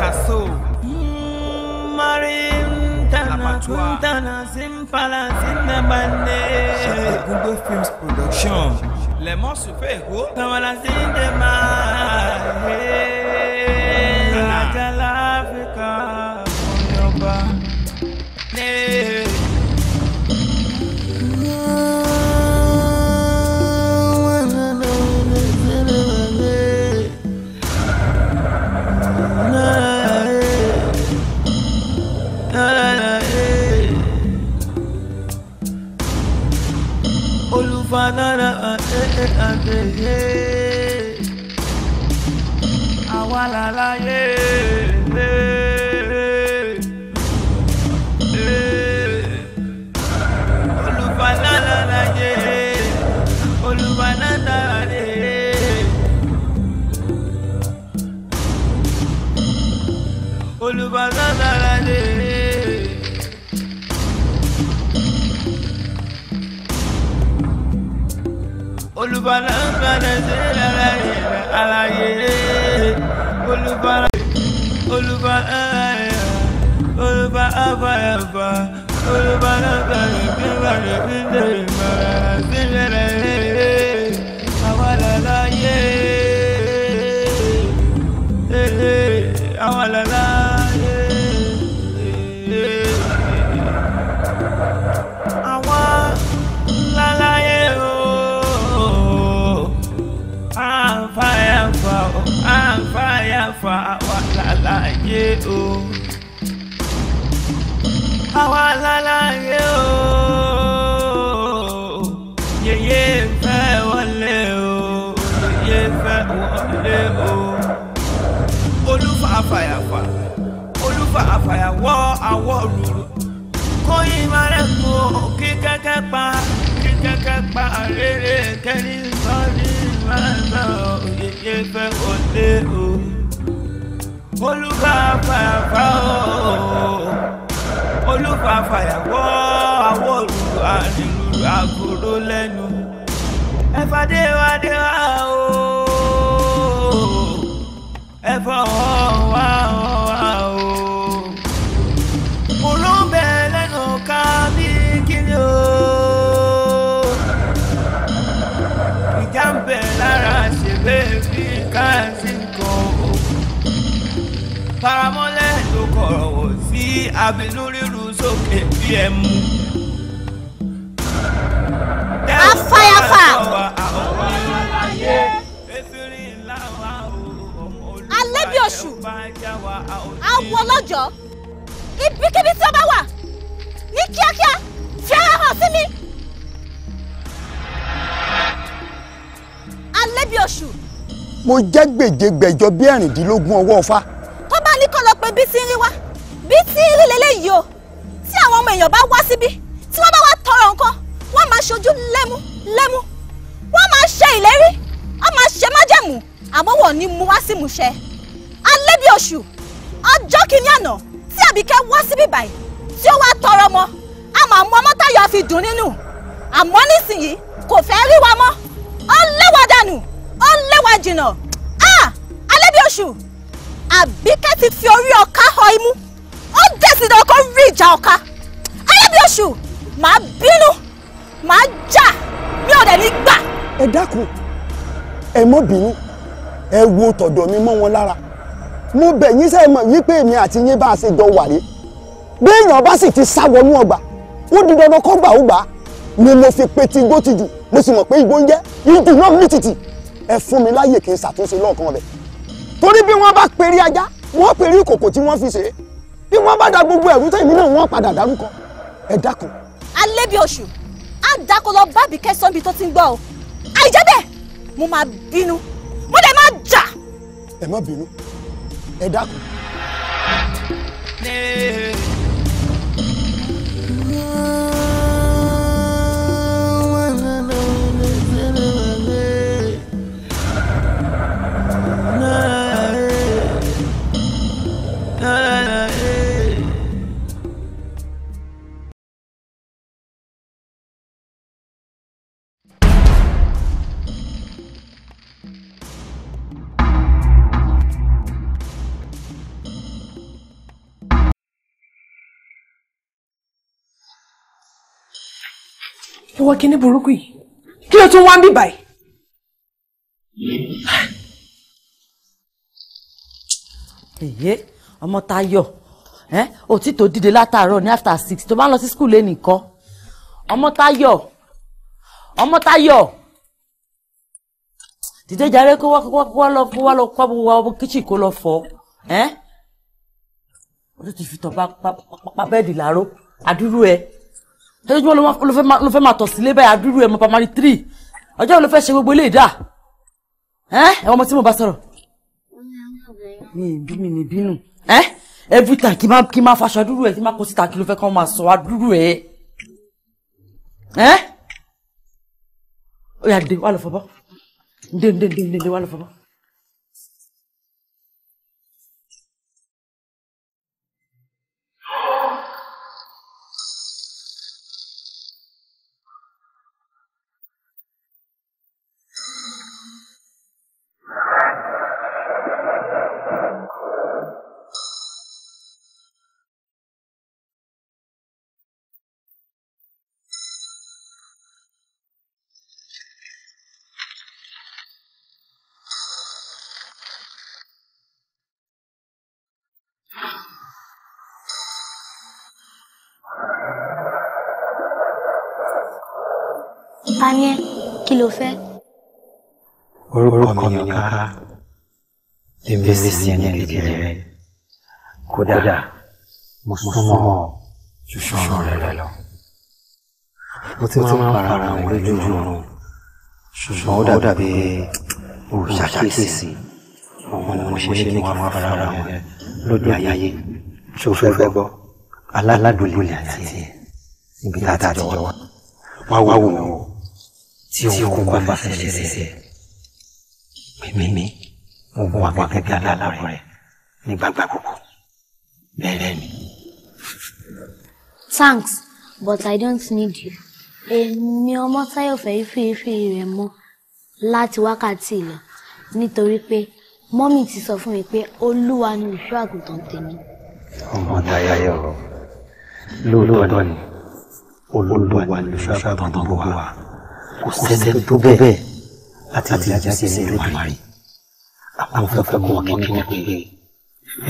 Picasso Marintana Quintana Zimpala Zindabande Gundo Films Production Le Mans Super Héros Tawala Zindema àwa làlàyé. olùbàdàn gbàdẹ sílẹ̀ lẹ́yìn àlàyé olùbàdàn olùbàdàn olùbàdàn bàyàbà olùbàdàn gbàdẹ gbàdẹ gbàdẹ gbàdẹ. láyé o àwa láláyé o yèyé fẹ́ wọlé o yèyé fẹ́ wọlé o olúfa àfàyàfà olúfa àfàyàwọ́ àwọ̀ rúru kóyìn máa rẹ̀ kó kí kẹ́kẹ́ pa kí kẹ́kẹ́ pa rere kẹ́rin sọ́ọ́rí máa ń sọ òyèyé fẹ́ wọlé o olùfàfàfà ooo olùfàfàyàwọ́ àwọ̀ olùwà nílùú àgùrò lẹ́nu ẹ̀fàdéwádéwá ooo ẹ̀fọ́ wá wá ooo mo ló ń bẹ lẹ́nu ká bí kíni ooo ìjà ń bẹ lára ṣe fi ká faramọ́lẹ̀ tó kọ̀rọ̀ wò sí abinú ríru sókè bí ẹ mú. afayafa. alẹ́ bí oṣù awọ ọlọ́jọ́ ibikíbi tí ó bá wà ní kíákíá fi ara hàn sí mi. alẹ́ bí oṣù. mo jẹ́ gbèjégbèjọ bí ẹ̀rìndínlógún ọwọ́ ọ̀fà ti ń rí wá bí tí rí leléyìí o tí àwọn ọmọ èèyàn bá wá síbí tí wọ́n bá wá tọrọ nǹkan wọ́n máa ṣojú lẹ́mú lẹ́mú wọ́n máa ṣe ìlérí wọ́n máa ṣe májẹ̀mú àmọ́ wọ́n ní mú wá sí ìmúṣẹ. alẹ́ bí oṣù ọjọ́ kìíní àná tí àbíkẹ́ wá síbí báyìí tí ó wá tọrọ ọmọ a máa mú ọmọ táyọ̀ fi dùn nínú àmọ́ nísìnyí kò fẹ́ rí wa mọ́ ó léwa dànù ó léwa jìnnà ah alẹ́ bí oṣù àbíkẹ́ ti fi orí ọ̀ka họ imú ó dẹ̀ sí dandan kó rí ìjà ọ̀ka ayébíoṣù màá bínú màá jà mi ò dẹ̀ ní gbà. ẹ dákun ẹ mọ bínú ẹ wo tọ̀dọ̀ mi mọ́ wọn lára mo bẹ̀ yín sẹ́ mọ̀ wípé èmi àti yín bá a ṣe jọ wà rí béèyàn bá sì ti sá wọnú ọgbà ó di dandan kó gbà ó gbà ni mo fi pe ti igbó ti jù mo sì mọ̀ pé igbó ń jẹ́ ìjù náà ní títì ẹ fún mi láàyè kí n ṣàtúnṣe lọ́ọ̀kan rẹ̀ torí bí wọ́n bá perí ajá wọ́n perí ìkòkò tí wọ́n fi ṣe é bí wọ́n bá da gbogbo ẹ̀rú tẹ̀mí náà wọ́n padà dárúkọ ẹ dákun. alẹ́ bíi oṣù á dákọ lọ bábí kẹsàn-án bíi tó ti ń gbọ́ ọ àìjẹ́ bẹ́ẹ̀ mo máa bínú mo dẹ̀ máa jà. ẹ má bínú ẹ dákun. Yeah. wọ kíní burúkú yìí kí ló tún wá ń bì báyìí. èyí ọmọ Táyọ̀ òtítọ́ dìde látàárọ̀ ní after six tó bá ń lọ sí skul lẹ́nìí kọ́ ọmọ Táyọ̀ ọmọ Táyọ̀ dìde jàre kó wá lọ kó wá lọ kó wá wọ kíchìn kó lọ fọ ó ti fi tọ́ pa bẹ́ẹ̀dì làárọ̀ àdúrú ẹ̀ ẹjọ́ ló fẹ́ máa tọ̀ sílé báyìí àdúrú ẹ̀ mọ́ pamari three ọjọ́ wo ló fẹ́ ṣe gbogbo ilé ìdá ẹ̀wọ̀n mo tí mo bá sọ̀rọ̀ mi ìbí mi ní bínú every time kí máa kí máa faṣọ àdúrú ẹ̀ kí máa kó síta kí ló fẹ́ kán máa sọ àdúrú ẹ̀ ó yá dé wà lọ fọbọ́ dé dé dé dé wà lọ fọbọ́. orúkọ mi ni ọ̀ká èmi sì kuda ẹni kékeré rẹ kódà mo súnmọ́ ṣùṣọ́ rẹ lọ. mo ti máa ń para àwọn lójú oorun ṣùgbọ́n ó dàbí òṣàkíyèsí ọmọ ni mo ṣe ṣe ní kí wọ́n fara àwọn rẹ lójú ayáyé ṣó fẹ́ fẹ́ gbọ́ aládùúlẹ̀ àti mímímí thanks but i don't need you. èmi ọmọ táyọ̀ fẹ́ fífi rẹ̀ mọ́ láti wákàtí ìlọ nítorí pé mọ́mì ti sọ fún mi pé olúwa ni ìṣọ́ àgùntàn tèmi. ọmọ táyọ̀ lóòótọ́ ni olúwa ni ìṣọ́ àgùntàn gbogbo wa kò sẹ́sẹ́ tó bẹ́ẹ̀ láti yàjà sí ilé ìdùnnú. àwọn fẹ́ fẹ́ kó wọ́n kí ní pé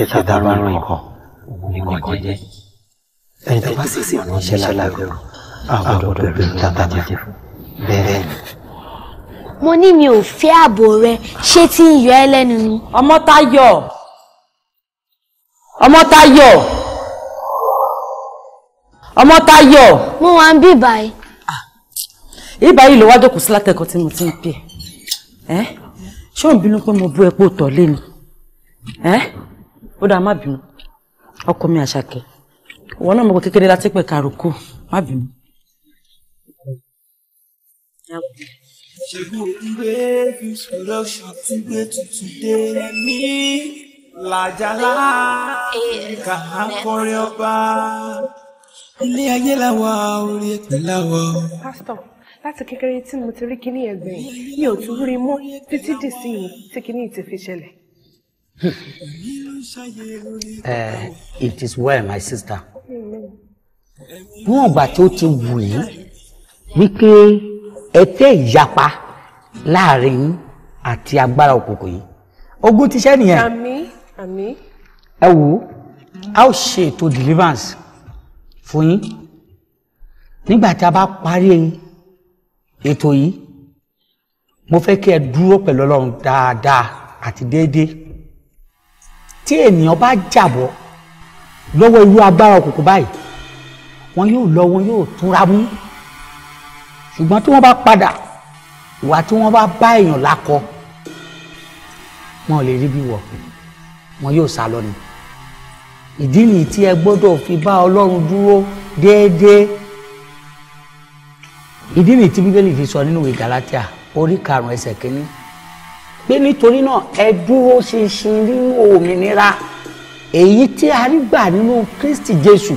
ẹ ta dáró àrùn nǹkan nǹkan jẹ́. ẹni tó bá sì sí ọ̀nà iṣẹ́ lálágbèrò àwọn ọ̀dọ́ bẹ̀rù tàbá jẹ́ bẹ́ẹ̀ ni. mo ní mi ò fẹ́ ààbò rẹ ṣé tí ń yọ ẹ lẹ́nu ni. ọmọ tá yọ ọmọ tá yọ ọmọ tá yọ. mo wà ń bí ìbàyí. Ah. ìbàyí ló wá jókòó sí látẹ̀kọ́ ń pè é. Eh? ṣé ò ń bínú pé mo bú epo tọ̀ lé mi eh? ó dáa má bínú ọkọ mi àṣàkẹ́ ìwọ náà mo kọ kékeré láti pẹ̀ kàrókò má bínú. ṣègùn tí gbé tuntun dé mí làjàlá ọba ilé ayé orí pásítọ̀ láti kékeré tí mo ti rí kíní ẹ̀gbẹ́ mi ò tún rí mọ́ títí dì sí i tí kíní ti fi ṣẹlẹ̀. Eh, it is well my sister. níwọ̀n ìgbà tí ó ti wù yín wípé ẹ tẹ́ ìyapa láàrin yín àti agbára òkùnkùn yìí ogun ti ṣẹ́ nìyẹn. àmín àmín. ẹ wò ó a ó ṣe ètò deliverance fún yín nígbà tí a bá parí ètò yìí mo fẹ́ kí ẹ dúró pẹ̀lú ọlọ́run dáadáa àti déédéé tí ènìyàn bá jàbọ́ lọ́wọ́ irú agbára òkùnkùn báyìí wọn yóò lọ wọn yóò túnra mú ṣùgbọ́n tí wọ́n bá padà ìwà tí wọ́n bá bá èèyàn lákọ wọn ò lè rí bí wọ̀ wọn yóò sá lọ ni ìdí nìyí tí ẹ gbọ́dọ̀ fi bá ọlọ́run dúró déédéé ìdí nìyí tí bíbélì fi sọ nínú ìwé Gálátíà orí karùn-ún ẹsẹ̀ kínní pé nítorí náà ẹ dúró ṣinṣin nínú òmìnira èyí tí a rí gbà nínú Kristi Jésù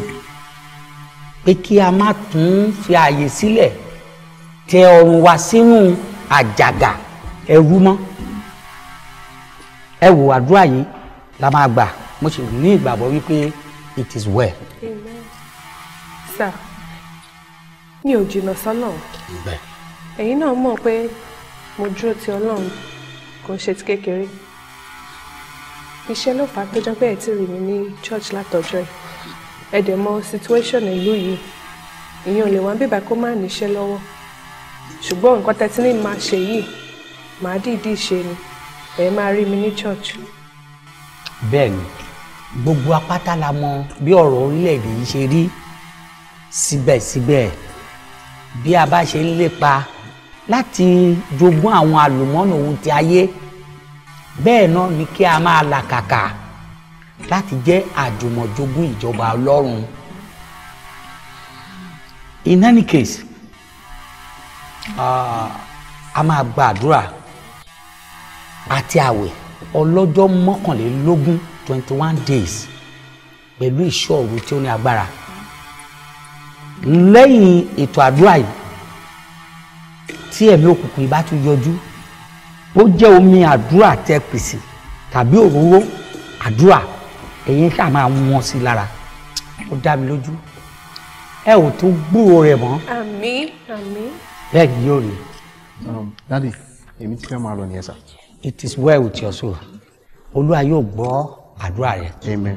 pé kí a má tún fi ààyè sílẹ̀ tẹ ọrùn wa sínú àjàgà ẹrú mọ́ ẹ wò àdúrà yìí la máa gbà mo sì ní ìgbàgbọ́ wípé it is well. Amen. Sir mi ò jìnnà sọ́lọ́run. bẹ́ẹ̀. ẹ̀yin náà mọ̀ pé mo dúró ti ọlọ́run kò ń ṣe ti kékeré. iṣẹ́ ló fà á tó jẹ́ pé ẹ̀ tí rí mi ní church látọjọ́ ẹ̀ ẹ̀ dẹ̀ mọ situation ìlú yìí ìyẹn ò lè wá bíbá kó má níṣẹ́ lọ́wọ́ ṣùgbọ́n nǹkan tẹ́tí ní máa ṣe yìí màá dìídì ṣe ni ẹ̀ máa rí mi ní church. bẹ́ẹ̀ ni gbogbo apáta la mọ bí ọ̀rọ̀ orílẹ̀-èdè yìí ṣe rí síbẹ̀síbẹ̀. Si bí a bá ṣe ń lépa láti jogún àwọn àlùmọ́nì ohun ti ayé bẹ́ẹ̀ náà ni kí a máa làkàkà láti jẹ́ àjùmọ̀jogún ìjọba ọlọ́run in any case uh, a máa gba àdúrà àti àwẹ̀ ọlọ́jọ́ mọ́kànlélógún twenty one days pẹ̀lú ìṣọ́ òru tí ó ní agbára lẹ́yìn ètò àdúrà yìí tí ẹ̀mí òkùnkùn yìí bá tún yọjú ó jẹ́ omi àdúrà tẹ́ pèsè tàbí òróró àdúrà ẹ̀yin ṣáà máa wọ́n sí lára ó dá mi lójú ẹ ò tó gbúrò rẹ̀ mọ́. àmín àmín. bẹ́ẹ̀ ni yóò rí. Um, dadi èmi ti fẹ́ máa lọ nìyẹn sá. it is well with your soul olúwa yóò gbọ́ àdúrà rẹ. amen.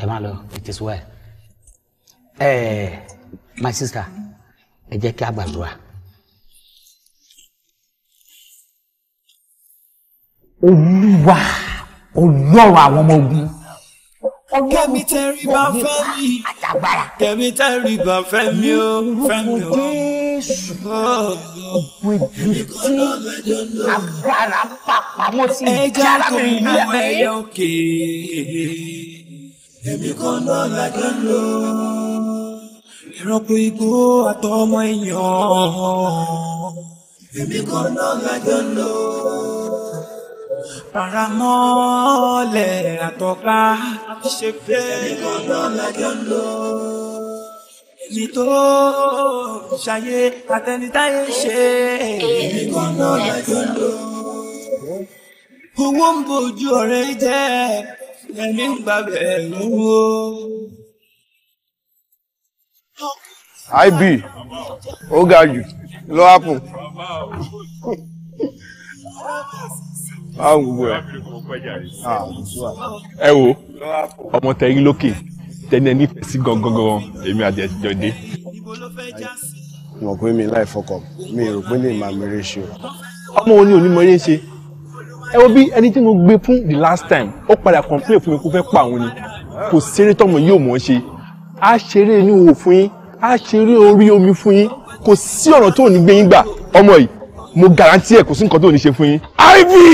ẹ máa lọ it is well. Eh, my sister ẹ jẹ́ kí a gbàdúrà. olúwa olúwa àwọn ọmọ ogun kẹ́mi tẹ́rí bá fẹ́ mi kẹ́mi tẹ́rí bá fẹ́ mi ó fẹ́ mi ó. Ògùn èdè tí agbára pàpamọ́ sí ìjára mi ní ẹ̀yẹ òkè. Èmi kan náà lájọ́ lò ẹranko igbó àtọmọ èèyàn èmi kan náà lájọ lò paramọ́lẹ̀ àtọ́ká ṣe pé èmi kan náà lájọ lò èmi tó ṣayé àtẹnitáyé ṣe èmi kan náà lájọ lò owó ń bojú ọ̀rẹ́ jẹ́ ẹ̀mí ń gbàgbẹ́ lówó ib ó ga jù ló hápù báwo gbogbo ẹ ẹ wo ọmọ tẹrí lókè tẹni ẹ nífẹ̀ẹ́ sí gangan gangan èmi àti ẹ ti jọ dé. mo pe mi láì fọkàn mi rò pé lè máa mèrè ṣe o. ọmọ òní ò ní mọ eré ṣe ẹ wo bí ẹni tí mo gbé fún the last time ó padà complain fún mi kó fẹ́ pa òun ni kò ṣeré tọmọ yóò mọ̀ ọ́ ṣe á ṣeré inú òfin yín á ṣeré orí omi fún yín kò sí ọ̀nà tó ní gbé yín gbà ọmọ yìí mo garanti ẹ kò sí nǹkan tó ní ṣe fún yín. ivy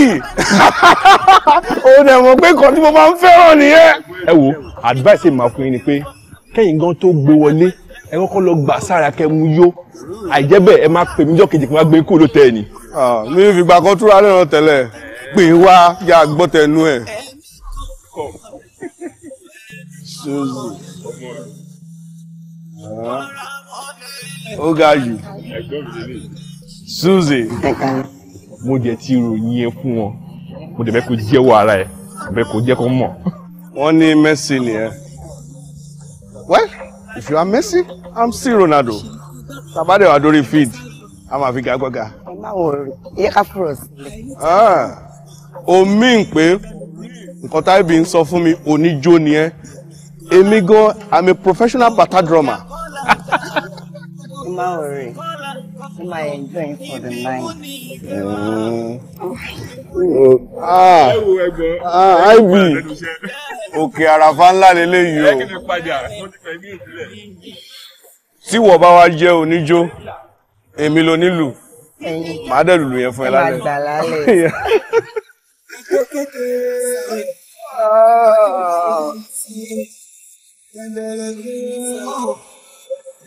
òun ẹ̀ mọ̀ pé nǹkan tí mo máa ń fẹ́ràn nìyẹn. ẹ wo advice mi máa fún yín ni pé kẹ́yìn gan tó gbé wọlé ẹ kọ́kọ́ lọ gbà sára kẹ́ mu yó àìjẹ́ bẹ́ẹ̀ ẹ máa pè mí jọ́ kejì kí n wá gbé kúrò lótẹ́ ẹ̀ ni. mi ò fìgbà kan túra lẹ́ràn tẹ́lẹ̀ pè wá yá gbọ́ tẹnu ẹ̀ ó ga you, Suzy mo jẹ ti ròyìn ẹ fún wọn mo dẹ̀ bẹ́ẹ̀ kó jẹ́wọ́ ara ẹ̀ bẹ́ẹ̀ kó jẹ́ kó mọ̀. wọ́n ní Messi nìyẹn well if you are Messi I'm still Ronaldo tabade wa dórí field a máa fi gagbọ́ga. ẹ ah, má wò ó yẹ ká fúrọ̀ sílẹ̀. omi ń pé nǹkan táìbì ń sọ fún mi oníjó nìyẹn èmi gan i'm a professional bata drummer. ẹ worry ẹ má enjoy for the night. Mm. Ah, wo ẹ̀gbọ́n ah ivy òkè àràfà ńlá lélẹyìí o tí wọ́n bá wá jẹ́ oníjó èmi ló nílù màá dẹ̀ lùlù yẹn fún ẹ lálẹ́. Oh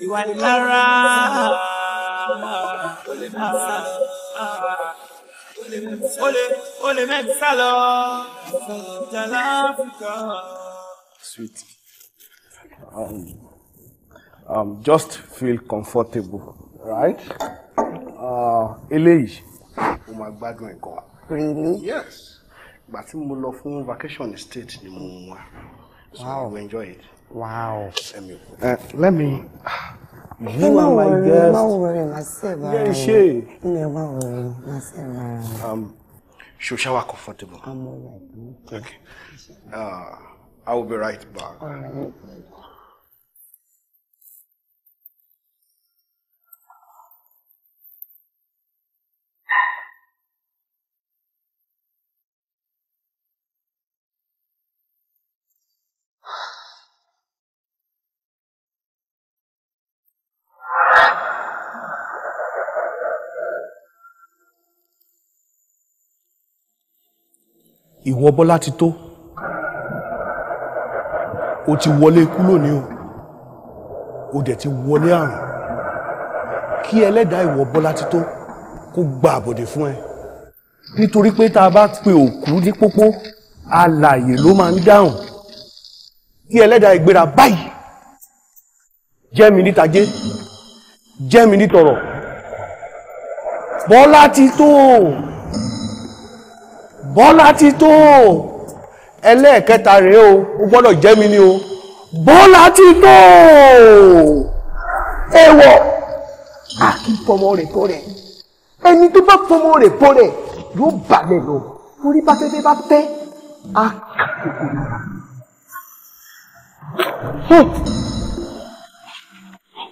ìwà ìlara ó lè sweet um, um, just feel comfortable right uh, eléyìí mo máa gbádùn ẹ̀ yes ìgbà tí mo lọ fún vacation estate, ni mo wá so wow. I enjoy it. Wow. Uh, let me. You no are my worry, guest. No worry, myself. Yeah, um, she. No worry, myself. Um, she'll shower comfortable. I'm all Okay. okay. Uh, I will be right back. All right. ìwọ bọ́lá ti tó o ti wọlé ikú lónìí o o dẹ̀ ti wọlé àrùn kí ẹlẹ́dàá ìwọ bọ́lá ti tó kó gba àbọ̀dè fún ẹ nítorí pé tá a bá pe òkú ní pópó alààyè ló máa ń dáhùn kí ẹlẹ́dàá ìgbéra báyìí jẹ́ mi níta jẹ́ jẹ́ mi nítọ̀rọ̀ bọ́lá ti tó bọ́lá ti tó ẹlẹ́ẹ̀kẹta rèé o ó gbọ́dọ̀ jẹ́ mi ní o bọ́lá ti tó ewọ̀ àkífọmọ rẹ̀ tó rẹ̀ ẹni tó bá fọmọ rẹ̀ tó rẹ̀ yóò balẹ̀ lọ orí bá tẹ́tẹ́ bá tẹ́ á kà kókó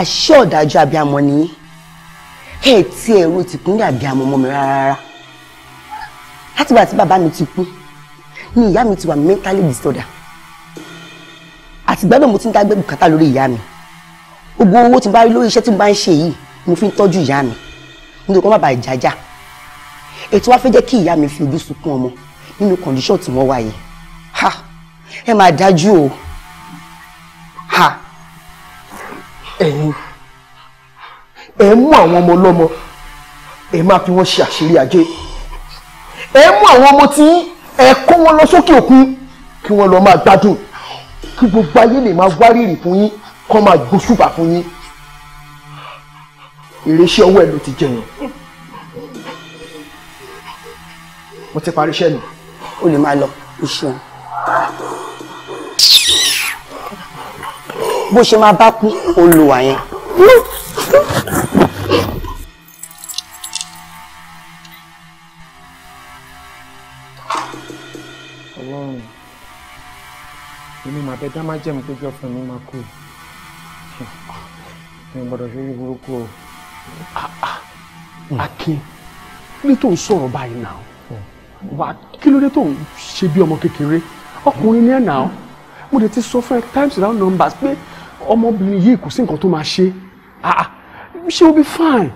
àṣé ọ̀dájú abiyamọ nìyí ẹ tí ẹ̀rọ ti kúnlẹ̀ abiyamọ mọ́ mi rárá látìgbà tí bàbá mi ti kú ni ìyá mi ti wà mentally disorder àtìgbà bẹ́ẹ̀ mo ti ń dágbé bùkátà lórí ìyá mi gbogbo owó tí n bá rí lórí iṣẹ́ tí mo bá ń ṣe yìí mo fi ń tọ́jú ìyá mi nítorí kó má bàa jájá ètò wa fẹ́ jẹ́ kí ìyá mi fi ojú sunkún ọmọ nínú kọ̀ǹdíṣọ̀ tí wọ́n wà yìí ha ẹ máa dájú o. ẹ̀yin ẹ̀ mú àwọn ọmọ ọlọ́mọ ẹ̀ máa fi wọ́n ṣe àṣírí ajé ẹ̀ mú àwọn ọmọ tí ẹ̀ kó wọn lọ sókè òkun kí wọ́n lọ máa gbádùn kí gbogbo ayé lè máa wárìrì fún yín kó máa gbósùbà fún yín ìrẹsì ọwọ́ ẹ̀ ló ti jẹun mo ti parí iṣẹ́ mi. o lè máa lọ iṣẹ́ o bó ṣe máa bá kú olùwà yẹn. ọlọ́run inú màbẹ dá má jẹ́ mi pé jọ́ fún mi máa kú mi gbọ́dọ̀ ṣe orí burúkú o. akin ní tó ń sọ̀rọ̀ báyìí náà wà kí ló dé tó ń ṣe bí ọmọ kékeré ọkùnrin ní ẹ̀ náà mo lè ti sọ fún ẹ times round numbers pé ọmọbìnrin yìí kò sí nǹkan tó máa ṣe ah, ah she will be fine.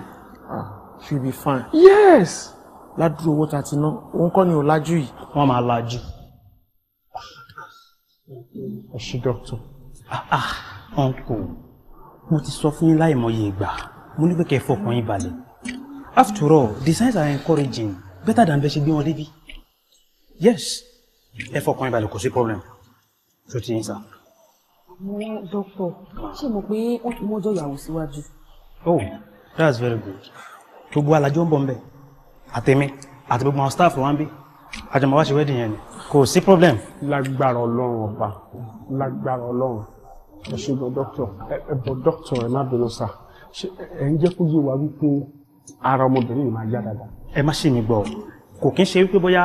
Ah, she will be fine. yes. ládùúgbò owó tá a ti ná òun kọ́ ni ò lajú yìí. wọ́n máa lajú. ẹ ṣe dọ́kítọ̀. Ah, ah uncle mo ti sọ fún yín láìmọye ìgbà mo ní pé kẹ́ ẹ fọkàn yín balẹ̀ after all the signs are encouraging better than bẹ́ẹ̀ ṣe gbé wọn débi yes ẹ fọkàn yín balẹ̀ kò sí problem tó ti yín sá oh that's very good gbogbo alájọ ń bọ̀ At bẹ̀ àtẹ̀mí àti gbogbo àwọn staff wa ń bí àjọmọ̀ wá ṣe wedding yẹn ni kò sí problem. lágbára ọlọ́run ọba lágbára ọlọ́run ẹ ṣe bọ dọ́kítọ̀ ẹ doctor. dọ́kítọ̀ ẹ má bínú sá ẹ ń jẹ́ kó yé wa wípé ara ọmọbìnrin yìí máa yá dáadáa. ẹ má ṣe mi gbọ́ kò kí ń ṣe wípé bóyá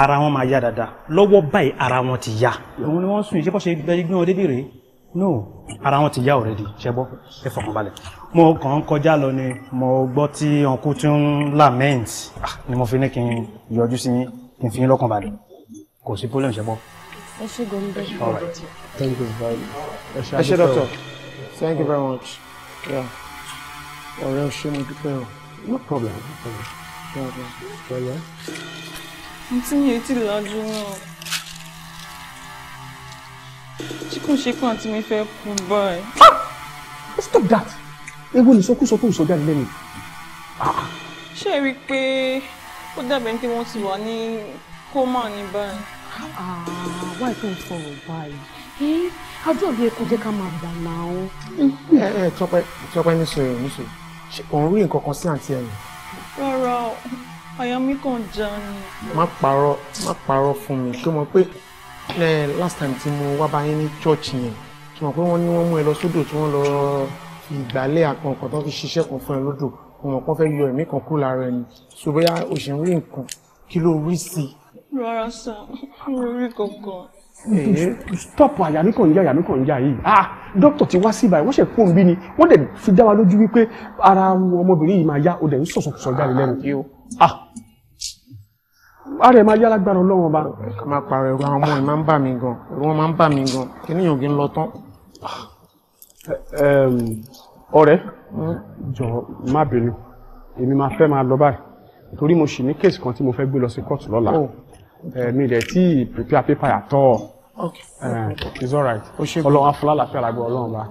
ara wọn máa yá dáadáa lọ́wọ́ báyìí ara wọn ti yá. òun ni wọ́n sùn ìṣẹ́kọ̀ṣe gbẹ́gbẹ́ no ara wọn ti yá already ṣẹgbọ́ ẹ fọkànbalẹ̀ mo kàn ń kọjá lọ ni mo gbọ́ tí ọkùn tún ń lament ah, ni mo fi ní kí n yọjú sí kí n fi yín lọ́kàn balẹ̀ kò sí problem ṣẹgbọ́. ẹ ṣe gòmìnà ẹ ṣe gòmìnà. thank you very much. ẹ ṣe doctor thank you very much. ọ̀rẹ́ ṣé mo dúpẹ́ o. no problem. pẹ̀lẹ́. mo ti ń yẹ etí lọ́dún náà tí kò ṣe pé àǹtí mi fẹ́ kú ah! oh, stop that ewu ni sọkúsọ tó ń sọ jáde lẹ́nu. Ah! ṣé ẹ rí i pé ó dàbẹ̀ ní pé wọ́n ti wà ní kómà ní báyìí. wáyé tó ń sọ̀rọ̀ báyìí àjọ bí ẹkú jẹ́ ká máa gbà náà o. ẹ ẹ tọpẹ tọpẹ níṣòro níṣòro ṣe òun rí nǹkan kan sí àǹtí ẹ̀yìn. rárá o àyà mi kàn já ni. má parọ́ má parọ́ fún mi kí mo pé ẹ last time tí mo wá bá yín ní church yẹn tí mo pé wọ́n ní wọ́n mú ẹ lọ sódò tí wọ́n lọ ìgbálẹ̀ àkànkàn tó fi ṣiṣẹ́ kan fún ẹ lódò wọn kàn fẹ́ yọ ẹ̀mí kan kú lára ẹni so bóyá o ṣe ń rí nǹkan kí ló rí sí i. rárá sá mo rí kankan. stop àyà mi kàn ń yá àyà mi kàn ń yá yìí ah dókítà ti wá sí ibà yìí wọ́n ṣe pọ́n bí ni wọ́n dẹ̀ fi dá wa lójú wípé ara ọmọbìnrin yìí máa yá o dẹ̀ ń sọ̀sọ̀ sọ̀jáde lẹ́nu. ah ara ẹ̀ máa yá lágbára ọlọ́wọ́n ba. ká máa pààrọ̀ ẹ̀rọ àwọn ọmọ ẹ̀ máa ń bà mí gan ẹ̀rọ wọn máa ń bà mí gan kíníyàn ò kí ń lọ tán. ọ̀rẹ́ hmm? jọ̀ọ́ má bínú èmi máa fẹ́ máa lọ báyìí torí mo sì ní kéèsì kan tí mo fẹ́ gbé lọ sí kóòtù lọ́la oh. mi dẹ̀ tí prepare paper at all okay. uh, it's alright ọlọ́run afúlá làfẹ́ àlágbé ọlọ́run bá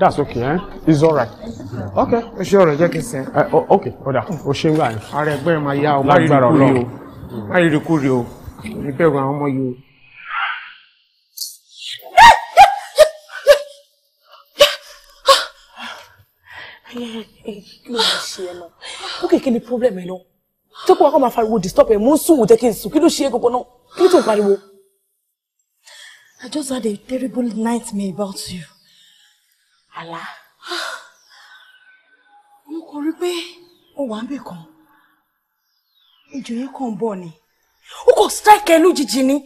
that's okay eh? it's alright okay. ó ṣe ọ̀rọ̀ jẹ́ kí n sẹ́. ok ọ̀dà ó hmm. ṣe ń gbà yẹn. ara ẹgbẹ́ máa yá ọmọ ìlú o má mm. o ní àwọn ọmọ yìí o. kí ló ń ṣe ẹ náà ó kéèké ni problem ẹ náà tó kó wa kó máa fariwo disturb ẹ mò ń sùn wò jẹ́ kí n sùn kí ló ṣe é gbogbo náà kí ló tó pariwo. I just had a terrible nightmare about you. Àlá. Ah, mo kò rí pé ó wà ń bì kan ìjò yẹn kàn ń bọ̀ ni ó kò strike ẹ lójijì ni.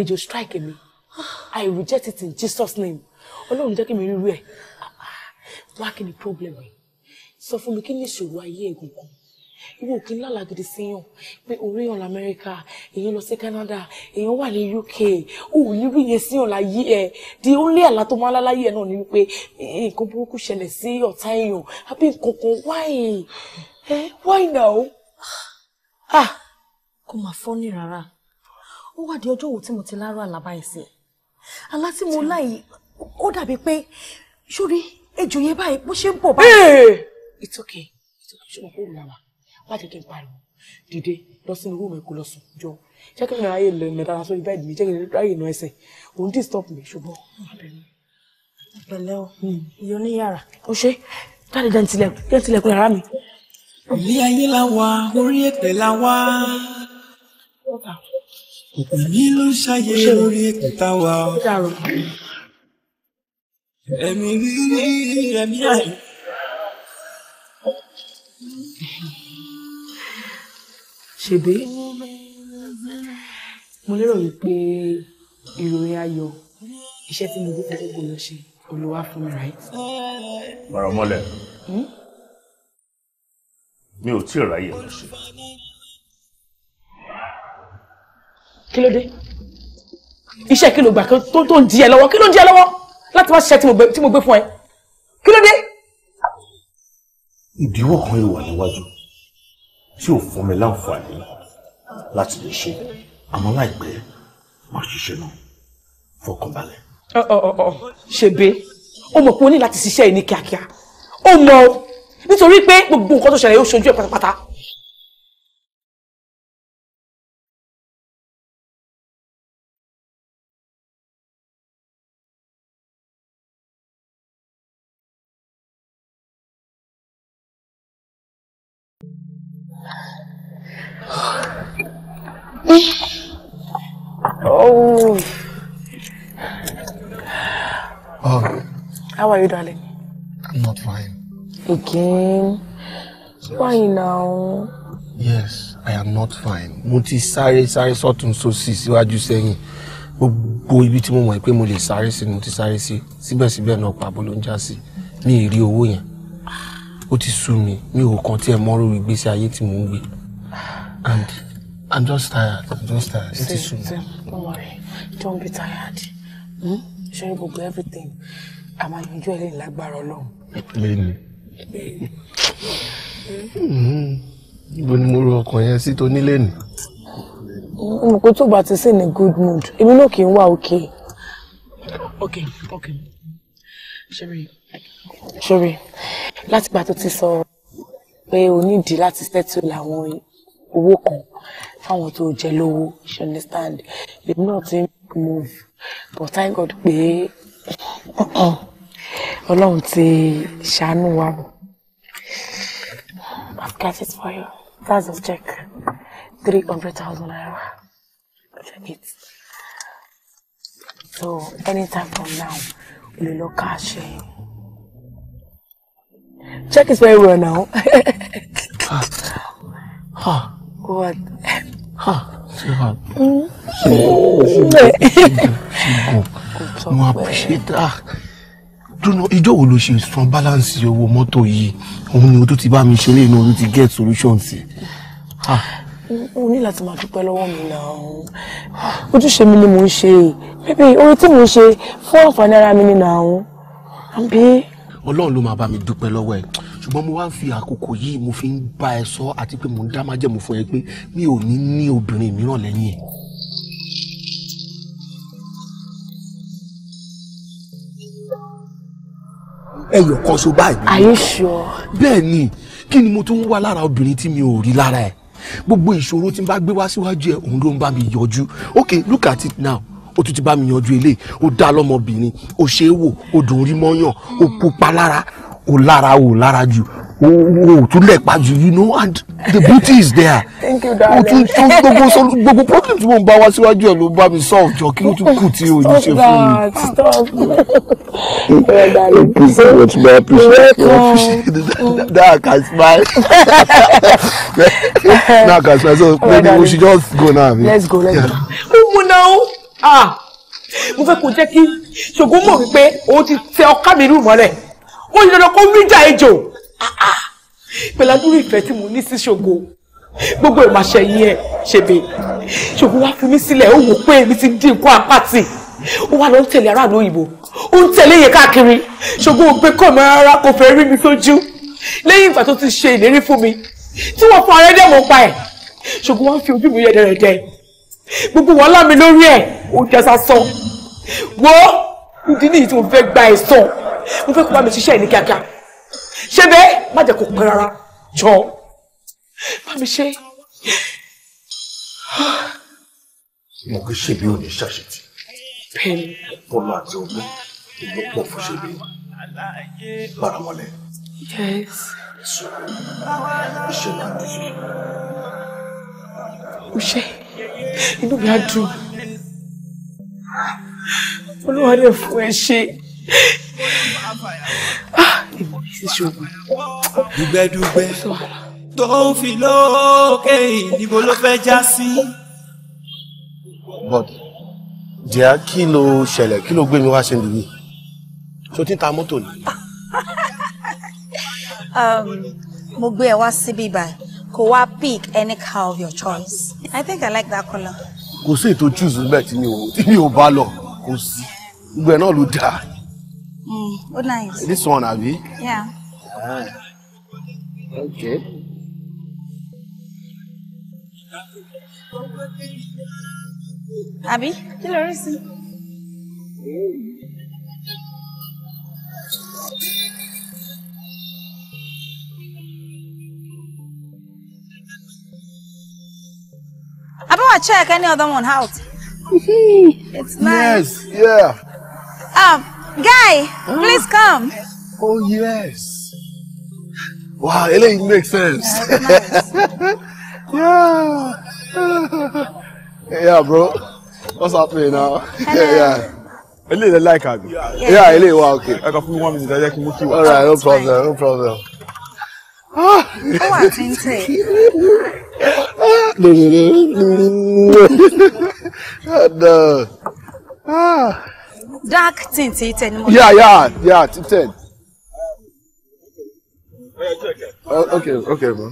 ìjò strike mi ah. i reject it in jesus name ọlọ́run jẹ́ kí mi rírú ẹ̀ wá kí ni problem ẹ̀ sọ fún mi kí ni ìṣòro ayé egungun irú òkè ńlá làgìdì síyàn pé orí yàn lamẹ́ríkà èyàn lọ sí Canada èyàn wà ní UK ò ní rí yẹn síyàn láyé ẹ di only àlá tó máa láláyé ẹ náà ni wípé nǹkan burúkú ṣẹlẹ̀ sí ọ̀tá èèyàn àbí nǹkan kan wáyé. Eh, why now? Ah, kò máa fọ́ ní rárá. Ó wà di ọjọ́ wo tí mo ti lárò àlàbá ẹ̀sìn. Àlá tí mo láì, ó dàbí pé sórí ejò yẹn báyìí bó ṣe ń bọ̀ báyìí. It's okay, it's okay, ṣé mo kó ìlú àwà? Má jẹ́ kí n pariwo. Dìde lọ sínú rúùmù kó lọ sùn jọ. Jẹ́ kí n ráyè lọ ìmọ̀ dára sórí bẹ́ẹ̀dì mi, jẹ́ kí n ráyè nà ẹsẹ̀. Òun disturb mi ṣùgbọ́n. Pẹ̀lẹ́ o, iye hmm. oníyàrá. O ṣe, jáde jẹ́ ń tilẹ̀kùn yàrá mi ilé ayé la wà orí èpè la wà òpè mi ló ń ṣàyè orí èpè tá wà ẹ̀mí rírí ẹ̀mí àyè. ṣèbé mo lérò wípé ìròyìn ayọ̀ iṣẹ́ tí mo gbé fún gbogbo lọ ṣe olùwà fún mi ráì. bọ̀rọ̀ mọ́lẹ̀. Hmm? mi ò tí ì ráyè lọ sí. kí ló dé iṣẹ́ kí ló gbà tó tó ń di ẹ lọ́wọ́ kí ló ń di ẹ lọ́wọ́ láti wá ṣiṣẹ́ tí mo gbé fún ẹ kí ló dé. ìdíwọ́ kan yóò wà níwájú tí ò fún mi láǹfààní láti lè ṣe àmọ́ láìpẹ́ má ṣiṣẹ́ náà fọkànbalẹ̀. ṣèbé o mọ̀ pé o ní nítorí pé gbogbo nǹkan tó ṣẹlẹ̀ yóò ṣojú ẹ̀ pátápátá. Oh. Oh. How are you, darling? I'm not fine again? Why now? Yes, I am not fine. Mo ti sáré sáré sọ́tún sósì síwájú sẹ́yìn. Gbogbo ibi tí mo mọ̀ pé mo lè sáré sí ni mo ti sáré sí. Síbẹ̀síbẹ̀ náà pàbó ló ń já sí. Mi ì rí owó yẹn. Ó ti sú mi. Mi ò kàn tiẹ̀ mọ́ rú ìgbésí ayé tí mò ń gbé. And I'm just tired. I'm just tired. Ó ti sú mi. Don't worry. Don't be tired. Hmm? Ṣé gbogbo everything? A máa yanjú ẹ̀ lẹ́yìn lágbára Ọlọ́run. Lẹ́yìn. Mm-hmm. ibo ni mo ro ọkàn yẹn sí tó nílé nì. mo kò tó bá ti sí ní good mood èmi náà kì í wà òkè. ok ok ṣeré ṣeré láti gbà tó ti sọ pé o nídìí láti settle àwọn owó kan fáwọn tó jẹ lówó you understand èmi náà ti move but thank God pé. Uh-uh. Ọlọ́run ti ṣàánú wa bọ̀. I've got it for you. That's the check. Three hundred thousand naira. Check it. So anytime from now, we lè lọ cash. Check is very well now. ah. Ah. What? Ah. Sweetheart. Mm. Oh. Mm. Mm. Mm. Mm. Mm. Mm. Mm. Mm. Mm. Mm dúnà ìjọ wo ló ṣe san balance owó mọ́tò yìí òun ni o tó ti bá mi ṣe lẹ́yìn náà o ti get solution sí. Ah. o ní láti máa dúpẹ́ lọ́wọ́ mi náà ojúṣe mi ni mò ń ṣe bébè orin tí mò ń ṣe fún àǹfààní ara mi ni náà àbí. ọlọ́run ló máa bá mi dúpẹ́ lọ́wọ́ ẹ̀ ṣùgbọ́n mo wá ń fi àkókò yìí mo fi ń bá ẹ sọ àti pé mo ń dá májẹ̀mú fún ẹ pé mi ò ní ní obìnrin mìíràn lẹ́yìn ẹ̀. ẹyọ kan ṣo báyìí. Are you sure? bẹ́ẹ̀ ni kí ni mo tún ń wá lára obìnrin tí mi ò rí lára ẹ̀ gbogbo ìṣòro tí n bá gbé wá síwájú ẹ̀ òun ló ń bá mi yọjú okay look at it now O tún ti bá mi yanjú ilé O dá lọ́mọbìnrin ó ṣe é wò ó dùn rí mọ́yàn ó pupa lára ó lára wò lára jù Oh, to lẹ̀ pàjù you know and the beauty is there. thank you darling. Oh, to tún gbogbo sọ gbogbo problem tí mo ń bá wá síwájú ẹ ló bá mi solve jọ kí ló tún kù tí o yìí ṣe fún mi. stop stop. ẹ darling. thank you so much my appreciate my appreciate now I can smile now I can smile so maybe we should just go now. let's go let's go. mo náà ah mo fẹ́ kó jẹ́ go ṣògo mọ̀ wípé o ti tẹ ọkà mi rú mọ́lẹ̀ ó yẹ lọ́kọ́ wíjà ejò pẹ̀lú adúrú ìfẹ́ tí mo ní sí ṣògo gbogbo ìmọ̀ṣẹ́ yín ẹ̀ ṣèbè ṣògo wá fi mí sílẹ̀ ó wò pé èmi ti dín nǹkan àpáàtì ó wà lọ ń tẹ̀lé aráàlú òyìnbó ó ń tẹ̀lé yẹn káàkiri ṣògo ò gbé kọ́ mi rárá kò fẹ́ rí mi sójú lẹ́yìn ìgbà tó ti ṣe ìlérí fún mi tí wọ́n fún ara ẹ̀dẹ̀ mọ̀ pa ẹ̀ ṣògo wá fi ojú mi yẹ dẹ̀rẹ̀dẹ̀ gbogbo wàhálà mi lórí ẹ̀ ó jẹ́ sásán wọ́n ìdí nìyí tí mo fẹ́ gba ẹ̀san mo fẹ́ kó bá mi ṣiṣẹ́ ní kíákíá ṣé bẹ́ẹ̀ má jẹ́ kó pẹ́ rárá jọ má mi ṣe. mo kì ṣe bí òní ṣàṣetì bọ́lá àti omi ìlú pọ̀ fún ṣe bí bára wọn inú mi á dùn olúwa fún ẹ ṣe dùgbẹ́dùgbẹ́ tó ń fi lókè ìdìbò ló fẹ́ já sí. bọ́dì díà kí ló ṣẹlẹ̀ kí ló gbé mi wá ṣe nìyí tó ti ń ta mọ́tò ni. Um, mo gbé ẹ wá síbí báyìí kó wá pick any car of your choice i think i like that color. kò sí ètò choose bẹ́ẹ̀ tí mi ò bá lọ kò sí gbogbo ẹ̀ náà ló dáa. Mm, oh, This one, Abby? Yeah. Ah. Okay. Abby, hello, ló rí sí? Abba, check any other one out. it's nice. Yes, yeah. Guy, huh? please come. Oh, yes. Wow, it makes sense. yeah. yeah, bro. What's happening now? Hello. yeah. Ele dey like abi. Yeah, yeah ele wa okay. I got fún one minute, ẹ jẹ́ kí n mú kí wa. All right, no problem, no problem. Oh, no, no, no, ah, no. lèrè Ah. dark tin ti tẹ ni mo. yà yà yà ti tẹ. ok ok ma.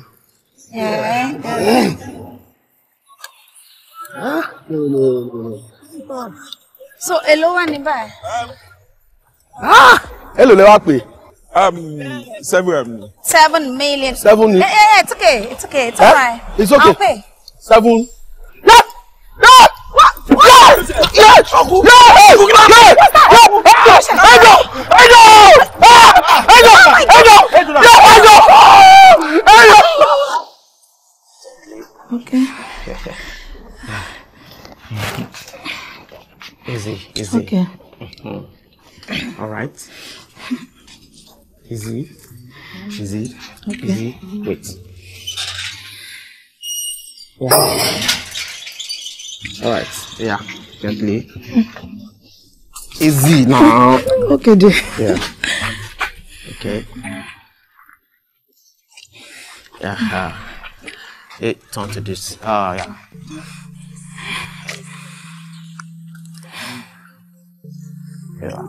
so èló wà ní báyìí. èló um, ah! lè wá pè. Um, seven. Um. Seven million. Seven. Hey, eh, eh, hey, eh, it's okay. It's okay. It's eh? alright. It's okay. Seven. Okay. Wait. Yeah. All right. Yeah. Gently. Easy now. okay, dear. Yeah. Okay. Yeah. Uh, hey, turn to this. Ah, yeah. Yeah.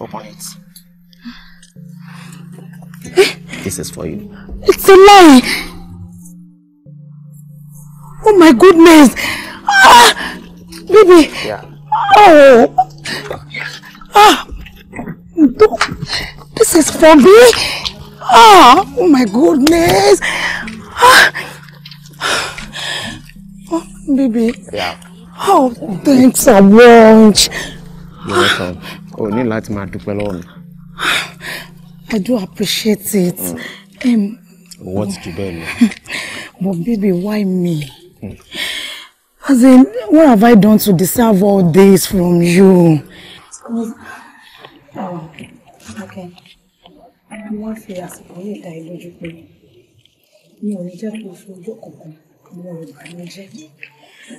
Open eh. it. This is for you. It's a lie. Oh my goodness! Ah, baby! Yeah. Oh! Ah! This is for me! Ah! Oh my goodness! Ah! Oh, baby. Yeah. Oh, thanks a bunch. You're welcome. Oh, ní light my dúpẹ́ on. I do appreciate it. Mm. Um, what's to bẹ́ẹ̀ But baby, why me? Hmm. As in, what have I done to deserve all this from you? Um, okay. Mo wá fi àsìkò yìí dá ilé ojú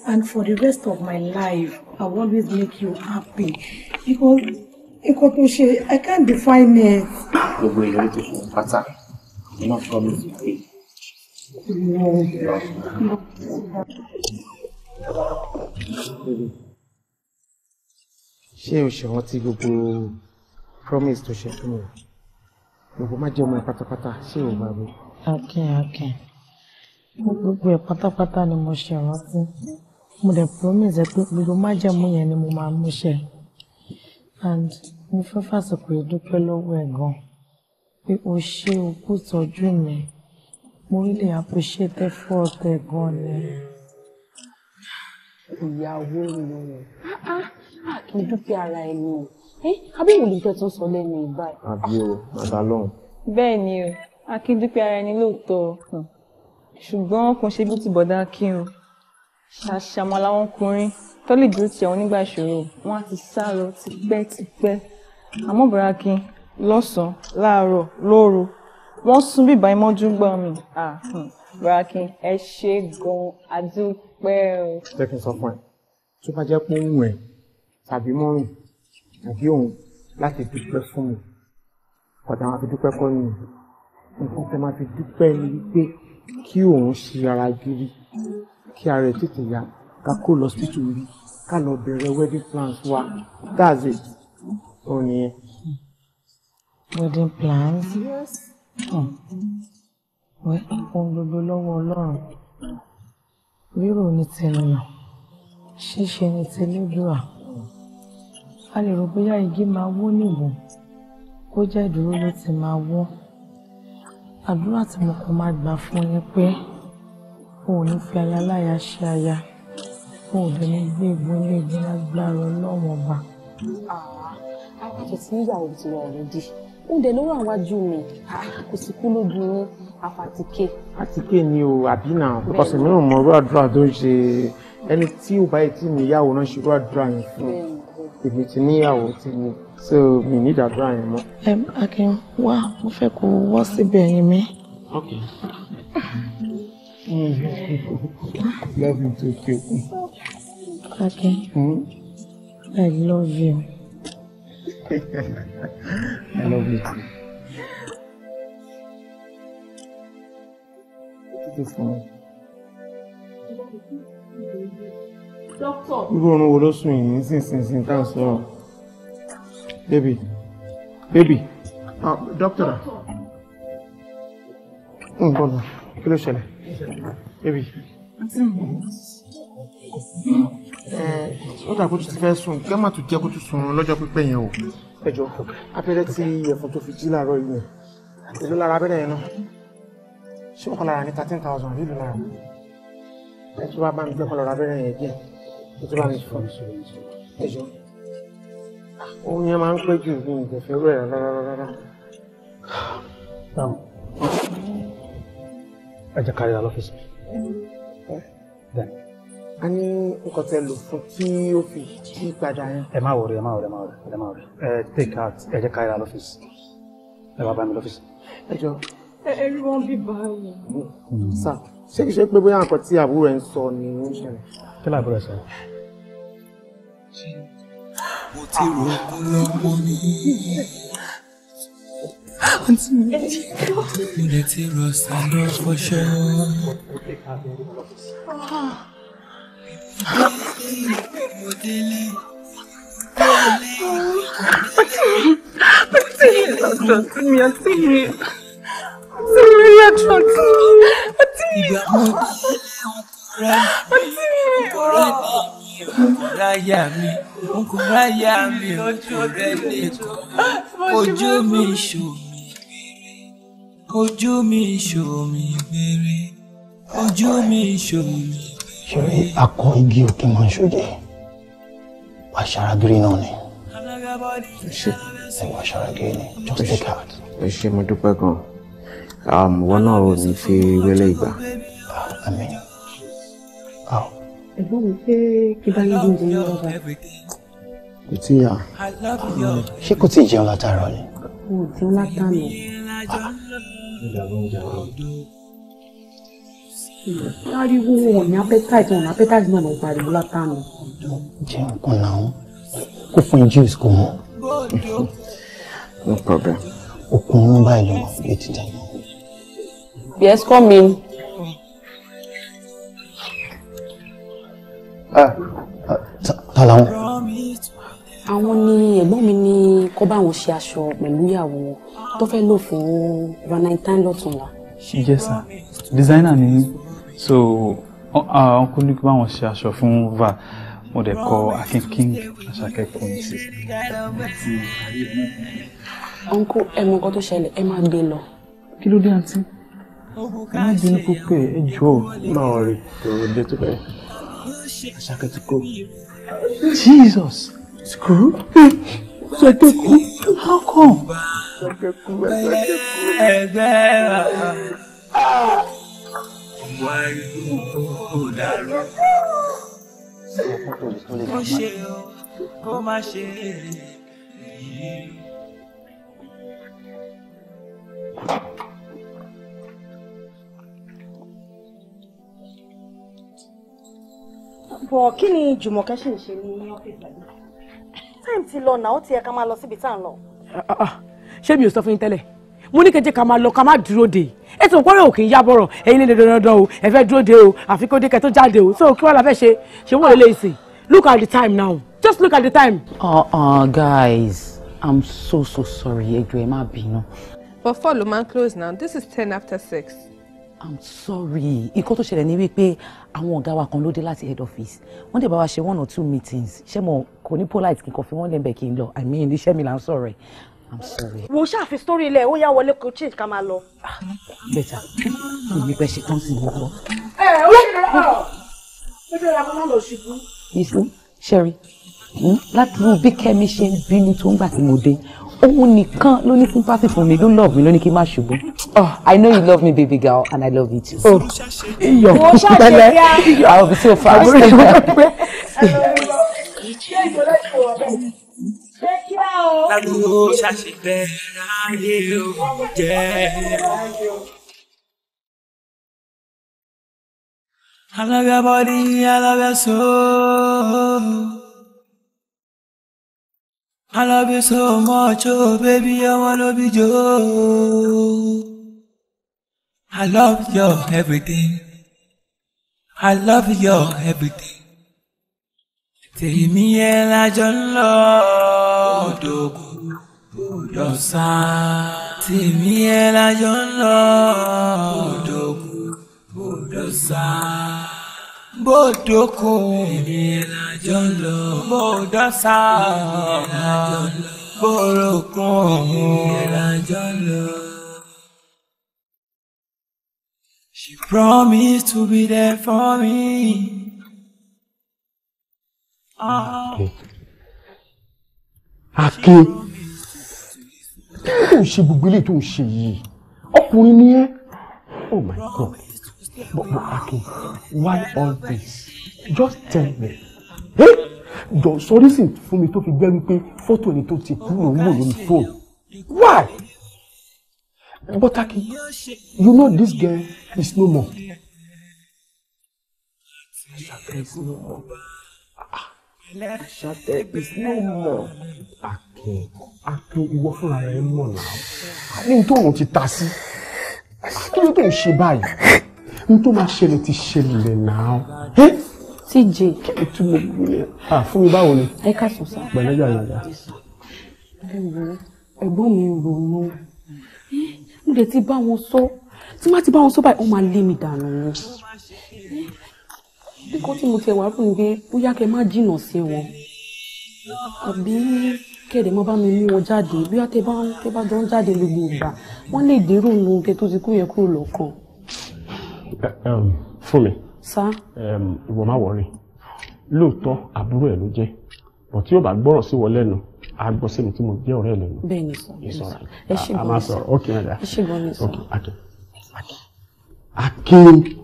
And for the rest of my life, I will always make you happy because I can't define it. Gbogbo ìlérí tó fún ṣé o ṣèrántí gbogbo promise tó ṣe fún mi gbogbo má jẹ́ ọmọ ẹ pátápátá ṣé o gbàgbé. akin akin gbogbo ẹ pátápátá ni mo ṣe rántí mo dẹ̀ promise pé gbogbo májẹ̀mú yẹn ni mo máa mú ṣẹ and mo fẹ́ fàṣọ pé dúpẹ́ lọ́wọ́ ẹ̀ gan pé o ṣe o kú tọ́jú mi mo really appreciate effort ẹ gan ni. ìyàwó mi ah, ah, kì í dúpẹ́ ara ẹni o abẹ́wò ló fẹ́ tún sọ lẹ́nu ìgbà yìí. àbí o àbá lọ́hùn. bẹ́ẹ̀ ni o akíndúpẹ́ ara ẹni lóòótọ́ ṣùgbọ́n kò ṣe bí ti bọ̀dá kí o ṣàṣàmọ́ làwọn ọkùnrin tó lè dúró ti àwọn nígbà ìṣòro wọn á ti sá lọ tipẹ́tipẹ́ àmọ́ bọ̀dá kí lọ́sàn-án láàárọ̀ lóru wọ́n sún bíbá ìmọ́jú gbọ́n mi brakin ah, hmm. ẹ ṣe gan-an adúpẹ́ o. jẹ́ kí n sọ fún ẹ tó bá jẹ́ pé òun ẹ̀ tàbí mọ́rùn tàbí òun láti dúpẹ́ fún mi kọ̀dà máa fi dúpẹ́ kọ́ nìyẹn nǹkan tẹ́ máa fi dúpẹ́ ni wípé kí òun ṣe ara gírí kí ara ẹ̀ tètè yá ká kó lọ hospital rí ká lọ bẹ̀rẹ̀ wedding plans wa that's it òun nìyẹn. wedding plans. Yes. Hm. wẹ́ ohun gbogbo lọ́wọ́ ọlọ́run rírò ní tẹnìyàn ṣíṣe ní tẹlẹ́dùà a lè rò bóyá igi máa wó nìwò kó jẹ́ ìdúró ló ti máa wó àdúrà tí mo kàn máa gbà fún yín pé o ò ní fi aya láya ṣe aya o ò dẹ̀ ní gbé egun ilé ìgbélágbára ọlọ́run ọba. àwọn àti tí ń yàwó ti wà ọ̀rẹ́dì ń dẹ̀ ló wà wájú mi kò sì kú lójú yín àfàtìkè. àtìkè ni o àbí náà because mi ò mọ irú àdúrà tó ń ṣe ẹni tí ò báyìí tí mi yàwó náà ṣe irú àdúrà yẹn fún èmi ti níyàwó ti mi so mi ní ìdádúrà yẹn mọ. ẹ akin wá mo fẹ́ kó wọ́ síbẹ̀ yẹn mi. love you too. akin hmm? i love you. I love you too. Doctor. Irú oorun wo ló sùn yìí nísinsìnyí tá à Baby. Baby. Ah, doctor. Ń bọ̀ lọ, kí ló Baby ó dà kó tún ti fẹ́ sùn kí ẹ má tún jẹ́ kó tún sùn lọ́jọ́ pípẹ́ yẹn o. ẹ jọ abẹ́rẹ́ tí ẹ̀fọn tó fi jí láàárọ̀ yìí yẹn èló lára abẹ́rẹ́ yẹn náà ṣé ọkọ lára ní thirteen thousand àbí ìlú lára ẹ tún bá bá mi jẹ́ kọ́ lọ́ra yẹn díẹ̀ ẹ tún bá mi fọ́ ẹ jọ. Ah, ohun yẹn máa ń pẹ́ jù ní ìgbẹ̀fẹ́ rẹ̀ rárá. ẹ jẹ́ kárí lọ lọ́fíìsì mi a ní nǹkan lò fún tí ó fi yí padà yẹn. ẹ má wọrí ẹ má wọrí ẹ má wọrí ẹ má wọrí ẹ take out ẹ jẹ káyọ̀ lọ́fíìsì ẹ wá bá mi lọ́fíìsì. ẹ jọ. ẹ ẹ rí wọn bí báyìí. sà ṣé kìí ṣe pé bóyá nǹkan tí àbúrò ẹ ń sọ ni ó ń ṣẹlẹ̀. kí làbúrò ẹ sọ. mo ti rò ó lọ́pọ̀ ní. Auntie me. Let it rust and go for sure mo délé délé mo délé lọ́dọ̀ sí mi àti mi àti mi lọ́dọ̀ sí mi àti mi ìgbà mo délé ọkùnrin àti mi ọkùnrin mi ọkùnráyà mi ọkùnráyà mi ọkùnrẹ́ lẹ́kọ̀ọ́ ojú mi ṣòmí gbére ojú mi ṣòmí gbére ojú mi ṣòmí ṣeré akọ igi òkè máa ń ṣoje aṣaragiri náà ni ẹwà aṣaragiri ni just take out. ẹ ṣe mo dúpẹ́ gan-an wọn náà ò ní fi wẹ́lẹ̀ ìgbà. Ah, àmín. Ah. ẹ̀gbọ́n mi pé kí bá yín gbòòrò yín lọ́ba. kò tí ì yá ṣé kò tí ì jẹun látàárọ̀ ni. kò jẹun látàárọ̀. Ah ariwo wọn appetite wọn ní appetite náà ló ń pariwo látàánú. jẹ́ nǹkan náà kó fún juice kò mọ́. no problem. okun inú báyìí ló ń gbé títẹ̀. yes come in. Ah, ah, ta làwọn. àwọn ni ẹ̀gbọ́n mi ní kó báwọn ṣe aṣọ pẹ̀lú ìyàwó tó fẹ́ lò fún valentine lọ́tùnla. yes sir designer ni so uncle Luke bá wọn ṣe aṣọ fún Val mo dẹ̀ kọ Akin King Àṣàkẹ́ Quincy. uncle ẹ mọ nǹkan tó ṣẹlẹ̀ ẹ máa gbé lọ. kí ló dé àǹtí ẹ má bínú púpẹ̀ ẹ jọ̀ọ́ náà rí ọ̀rọ̀ dé tó bẹ̀rẹ̀ Àṣàkẹ́ ti kó Jesus ti kó Àṣàkẹ́ kó how come. Àṣàkẹ́ kó Àṣàkẹ́ kó wá ikú tó kò dàrú. ó ṣe o kó má ṣe èrè yìí. bọ̀ kí ni jùmọ̀kẹ́ ṣì ń ṣe ní ọ́fíìsì àgbà? táìmù ti lọ náà ó ti yẹ ká máa lọ síbi tá à ń lọ. Ah, ah, ah. ṣé mi ò sọ fún yín tẹ́lẹ̀? mo ní kẹjẹ ká máa lọ ká máa dúró de ẹ ti mọ òkè ń yá bọ̀rọ̀ ẹ̀yin lè dandan o ẹ fẹ́ dúró de o àfi dé kẹ́ jáde o so kí wọ́n la fẹ́ ṣe ṣe wọ́n lè sìn look at the time now just look at the time. Uh -uh, guys i'm so so sorry ẹjọ ẹ má bínú. but four ló máa close now this is ten after six. i'm sorry ikọ́ tó ṣẹlẹ̀ ní wípé àwọn ọ̀gá wa kan ló dé láti head office wọ́n dẹ̀ bá wa ṣe one or two meetings ṣé mo kò ní polite kí n fi wọ́n lẹ́ńbẹ̀ kí n lọ i mean iṣẹ́ mi là ń sọ̀rọ̀ ẹ̀ i'm sorry. wo ṣàfi sórí ilẹ̀ ó yá wọlé kó change ká máa lọ. bẹ́tà èmi pẹ́ ṣe tán sí mi lọ. ẹ ó ṣe rẹ ọ ó ṣe rẹ akọ́nà lọ ṣubú. ìṣú ṣẹ́rí láti rú bí kẹ́mi ṣe ń bínú tó ń gbà tí mo dé òun nìkan ló ní sympathy fún mi ló love me, ló ní kí n má oh i know you love me baby girl and i love you too. oh iyọ̀ pẹ̀lẹ́ iyọ̀ i will be so far ládùúgbò ṣàṣìbẹ̀ ráyè ò jẹ́. I love your body, I love your soul. I love you so much, oh baby, I wanna be you. I love your everything. I love your everything. Tèmi yẹn I just lọ dòkú lọ́sàn. tèmi ẹ lájọ ń lọ dòkú lọ́sàn. bó dòkú èmi ẹ lájọ ń lọ bó dọ́sàn. bó rògùn èmi ẹ lájọ ń lọ. She promised to be there for me. Ah. Okay. Akin tó ń ṣe gbogbo ilé tó ń ṣe yìí ọkùnrin ni ẹ́ oh my god but but Akin why all this just tell me jọ sọrí sì fún mi tó fi gbẹ́ wípé fọ́tò ni tó ti kú ló ń lò lórí fóònù why but Akin you know this girl Is no more ṣàtẹ́bí ló mọ̀ akin akin ìwọ fúnra rẹ mọ̀ náà ní tóun ti ta sí kí ló tó ń ṣe báyìí ní máa ṣẹlẹ̀ ti ṣẹlẹ̀ náà. TJ kí ni tí mo bí lẹ. fún mi báwo ni. ẹ ká sùn sá. gbẹ̀lẹ́jà yàrá. ẹ̀gbọ́n mi ronú mo dẹ̀ ti bá wọn sọ tí má ti bá wọn sọ báyìí wọ́n máa lé mi dànù ni nǹkan tí mo ti wà rò ní pé bóyá kẹ má jìnnà sí wọn àbí kẹ̀dẹ̀ má bá mi mú wọn jáde bóyá tẹ bá tẹ bá jọ ń jáde gbogbo ìgbà wọn lè dérò nu kẹ tó ti kú yẹn kúrò lọ́kàn. Eh, um, fún mi ìwọ má wọrí lóòótọ́ àbúrò ẹ̀ ló jẹ́ bọ̀ tí yóò bá gbọ́rọ̀ sí wọn lẹ́nu a gbọ́ sẹ́mi tí mo jẹ́ ọ̀rẹ́ ẹ̀ lẹ́nu. bẹ́ẹ̀ni sọ ẹ ṣe gbọ́n mi sọ ẹ ṣe gbọ́n mi sọ. akin akin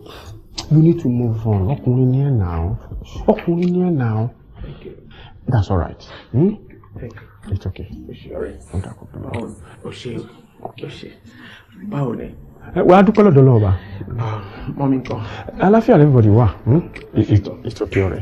you need to move on ọkùnrin ni ẹ nà ọ ọkùnrin ni now? that's all right hmm? Thank you. it's okay Sure. ọ̀dà kò bí wọn. ọ̀ṣẹ́ ọ̀ṣẹ́ báwo ni. wà á dúpẹ́ lọ́dọ̀ lọ́wọ́ bá. ba. mi kàn. aláfíà everybody Hmm. it's okay ọ̀rẹ́.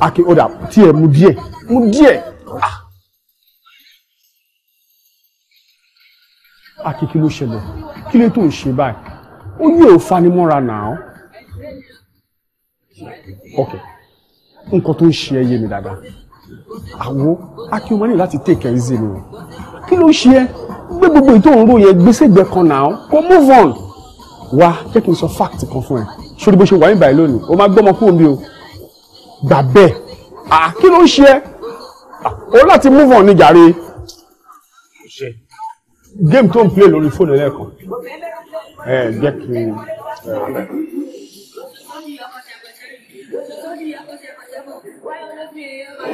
akin ó dà tiẹ̀ mu díẹ̀ mu díẹ̀ ah. akin kí ló ṣẹlẹ̀ kí ló tó ń ṣe báyìí ó yóò fanimọ́ra náà ok nǹkan tó ń ṣe ẹ yé mi dáadáa àwo akin ó máa ní láti take easy ni o kí ló ṣe ẹ gbé gbogbo ìtò òǹro yẹn gbèsè gbẹ kan náà kò move on wá jẹ́ kí n sọ fact kan fún ẹ sórí bó ṣe wà níbàyí lónìí o máa gbọ́mọ kúrò mi o gbà bẹ́ẹ̀ à kí ló ń ṣe ẹ́ o láti move on ní jàre game tó ń play lórí fóònù lẹ́ẹ̀kan ẹ jẹ́ kí n.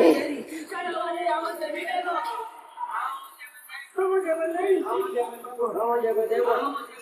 Thank you.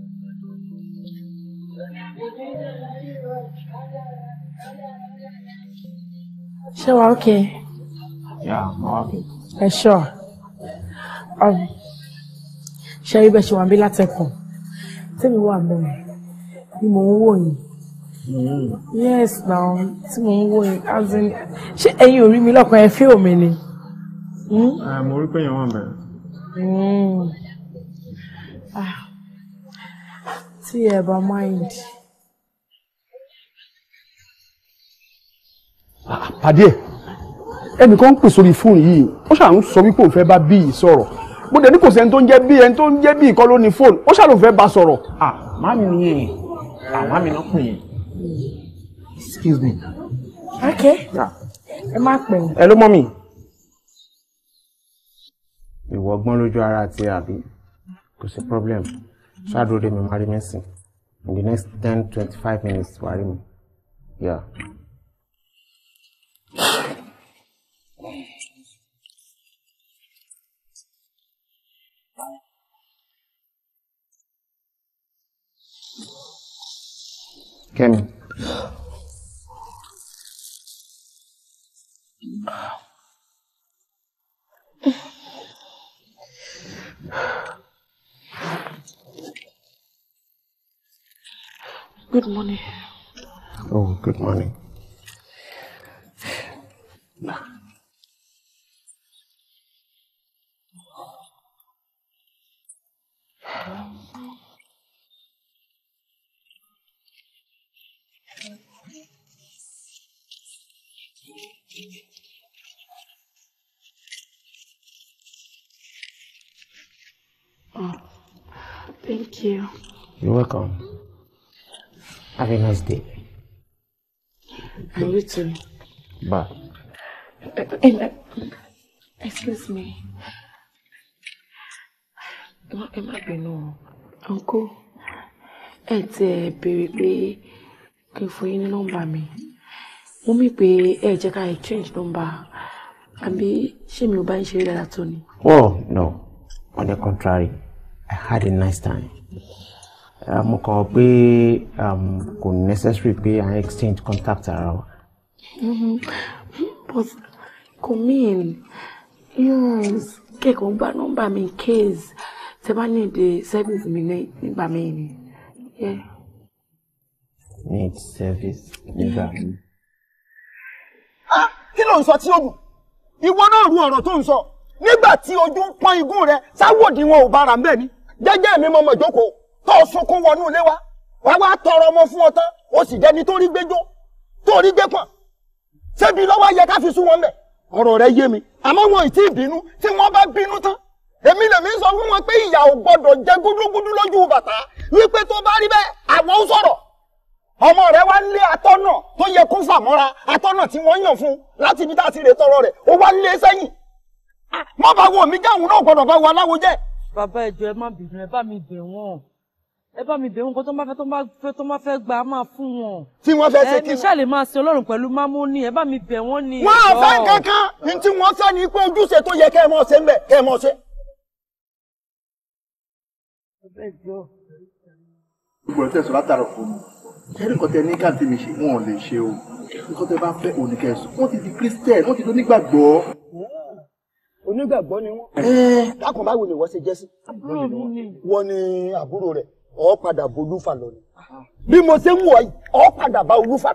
Ṣé wàá ok? Yeah, okay. wá ok. Ẹ ṣọ́ um, ṣe rí bẹ́ẹ̀ ṣe wà ń bí látẹ̀kùn tèmi wà bẹ́ẹ̀ ni mò ń wò yín. Mm-hmm. Yes now tí mò ń as in she. ẹ̀yin ò rí mi lọ́kàn ẹ fí many? Hmm. I'm eh, rí pé your wà bẹ́ẹ̀. Hmm. Ah. Tí ẹ bá máa ń Ah, pàdé ẹ ẹnìkan ń pè sórí fóònù yìí ó ṣáà ń sọ wípé òun fẹ́ bá bíi sọ̀rọ̀ mo dẹ̀ ní kò sẹ́ni tó ń jẹ́ bíi ẹni tó ń jẹ́ bíi kọ́ ló fóònù ó ṣáà ló fẹ́ bá sọ̀rọ̀. Ah, màmí mi yẹn àmàmí ah, náà pè é excuse me. okay ẹ má pè mí. ẹ ló mọ mi. ìwọ ọgbọ́n lójú ara ti àbí kò sí problem ṣáà dúró dé mi máa rí mẹ́sìn in the next ten twenty five minutes wàá rí mi. Yeah. Can Good morning. Oh, good morning. 哦，Thank you. You're welcome. Have a nice day. I need to. Bye. excuse me ẹ Emma, bínú uncle, it's ti baby. Can you find the number me? ní nọ́mbà mi mo mí pé ẹ jẹ́ ká exchange nọ́mbà àbí ṣé mi ò bá ń ṣeré oh no on the contrary i had a nice time eh, mo kàn pé um, kò necessary pé i exchange contact ara wa. mm but come in yes kẹ́kọ̀ọ́ gba nọ́mbà mi case tẹ bá ní èdè service mi nígbà mi ni. need service nígbà mi. Ah, kí ló ń sọ tí ó dùn ìwọ náà ru ọ̀rọ̀ tó ń sọ nígbà tí ojú ń pọ́n igún rẹ sáwọ́dì wọn ò bára ń bẹ̀ ni jẹ́jẹ́ mi mọ́mọ́ ìjókòó tó o sunkún wọnú ilé wa wá wá tọrọ ọmọ fún ọ tán o sì dẹni tó rí gbẹjọ tó rí gbẹpọn ṣébi lọ́wọ́ yẹ ká fi sún wọn mẹ́ ọ̀rọ̀ rẹ yé mi àmọ́ wọn ì tí ì bínú tí wọ́n bá bínú tán èmi lèmi sọ fún wọn pé ìyà ò gbọdọ̀ jẹ gúdúgúdú lójú bàtà wípé tó bá rí bẹ́ẹ̀ àwọn ń sọ̀rọ̀ ọmọ rẹ wá lé atọ́nà tó yẹ kó fàmọ́ra atọ́nà tí wọ́n yàn fún láti ibi tá a tọrọ rẹ̀ ó wá lé e sẹ́yìn ah, mọ́ bá wo mi jáwùn náà gbọdọ̀ bá wo aláwo jẹ́. bàbá ẹjọ ẹ má bínú ẹ bá mi bẹ̀ wọ́n ẹ bá mi bẹ̀ wọn nǹkan tó ń bá fẹ́ tó ń bá fẹ́ tó ń fẹ́ gbà á máa fún wọn. tí wọ́n fẹ́ ṣe kí ni. ẹni ṣàlè máa sin Ọlọ́run pẹ̀lú mámúni ẹ bá mi bẹ̀ wọ́n ni. wọ́n fẹ́ kankan ní tí wọ́n fẹ́ ni pé ojúṣe tó yẹ kẹ́ ẹ mọ̀ ṣe ń bẹ̀ kẹ́ ẹ mọ̀ ṣe. gbogbo ẹ̀ tẹ̀sán látara fún mi jẹ́rìí kọ́tẹ ní káàntì mi ṣe wọn ò lè ṣe o nǹkan tẹ bá fẹ́ oníkẹ́sùn onígbàgbọ́ ni wọ́n. dákun báwo ni wọ́n ṣe jẹ́ sí. wọ́n ni àbúrò rẹ̀ ọ padà bọ olúfà lọ ni bí mo ṣe ń wọ yìí ọ padà bá olúfà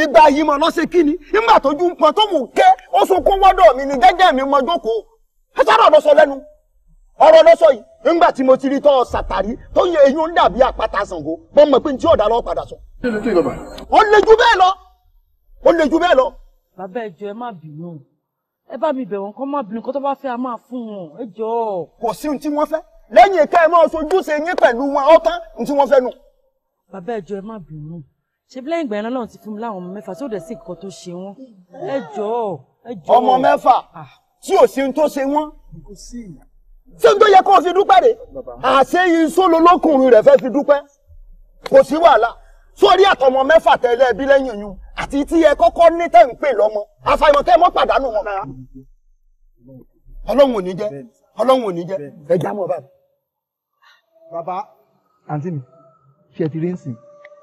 ìgbà yìí mọ̀ lọ́sẹ̀ kí ni nígbà tójú ń pọn tó mò ń ké ó sunkún wọ́dọ̀ mi ni jẹ́jẹ́ mi mọ jókòó ẹ sábà lọ sọ lẹ́nu ọ̀rọ̀ lọ sọ yìí nígbà tí mo ti rí tọ́ sàtàrí tó yẹ eyín ń dàbí àpáta Ṣàngó bọ́ mọ̀ pé ní tí ọ̀dà lọ padà sọ. ó le jù bẹ́ẹ̀ lọ ó le jù bẹ́ẹ̀ lọ. bàbá ẹ jọ̀ọ́ ẹ má bínú ẹ bá mi bẹ̀ wọ́n kọ́ má bínú kó tó bá fẹ́ a máa fún wọn ẹ kò sí ohun tí wọ́n fẹ́ lẹ́yìn ìka ẹ̀ máa sojúṣe yín pẹ̀lú wọn ọ̀tán ní tí wọ́n fẹ́ bàbá ẹjọ ẹ má bínú ṣe bí lẹ́yìn ìgbà yẹn lọ́run ti fún mi láwọn ọmọ mẹ́fà tí ó dẹ̀ sí nǹkan tó ṣe wọ́n ẹjọ ẹjọ. ọmọ mẹ́fà ah. tí ò sí tó ṣe wọ́n ṣé n tó yẹ kó o fi dúpẹ́ rè àṣé ìṣòro lókùnrin rẹ̀ fẹ́ fi dúpẹ́ kò sí wàhálà sórí àtọmọ mẹ́fà tẹ́lẹ̀ bí lẹ́yìn yun àti tí ẹ kọ́kọ́ ní tẹ́ ń pè lọ́mọ àfàìmọ̀ kẹ́ mọ́ pàdánù wọn. ọlọ́run ò ní jẹ́ ọlọ́run ò ní jẹ́ ẹ já mọ́ báyìí. Baba, àǹtí mi ṣe ti rí nsìn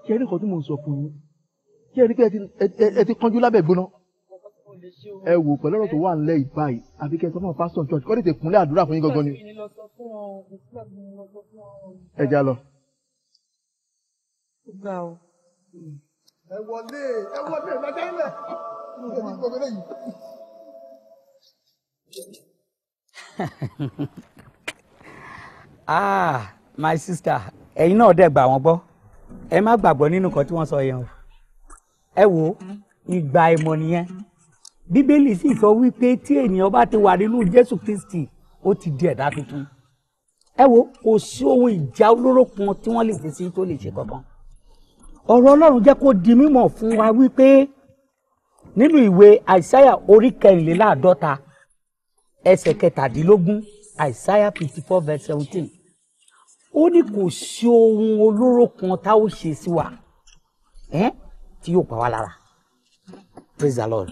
ṣe rí nǹkan tí mò ń sọ fún yín ṣe rí pé ẹ ti kánjú lábẹ́ gbóná ẹ wò pẹ̀lú ọ̀rọ̀ tó wà nílẹ̀ ìbáyìí àbí kẹ́ ẹ sọ fún pásítọ̀ church kọ́ lè tè kúnlẹ̀ àdúrà fún yín gangan ni. ẹ já lọ. ẹ wọlé ẹ wọlé lọjọ ilẹ ìgbẹ́ni gbogbo lẹ́yìn. ah my sister ẹ̀yin náà dẹ̀ gbà wọ́n gbọ́ ẹ má gbàgbọ́ nínú kan tí wọ́n sọ yẹn o ẹ wo ìgbà ìmọ̀ nìyẹn bíbélì sì sọ wípé tí ènìyàn bá ti wà nínú jésù kristi ó ti di ẹ̀dá tuntun ẹ wo kò sí ohun ìjà olóró kan tí wọ́n lè fi sí tó lè ṣe kankan ọ̀rọ̀ ọlọ́run jẹ́ kó di mímọ̀ fún wa wípé nínú ìwé àìsáyà orí kẹrìnléláàádọ́ta ẹsẹ̀ kẹtàdínlógún àìsáyà fifty four verse seventeen ó ní kò sí ohun olóró kan tá ó ṣe sí wa tí yóò pa wá lára praise the lord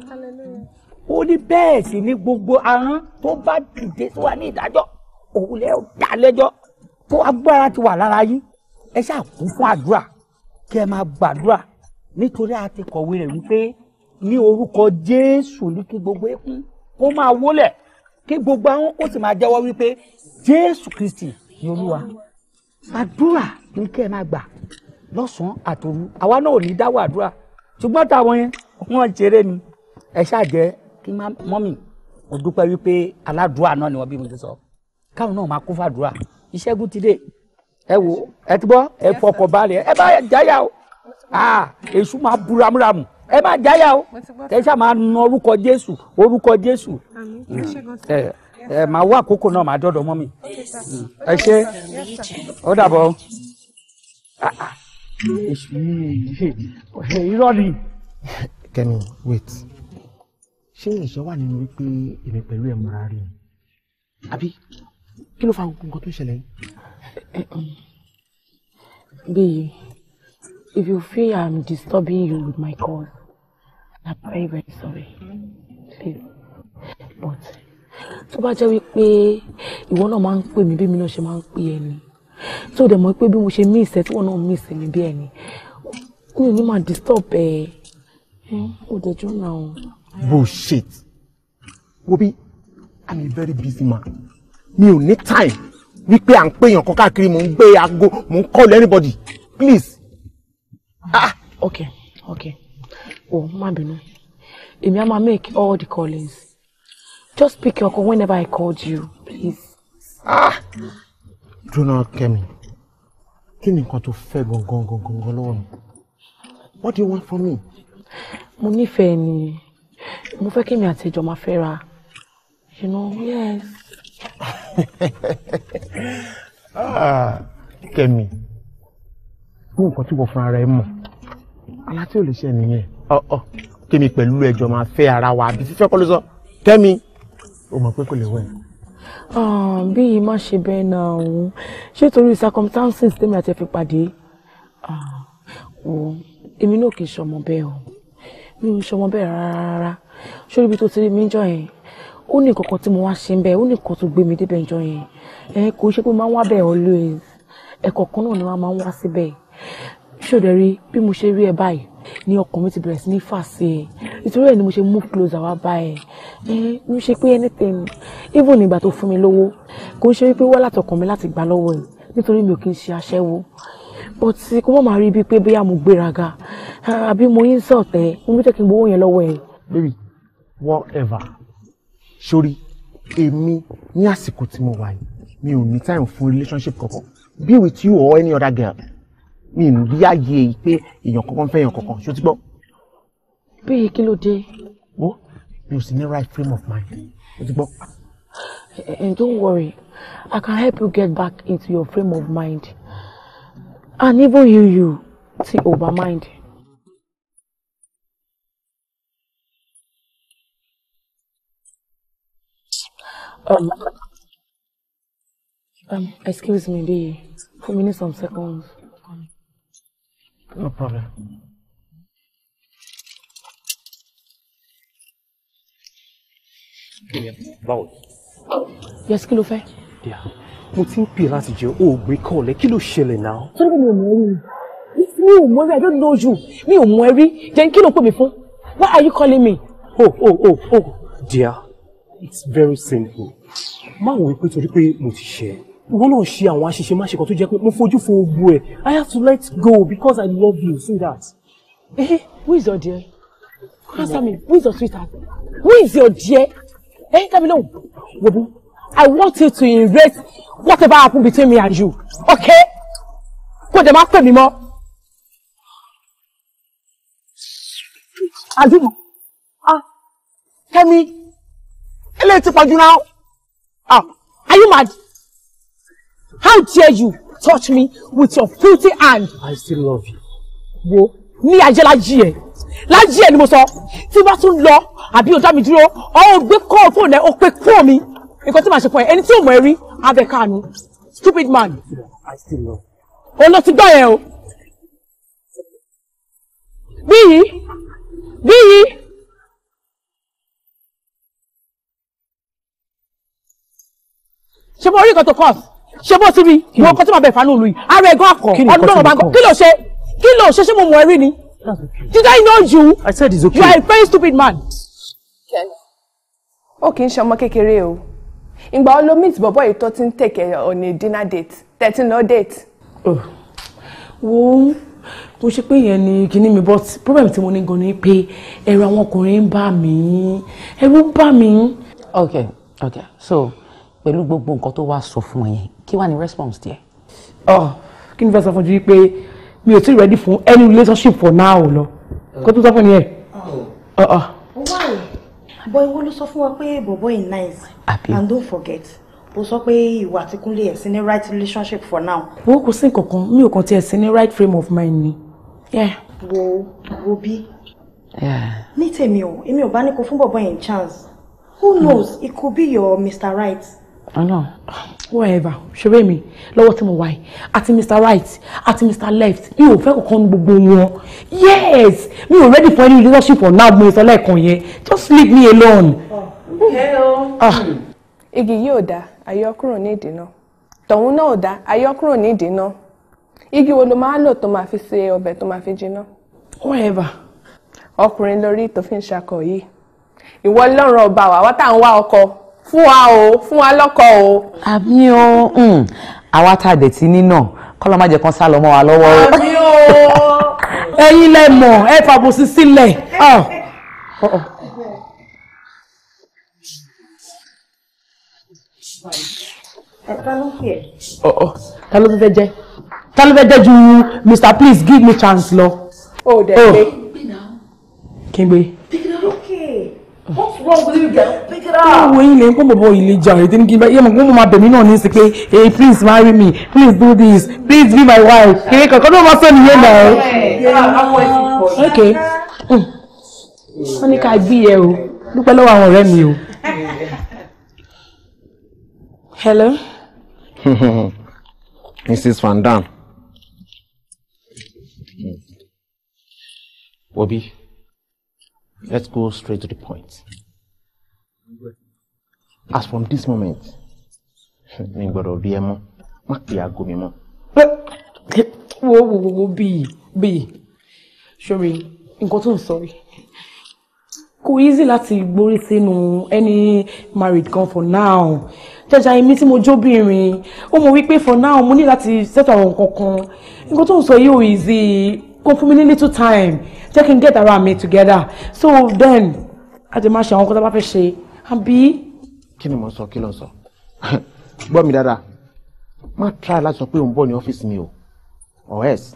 ó ní bẹ́ẹ̀ sì ni gbogbo aràn tó bá dìde tó wà ní ìdájọ́ òun lẹ́ dá lẹ́jọ́ tó agbára ti wà lára yín ẹ ṣáà kún fún àdúrà kí ẹ máa gbàdúrà nítorí a ti kọ̀wé rẹ̀ wípé ní orúkọ jésù ní kí gbogbo ẹkún kó máa wólẹ̀ kí gbogbo àwọn kó sì máa jẹ́wọ́ wípé jésù kristi ni olúwa àdúrà ní kẹ́ ẹ máa gbà lọ́sàn-án àtòru àwa náà ò ní dáwọ́ àdúrà ṣùgbọ́n táwọn yẹn wọ́n jèrè ni ẹ ṣáàjẹ́ kí má mọ́mì mo dúpẹ́ wípé aládùúrà náà ni wọ́n bí mo ti sọ káwọn náà máa kún fàdúrà ìṣẹ́gun ti dé ẹ wo ẹ ti gbọ́ ẹ fọkàn balẹ̀ ẹ bá jáyà o èṣù máa bu ramúramù ẹ má jáyà o tẹ̀sán máa nà orúkọ Jésù orúkọ Jésù. àmín ẹ ṣe gan-an ẹ máa wá àkókò náà máa dọ́dọ̀ mọ́ mi ẹ ṣe ó dàbọ̀ ah, ah. irọ́ ni. Kẹ́mi wait ṣé ìṣẹ́ wà nínú wípé èmi pẹ̀lú ẹ̀ múra rí ni àbí kí ló fa gbogbo nǹkan tó ń ṣẹlẹ̀ yìí. if you feel I'm disturbing you with my call, I'm very, sorry. Please. But tó bá jẹ́ wípé ìwọ náà máa ń pè mí bí mi náà ṣe máa ń pè ẹ ni tó dẹ̀ mọ̀ pé bí mo ṣe miss ẹ tí wọ́n náà miss mi bí ẹ ni mi ò ní máa disturb ẹ kò dẹjọ́ náà. bullshit Wobi, i'm a very busy man mi ò ní time wípé à ń pè yàn kan mò ń gbé aago mò ń call anybody please. Ah. ok ok o oh, má bínú èmi á máa make all the callings Just pick your call whenever I called you, please. Ah! Do not Kemi. Kí ni nǹkan tó fẹ́ gangan gangan gangan lọ́wọ́ mi? What do you want from me? Mo nífẹ̀ẹ́ ni. Mo fẹ́ kí mi àti ìjọ You know, yes. ah, Kemi. Fún nǹkan tí wọ́n fúnra rẹ̀ mọ̀. Alá tí ò lè ṣe nìyẹn. Oh, oh. Kemi pẹ̀lú ẹjọ́ máa fẹ́ ara wa àbí fífẹ́ kọ́ ló sọ. Kemi o mọ̀ pé kò lè wẹ̀. Ah, bí yìí má ṣe bẹ́ẹ̀ náà òun ṣé torí circumstances tèmi àti ẹ̀ fi pàdé ah, èmi náà kì í ṣọmọ bẹ́ẹ̀ o mi ò ṣọmọ bẹ́ẹ̀ rárá sórí ibi tó ti rí mi jọ yẹn ó ní nǹkan kan tí mo wá ṣe ń bẹ ó ní nǹkan tó gbé mi débẹ̀ jọ yẹn kò ṣe pé máa wá bẹ́ẹ̀ always ẹ̀kọ́ kan náà ni wọ́n máa ń wá síbẹ̀ ṣòdẹ̀ rí bí mo ṣe rí ẹ báyìí ni ọkàn mi ti bẹ̀rẹ̀ sí ní fà sí ẹ nítorí ẹ ni mo ṣe move close. wá bá ẹ ń ṣe pé anything even nígbà tó fún mi lówó kò ń ṣe wípé wọ́n látọkàn mi láti gbà lọ́wọ́ ẹ̀ nítorí mi ò kí ń ṣe aṣẹ́wó but kó má máa rí bíi pé bóyá mo gbéraga àbí mo insult ẹ mo bí jẹ́ kí n gbowó yẹn lọ́wọ́ ẹ̀. baby whatever sori èmi ní àsìkò tí mo wà yìí mi ò ní time fún relationship kankan be with you or any other girl mi ò rí àyè pé èèyàn kankan fẹ́ èèyàn kankan ṣó ti gbọ́. bíi kí ló dé. wo mi ò in the right frame of mind o and eh, eh, don't worry i can help you get back into your frame of mind and even you, you see, o mind. Um, um, excuse me, be for me some seconds. No problem. báwo. yẹsí kí ló fẹ́. mo ti ń pè láti jẹ oògùn ikọ̀ ọ̀lẹ́ kí ló ṣẹlẹ̀ náà. sọ́dọ̀ mi ò mọ ẹrí mi ò mọ ẹrí I don't know you mi ò mọ ẹrí jẹ́ kí ló pè mí fún why are you calling me. oh oh oh oh dear it's very simple má wò wípé torí pé mo ti ṣe é ìwọ náà ṣe àwọn àṣìṣe má ṣe kan tó jẹ́ pé mo fojú fo ogbó ẹ i have to let go because i love you see that. Eh, who is your dear? answer me who is your sweetheart? who is your dear? Hey, let me know. Wobi, I want you to erase whatever happened between me and you. Okay? Kò dẹ̀ máa pè mí mọ́. Àjùmọ̀, ah, Kẹ́mi, eléyìí ti pọ̀jù now. Ah, are you mad? How dare you touch me with your filthy hand? I still love you. Wo, ní ajẹ́lájí ẹ̀ láyé ẹ ni mo sọ tí bá tún lọ àbí o dá mi dúró ọ ò gbé kọ́ọ̀ fóònù ẹ o pé kúrò mi nǹkan tí màá ṣe fún ẹ ẹni tí ò mọ ẹ abẹ káàánú stupid man òun ló ti gbọ́ yẹn o bíyì bíyì. ṣe bó orí nǹkan tó kọ́ ṣe bó síbi ìwọ nǹkan tí màá bẹ̀ fánú lu yìí ara ẹ̀ gan akọ ọdún náà bá ń kọ́ kí ló ṣe kí ló ṣe ṣé mo mọ ẹ ni. That's okay. Did I know you? I said it's okay. You are a very stupid man. Ken, Okay, Shama kékeré o. Ìgbà lo meet bọ̀bọ́ yìí tó ti ń take on a dinner date. Thirteen no date. Oh. Wo kò ṣe pé yẹn ni kinní mi but problem tí mo ní gan ni pé ẹ̀rù àwọn ọkùnrin ń bà mí ẹ̀rù ń okay okay so pẹ̀lú gbogbo nǹkan tó wá sọ fún ẹ yẹn kí wàá response díẹ̀. Oh, kini ni fẹ́ sọ ju pé mi ò tí ready for any relationship for now lọ kó tó sọ fún mi ẹ. Oh. Uh-uh. bọ́ ìwọ ló sọ fún wa pé bọ̀bọ́ yìí nice and don't forget o sọ pé ìwà àti Kúnlé ẹ̀ ní right relationship for now. wo kò sí nǹkan kan mi ò kàn tiẹ̀ sí ní right frame of mind ni. wo wo bí. ní tèmi o èmi ò bá ní kó fún bọ̀bọ́ yẹn chance who knows it could be your Mr. Right ọlọ́run. whatever ṣeré mi lọ́wọ́ tí mo wà yìí àti mr right àti mr left mi ò fẹ́ kankan nu gbogbo wọn yes mi ò ready for any relationship for now mo sọ lẹ́ẹ̀kan yẹn just leave me alone. Ah. igi yìí ò dá àyọkúrò ní ìdènà tọ̀hún náà ò dá àyọkúrò ní ìdènà igi wo ló máa lò tó máa fi ṣe ọbẹ̀ tó máa fi jiná. whatever. ọkùnrin lórí tó fi ń ṣakọ yìí ìwọ lọ́rùn ọba wa wá tá ń wá ọkọ fún wa o fún wa lọ́kọ o. àmì o hmm. àwa tá a dẹ̀ ti ní náà kọ́lọ́ má jẹ́ kán sá lọ mọ́ wa lọ́wọ́ o. àmì o. ẹ̀yin lẹ mọ̀ ẹ fàbùsí sílẹ̀. Ah. Oh, oh. ta ló fẹ́ jẹ́ ta ló fẹ́ jẹ́ ju Mr. Please give me chance lọ. o dẹ̀ oh. gbé. kí n gbé what's wrong with you girl pick it up. owó yín lè ń kó bọ̀bọ̀ yìí lè jà ọ̀rẹ́ tí ní kí n bá yẹ mọ̀ kó mo máa bẹ̀mí náà ní sí pé hey please marry me please do this please be my wife kiri kankan ló máa sọ nìyẹn náà. ok wọ́n ní ká gbé yẹ o dúpẹ́ lọ́wọ́ àwọn ọ̀rẹ́ mi o. hello. mrs van dam. Obi. Let's go straight to the point. As from this moment, mi gbọ́dọ̀ rí ẹ mọ́, má pè aago mi mọ́. Wo wo wo wo bíi bíi ṣòrí nǹkan tó ń sọ rí. Kò easy láti gborí sínú any married gan for now. Jẹja èmi tí mo jóbìnrin, ó mọ̀ wípé for now mo ní láti ṣètò àwọn nǹkan kan. Nǹkan tó ń sọ yìí ò easy kò fún mi little time jẹ́ kí n get around me together so then a ti máa ṣe àwọn nǹkan tó bá fẹ́ ṣe àbí. kí ni mo sọ kí ló sọ gbọ́ mi dáadáa má try láti sọ pé òun bọ̀ ní ọ́fíìsì mi o or else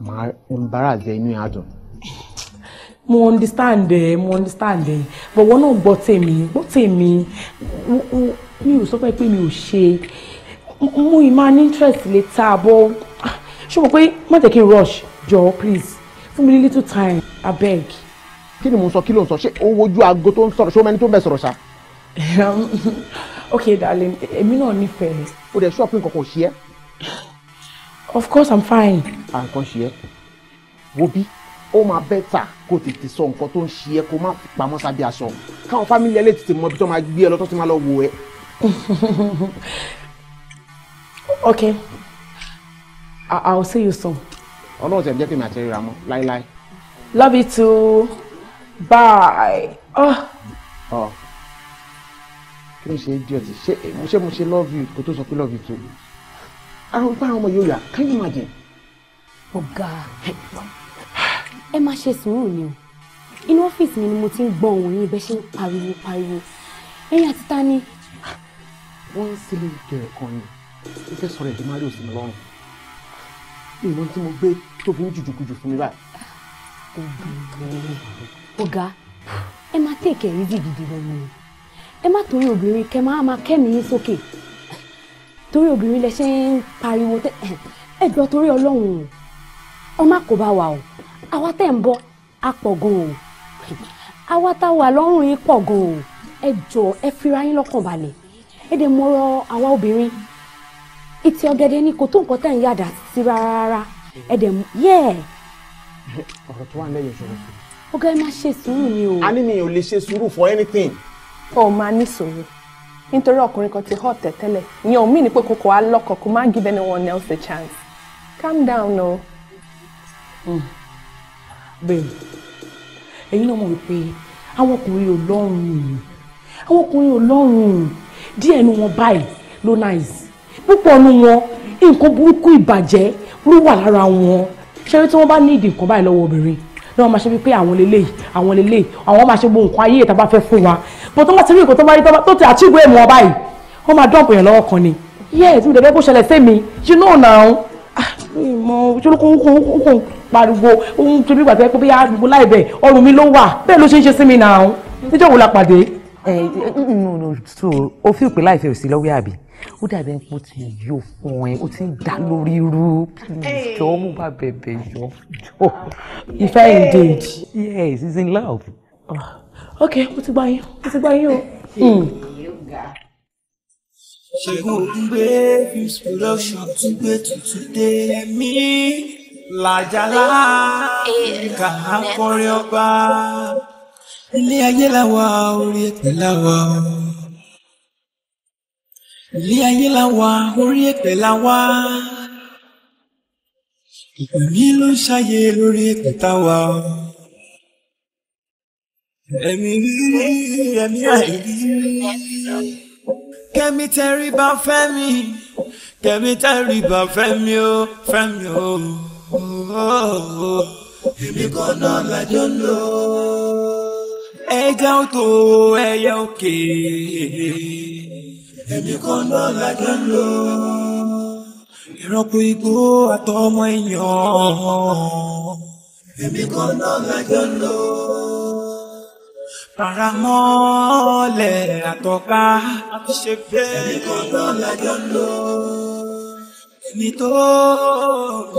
ma embarrass ẹ inú ẹ adùn. mo understand ẹ mo understand ẹ but wọn náà gbọ́ tèmi gbọ́ tèmi mi ò sọ pé pé mi ò ṣe mo ì máa ní interest later but ṣé mo pé má jẹ́ kí n rush Joe, please fún mi ní little time abeg. kí ni mo sọ kí ló ń sọ ṣé o wojú aago tó ń sọ̀rọ̀ ṣé o mẹni tó ń bẹ sọ̀rọ̀ ṣá. Um, okay darling èmi náà nífẹ̀ẹ́. o dẹ̀ ṣọ́ọ̀pù nǹkan kò ṣe é. of course i'm fine. à nǹkan ṣe é wo bí ó máa bẹ́tà kó tètè sọ nǹkan tó ń ṣe é kó má pamọ́ sábẹ́ aṣọ káwọn fámìlì ẹ lè tètè mọ ibi tó máa gbé ẹ lọ tó máa lọ wò ẹ. okay i'll see you soon ọlọ́run tẹ̀ jẹ́ kí mi àti ríra mọ́ láíláí. love you too bye. Oh. Oh. kí ló ń ṣe idiot ṣé mo eh, ṣe mo ṣe love you kó tó sọ pé love you too àrùn bá àwọn ọmọ yóò yà can you imagine. ọ̀gá ẹ má ṣe sùúrù ni o inú ọ́fíìsì mi ni mo ti ń gbọ́ ohùn yín bẹ́ẹ̀ ṣe ń pariwo pariwo ẹ̀yin àti ta ni. wọ́n ń sílé ìkẹrẹ̀ kan yìí ó fẹ́ sọ̀rọ̀ ẹ̀dínmárì òsì mi lọ́rùn ìmọ̀ tí mo gbé tó fi ń jùjùkujù fún mi báyìí. ọ̀gá ẹ máa tèkè rí dìgìdì lẹ́nu ni ẹ má torí obìnrin kẹ máa máa kẹ́mi yín sókè torí obìnrin lẹ ṣe ń pariwo ẹ jọ torí ọlọ́run o ọmọ kò bá wa o àwa tẹ̀ ń bọ̀ a pọ̀ gan-an o àwa tá a wà lọ́rùn yín pọ̀ gan o ẹ jọ ẹ fira yín lọ́kàn balẹ̀ ẹ dẹ̀ mọ̀rọ̀ àwa obìnrin ìtì ọ̀gẹ̀dẹ̀ ni kò tó nǹkan tẹ̀ ń yàdá sí rárá rárá ẹ dẹ̀ mú yẹ. ọ̀rọ̀ tó wà ń lẹ́yìn ìṣòro fún mi. ọ̀gá ẹ má ṣe sùúrù ni o. a ní mi ò lè ṣe sùúrù for anything. ó máa ní sùúrù nítorí ọkùnrin kan ti hot tẹ́tẹ́lẹ̀ ìyẹn ò mí ní pé kókó á lọ́kọ̀ kó má give anyone else a chance calm down o. Hmm. bẹ́ẹ̀ ẹ̀yin náà mọ̀ wípé àwọn ọkùnrin ò lọ́rùn àwọn ọkùnrin ò lọ́rùn díẹ̀ nu wọn báyìí ló náà púpọ̀ nu wọn nǹkan burúkú ìbàjẹ́ ló wà lára wọn ṣé tí wọ́n bá ní ìdí nǹkan báyìí lọ́wọ́ obìnrin náà máa ṣe wípé àwọn lélẹ́yìí àwọn lélẹ́yìí àwọn máa ṣe gbogbo nǹkan ayé ìta bá fẹ́ fún wa bó tó bá ti rí nǹkan tó bá rí tó ti àtìgbò ẹ̀ mọ́ báyìí wọ́n máa dọ́ọ̀bù yẹn lọ́wọ́ kan ni yes mi dẹ̀bẹ́ kó ṣẹlẹ̀ sí mi you know now ìmọ̀ ah, ìṣòrókò ń pariwo ohun tó bí gbàgbé pé bóyá àdúgbò láìbẹ̀ ọrùn mi ló wà bẹ́ẹ̀ ló ṣe ń ṣe sí mi now níjọ́ wo la pàdé. ẹ ẹ ẹ ẹ so o fi ìpè láìfẹ́ òsì lọ́wọ́ àbí ó dàbí ẹni pé ó ti yọ fún ẹ ó ti ń dá lórí rú jọ mú bá bẹ̀bẹ̀ jọ jọ. ìfẹ́ indeed. yes he's in love. Oh. ok mo ti gbà yín mo ti gbà yín o. Hmm. ṣègùn ògúngbé films production tún gbé tuntun dé ẹ̀mí làjàlá kà á kọrin ọba ilé ayé làwa orí ètè làwa ilé ayé la wà orí èpè la wà ìpè mi ló ń ṣàyè lórí èpè tá a wà o. ẹ̀mí rírí ẹ̀mí àìrí. kẹ́mi tẹ́rí bá fẹ́ mi kẹ́mi tẹ́rí bá fẹ́ mi ó fẹ́ èmi kọ́ náà lájọ́ ń ẹja ò tó ẹyẹ òkè èmi kò ń lọ lájọ ń lò ìrọ́pò igbó àtọmọ èèyàn èmi kò ń lọ lájọ ń lò paramọ́lẹ̀ àtọ́ká ṣe bẹ́ẹ̀ èmi kò ń lọ lájọ ń lò èmi tó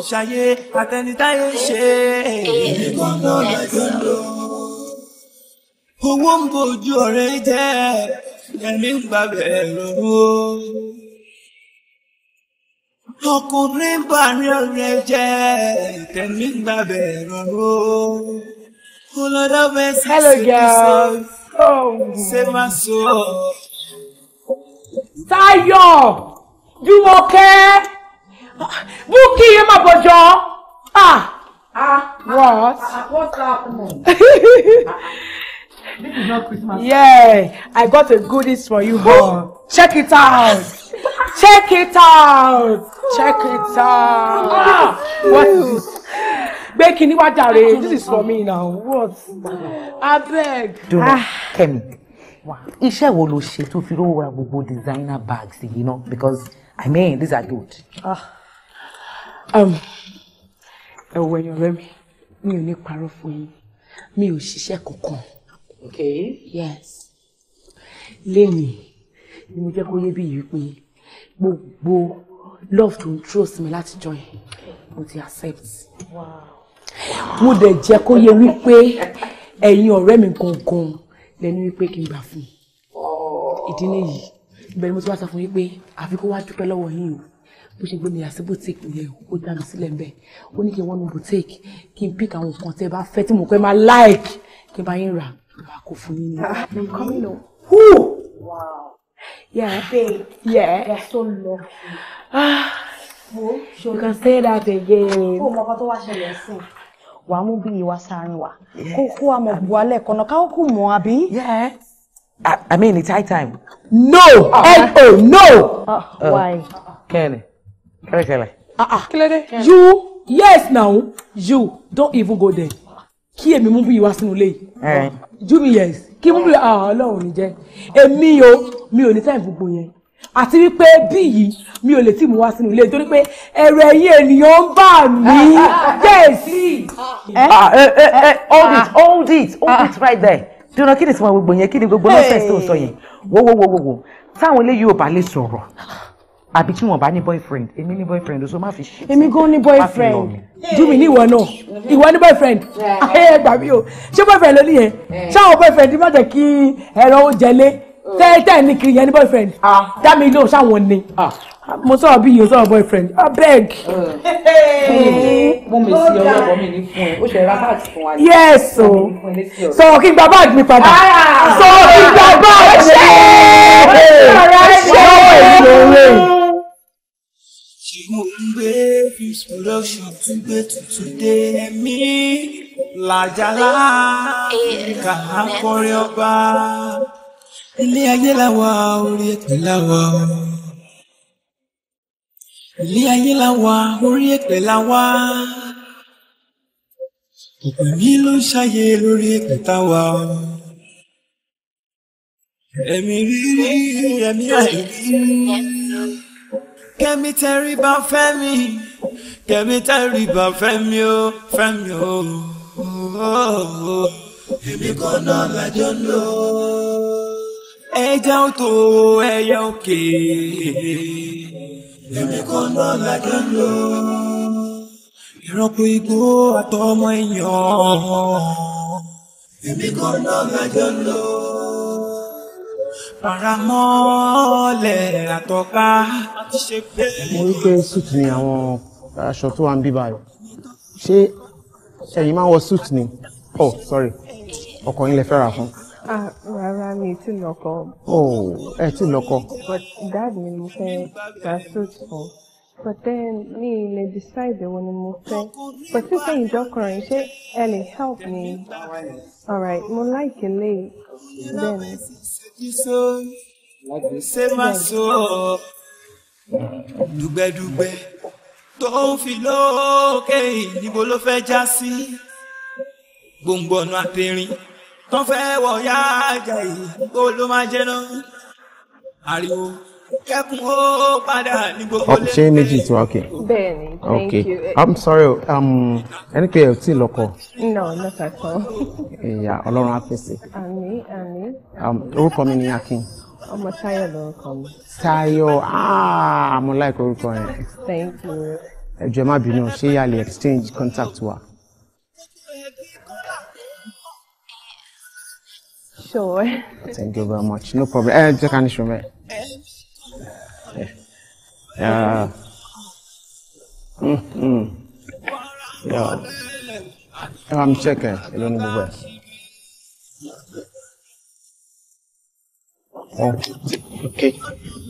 ṣayé àtẹnitáyé ṣe èmi kò ń lọ lájọ ń lò owó ń bojú ọ̀rẹ́ jẹ́ ẹ̀mí ń gbà bẹ́ẹ̀ lọ́wọ́. ọkùnrin bá ní ọ̀rẹ́ jẹ́ ẹ̀mí ń gbà bẹ́ẹ̀ lọ́wọ́. olọ́dọ̀ bẹ́ẹ̀ sẹ́sẹ́ oh. ṣe máa sọ. Táyọ̀ Jùmọ̀kẹ́ Búkì yẹn máa bọ̀jọ́. Ah! Ah! What? Ah, ah what's happening? This is not Christmas. Yeah, I got a goodies for you, boy. Check it out. Check it out. Check it out. Ah! what is this? Gbé you? wá jàre. This is for me now. What? I Abeg. Dùnú ah. Kẹ́mi. Iṣẹ́ wo lo ṣe tó fi rówó ra gbogbo designer bags you know, Because I mean these are good. Ah. Um. Ẹ̀wọ̀ ẹ̀yàn rẹ̀ mi, mi ò ní parọ́ fún yín, mi ò ṣiṣẹ́ kankan. Okay. Yes. Lẹ́nì ni mo jẹ́ kó yé bí yìí pé gbogbo love to trust me láti jọ But mo ti accept. Mo dẹ̀ jẹ́ kó yé wípé ẹ̀yin ọ̀rẹ́ mi gangan lẹ́nu wípé kí n gbà fún un. Ìdí nìyí bẹ́ẹ̀ mo ti wá sọ fún yín pé àfi kó wá dúpẹ́ lọ́wọ́ yín o bó ṣe gbé mi àti boutique yẹn ó dá mi sílẹ̀ mbẹ́ ó ní kí n wọ́n boutique kí pick àwọn nǹkan tẹ́ ẹ bá fẹ́ mo pẹ́ máa like kí ba bá yín Màá I'm coming up. Who? Wow. Yeah. Babe. Yeah. You're so lovely. Ah. Wo? You can say that again. Oh, my God! ọkọ tó wá ṣẹlẹ̀ sí. Wà á mú bí wa. Kó kó wa mọ̀ bu alẹ́ kan náà káwọ́ kò Yeah. I, mean, it's high time. No! Ah. N-O! No! Ah, uh, why? Kẹ́ni. Kẹ́ni kẹ́lẹ̀. Ah, Kí ló dé? You yes now you don't even go there. Kí èmi mú bí ìwà sínú ilé yìí. Eh jumiles kí mú mi ah, ọlọ́run ní jẹ́ èmi o mi ò ní time gbogbo yẹn àti wípé bí yìí mi ò lè tí mo wá sínú ilé nítorí pé ẹ̀rọ ẹ̀yìn ènìyàn ń bà mí jẹ́ẹ̀sì. Eh? Ah, eh, eh, ah. hold it hold it hold it right there dúró kí ni tí wọn gbogbo yẹn kí ni gbogbo nọ́ọ̀sẹ̀ tó sọ yẹn wo wo wo wo táwọn eléyìí ò bá lè sọ̀rọ̀ àbí tí wọn bá ní boyfriend èmi ní boyfriend o so má fi ṣe. èmi gan ní boyfriend júmi ní ìwọ náà ìwọ ní boyfriend ayẹyẹ gbà mí o ṣé boyfriend ló ní yẹn ṣáwọn boyfriend má jẹ kí ẹ̀rọ oúnjẹ lé tẹ́tẹ́ oh. ní kiri yẹn ní boyfriend ah. dá mi lóhùn ṣáwọn ni ah. Ah, mo sọ̀rọ̀ bí yóò sọ̀rọ̀ boyfriend abeg. Oh. Hmm. mo mi sí mi ní fún ẹ ó ṣe ra bag fún wa. yes o oh. sọ̀rọ̀ kí n gba bag mi padà sọ̀rọ̀ kí n gba bag mi. ọ̀rẹ́ mi ló rẹ̀ mo tún gbé production tún gbé tuntun dé mí làjàlá kà ọba ilé ayé làwa orí ètò làwa ilé ayé làwa orí ètò làwa ìpè mí ló ń ṣàyè lórí ètò táwa ẹ̀mí rírí ẹ̀mí àìrí kẹ́mi tẹríba fẹ́mi kẹ́mi tẹríba fẹ́mi o fẹ́mi o. èmi kò ná lájọ ń lò. ẹja ò tó ẹyẹ òkè. èmi kò ná lájọ ń lò. ìrọ́pò igbó àtọmọ èèyàn. èmi kò ná lájọ ń faramọ́ ọ̀lẹ̀ àtọ́ká. mo rí pé suit ni àwọn aṣọ tó wà ń bí báyìí ṣé ẹ̀yin máa ń wọ suit ni oh sorry ọkọ yín lè fẹ́ ra fún. Ah, rárá mi ì tí ì lọ́kọ. oh ẹ tí ì lọ́kọ. but dad mi mo fẹ́ ra suit fún but then mi lè decide èwo ni mo fẹ́ but sísè ìjọkùnrin ṣé ẹ lè help me alright mo like eléyìí then jíso lágbèsè má so dùgbẹ́dùgbẹ́ tó ń fi lókè ìdìbò ló fẹ́ já sí gbòǹgbòǹnà àtẹ̀rìn tó ń fẹ́ wọ̀ yá àjà yìí ló má jẹ́ náà ariwo kẹ́kun ó padà ní gbogbo lẹ́sẹ̀. ṣé méjì tí wàá kì bẹ́ẹ̀ni thank you. i'm sorry um, ẹni pé ẹ ò tí ì lọ́kọ. no not at all. ìyá ọlọ́run á pèsè. àmín àmín. Um, orúkọ mi ni akin. ọmọ Táyọ̀ lórúkọ mi. Táyọ̀ ah, mo like orúkọ yẹn. thank you. ẹ jọ̀ọ́ má bínú ṣé yà lè exchange contact wa. Sure. Thank you very much. No problem. Eh, take an issue, man. Yeah. Mm-hmm. Yeah. I'm checking. You don't move it. Yeah. Okay.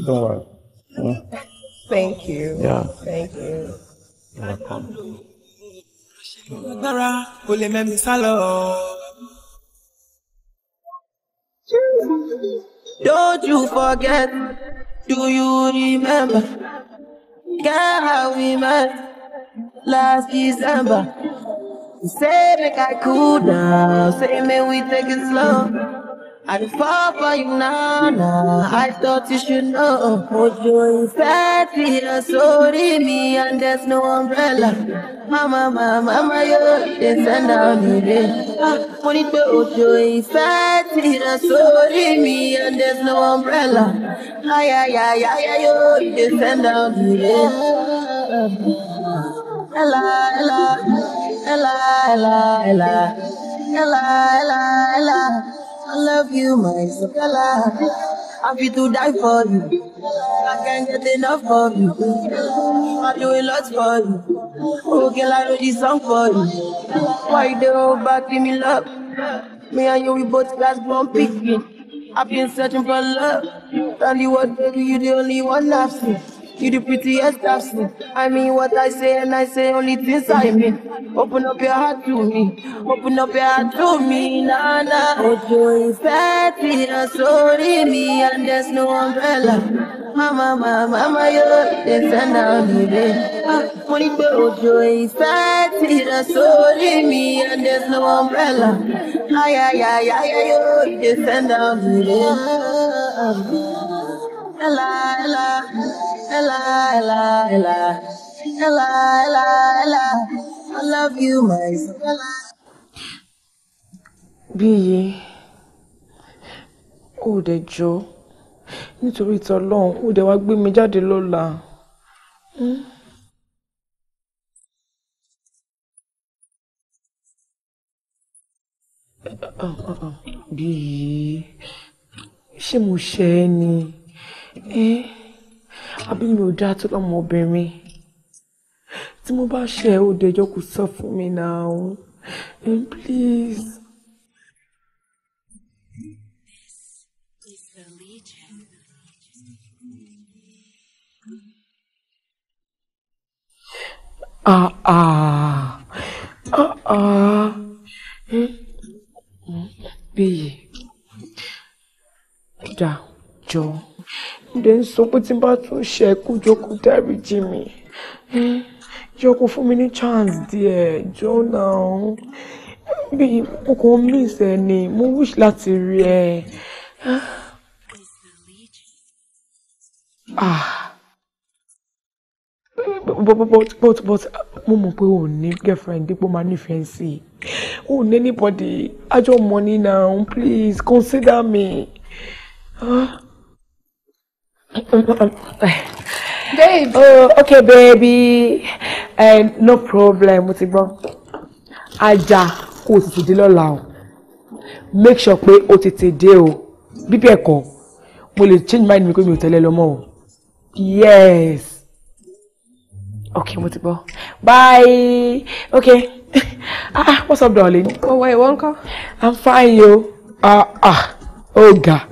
Don't worry. Mm. Thank you. Yeah. Thank you. You're welcome. Lágbára kò lè mẹ́mi sá Don't you forget. Do you remember? Girl, how we met last December. You said like I could now. Say, man, we take it slow. I fall for you now, now. I thought you should know. Hold your infatuation, so me, and there's no umbrella. Mama, mama, mama, you they send down the rain. Ah, when it hold your infatuation, so me, and there's no umbrella. Ay, ay, ay, ay, ay, you they send down the rain. Ella, Ella, Ella, Ella, Ella, Ella, Ella, Ella. I love you, my Isabella. Happy to die for you. I can't get enough of you. I do a lot for you. Oh, girl, I know this song for you. Why they all back Give me love? Me and you, we both got one picking. I've been searching for love. Tell you what, baby, you the only one I've seen. You the prettiest I've seen. I mean what I say, and I say only things I mean. Open up your heart to me. Open up your heart to me, Nana. Ojo infatti, na sorry me, and there's no umbrella. Mama, mama, mama, you they send out me there. Ah, money pe ojo infatti, na sorry me, and there's no umbrella. Ay, ay, ay, ay, ay, yo, they send me there. Ella, Ella, Ella, Ella, Ella, Ella, Ella. ela. I love you, my Isabella. Bíyì, kò dẹ̀ jọ nítorí ìtọ́lọ́hún ó dẹ̀ wá gbé mi jáde lọ́la. Mm. Eh, ah, ah, ah, Bíyì, ṣé mo ṣe é ni? ẹ́ eh, àbí mi ò dáa tó lọ́mọbìnrin tí mo bá ṣe ẹ́ ó dẹjọ́ kò sọ fún mi náà ẹ́ eh, please. Ah ah ah ah. Hmm? Hmm? Bíyì. Dá jọ dẹ̀ ń sọ pé tí n bá tún ṣe kú jókòó dárí jì mí jókòó fún mi ní chance díẹ̀ jọ́nà ọ̀hún bí kòkó miss ẹ ni mo wish láti rí ẹ. Ah. but but but but mo mọ̀ pé òun ní girlfriend dípò máa nífẹ̀ẹ́ sí i òun ní anybody àjọ money now please consider me. Huh? Ah. Babe. Oh, okay, baby. And eh, no problem, mo ti gbọ́. Ajá kò sì ti Make sure pé o tètè dé o. Bíbí ẹ̀kọ́, mo lè change mind mi pé mi ò tẹ́lẹ̀ lọ́mọ o. Yes. Okay, mo ti gbọ́. Bye. Okay. Ah, ah, what's up, darling? Oh, Ọwọ́ won't come? I'm fine, yo. Ah, ah, ọ̀gá.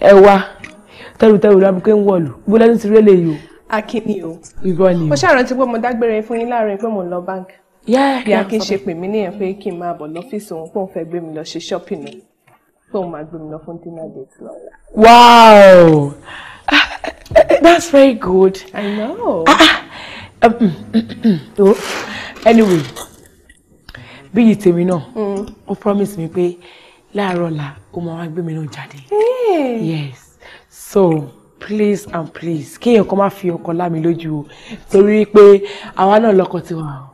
Oh, Ẹ wá tẹrùtẹrù lábí pé ń wọ̀lù bó lẹ́nu ti yìí o. akínni o ìbọn ni o. mo ṣàrántí pé mo dágbére fún yín láàrin pé mo lọ bank. yá kí n ṣe pè mí níyẹn pé kí n máa bọ̀ lọ́fíìsì òun pé òun fẹ́ gbé mi lọ ṣe shopping o pé òun máa gbé mi lọ fún dinner date lọ́la. wow ah, eh, eh, that's very good. i know. Ah, ah, um, mm, mm, mm, oh, anyway bí yìí tèmi náà ó promise mi pé láàárọ̀ la ó máa wá gbé mi náà jáde. yes so please and please kéèyàn kan má fi ọkàn lámi lójú o torí pé àwa náà lọ́kọ ti wà o.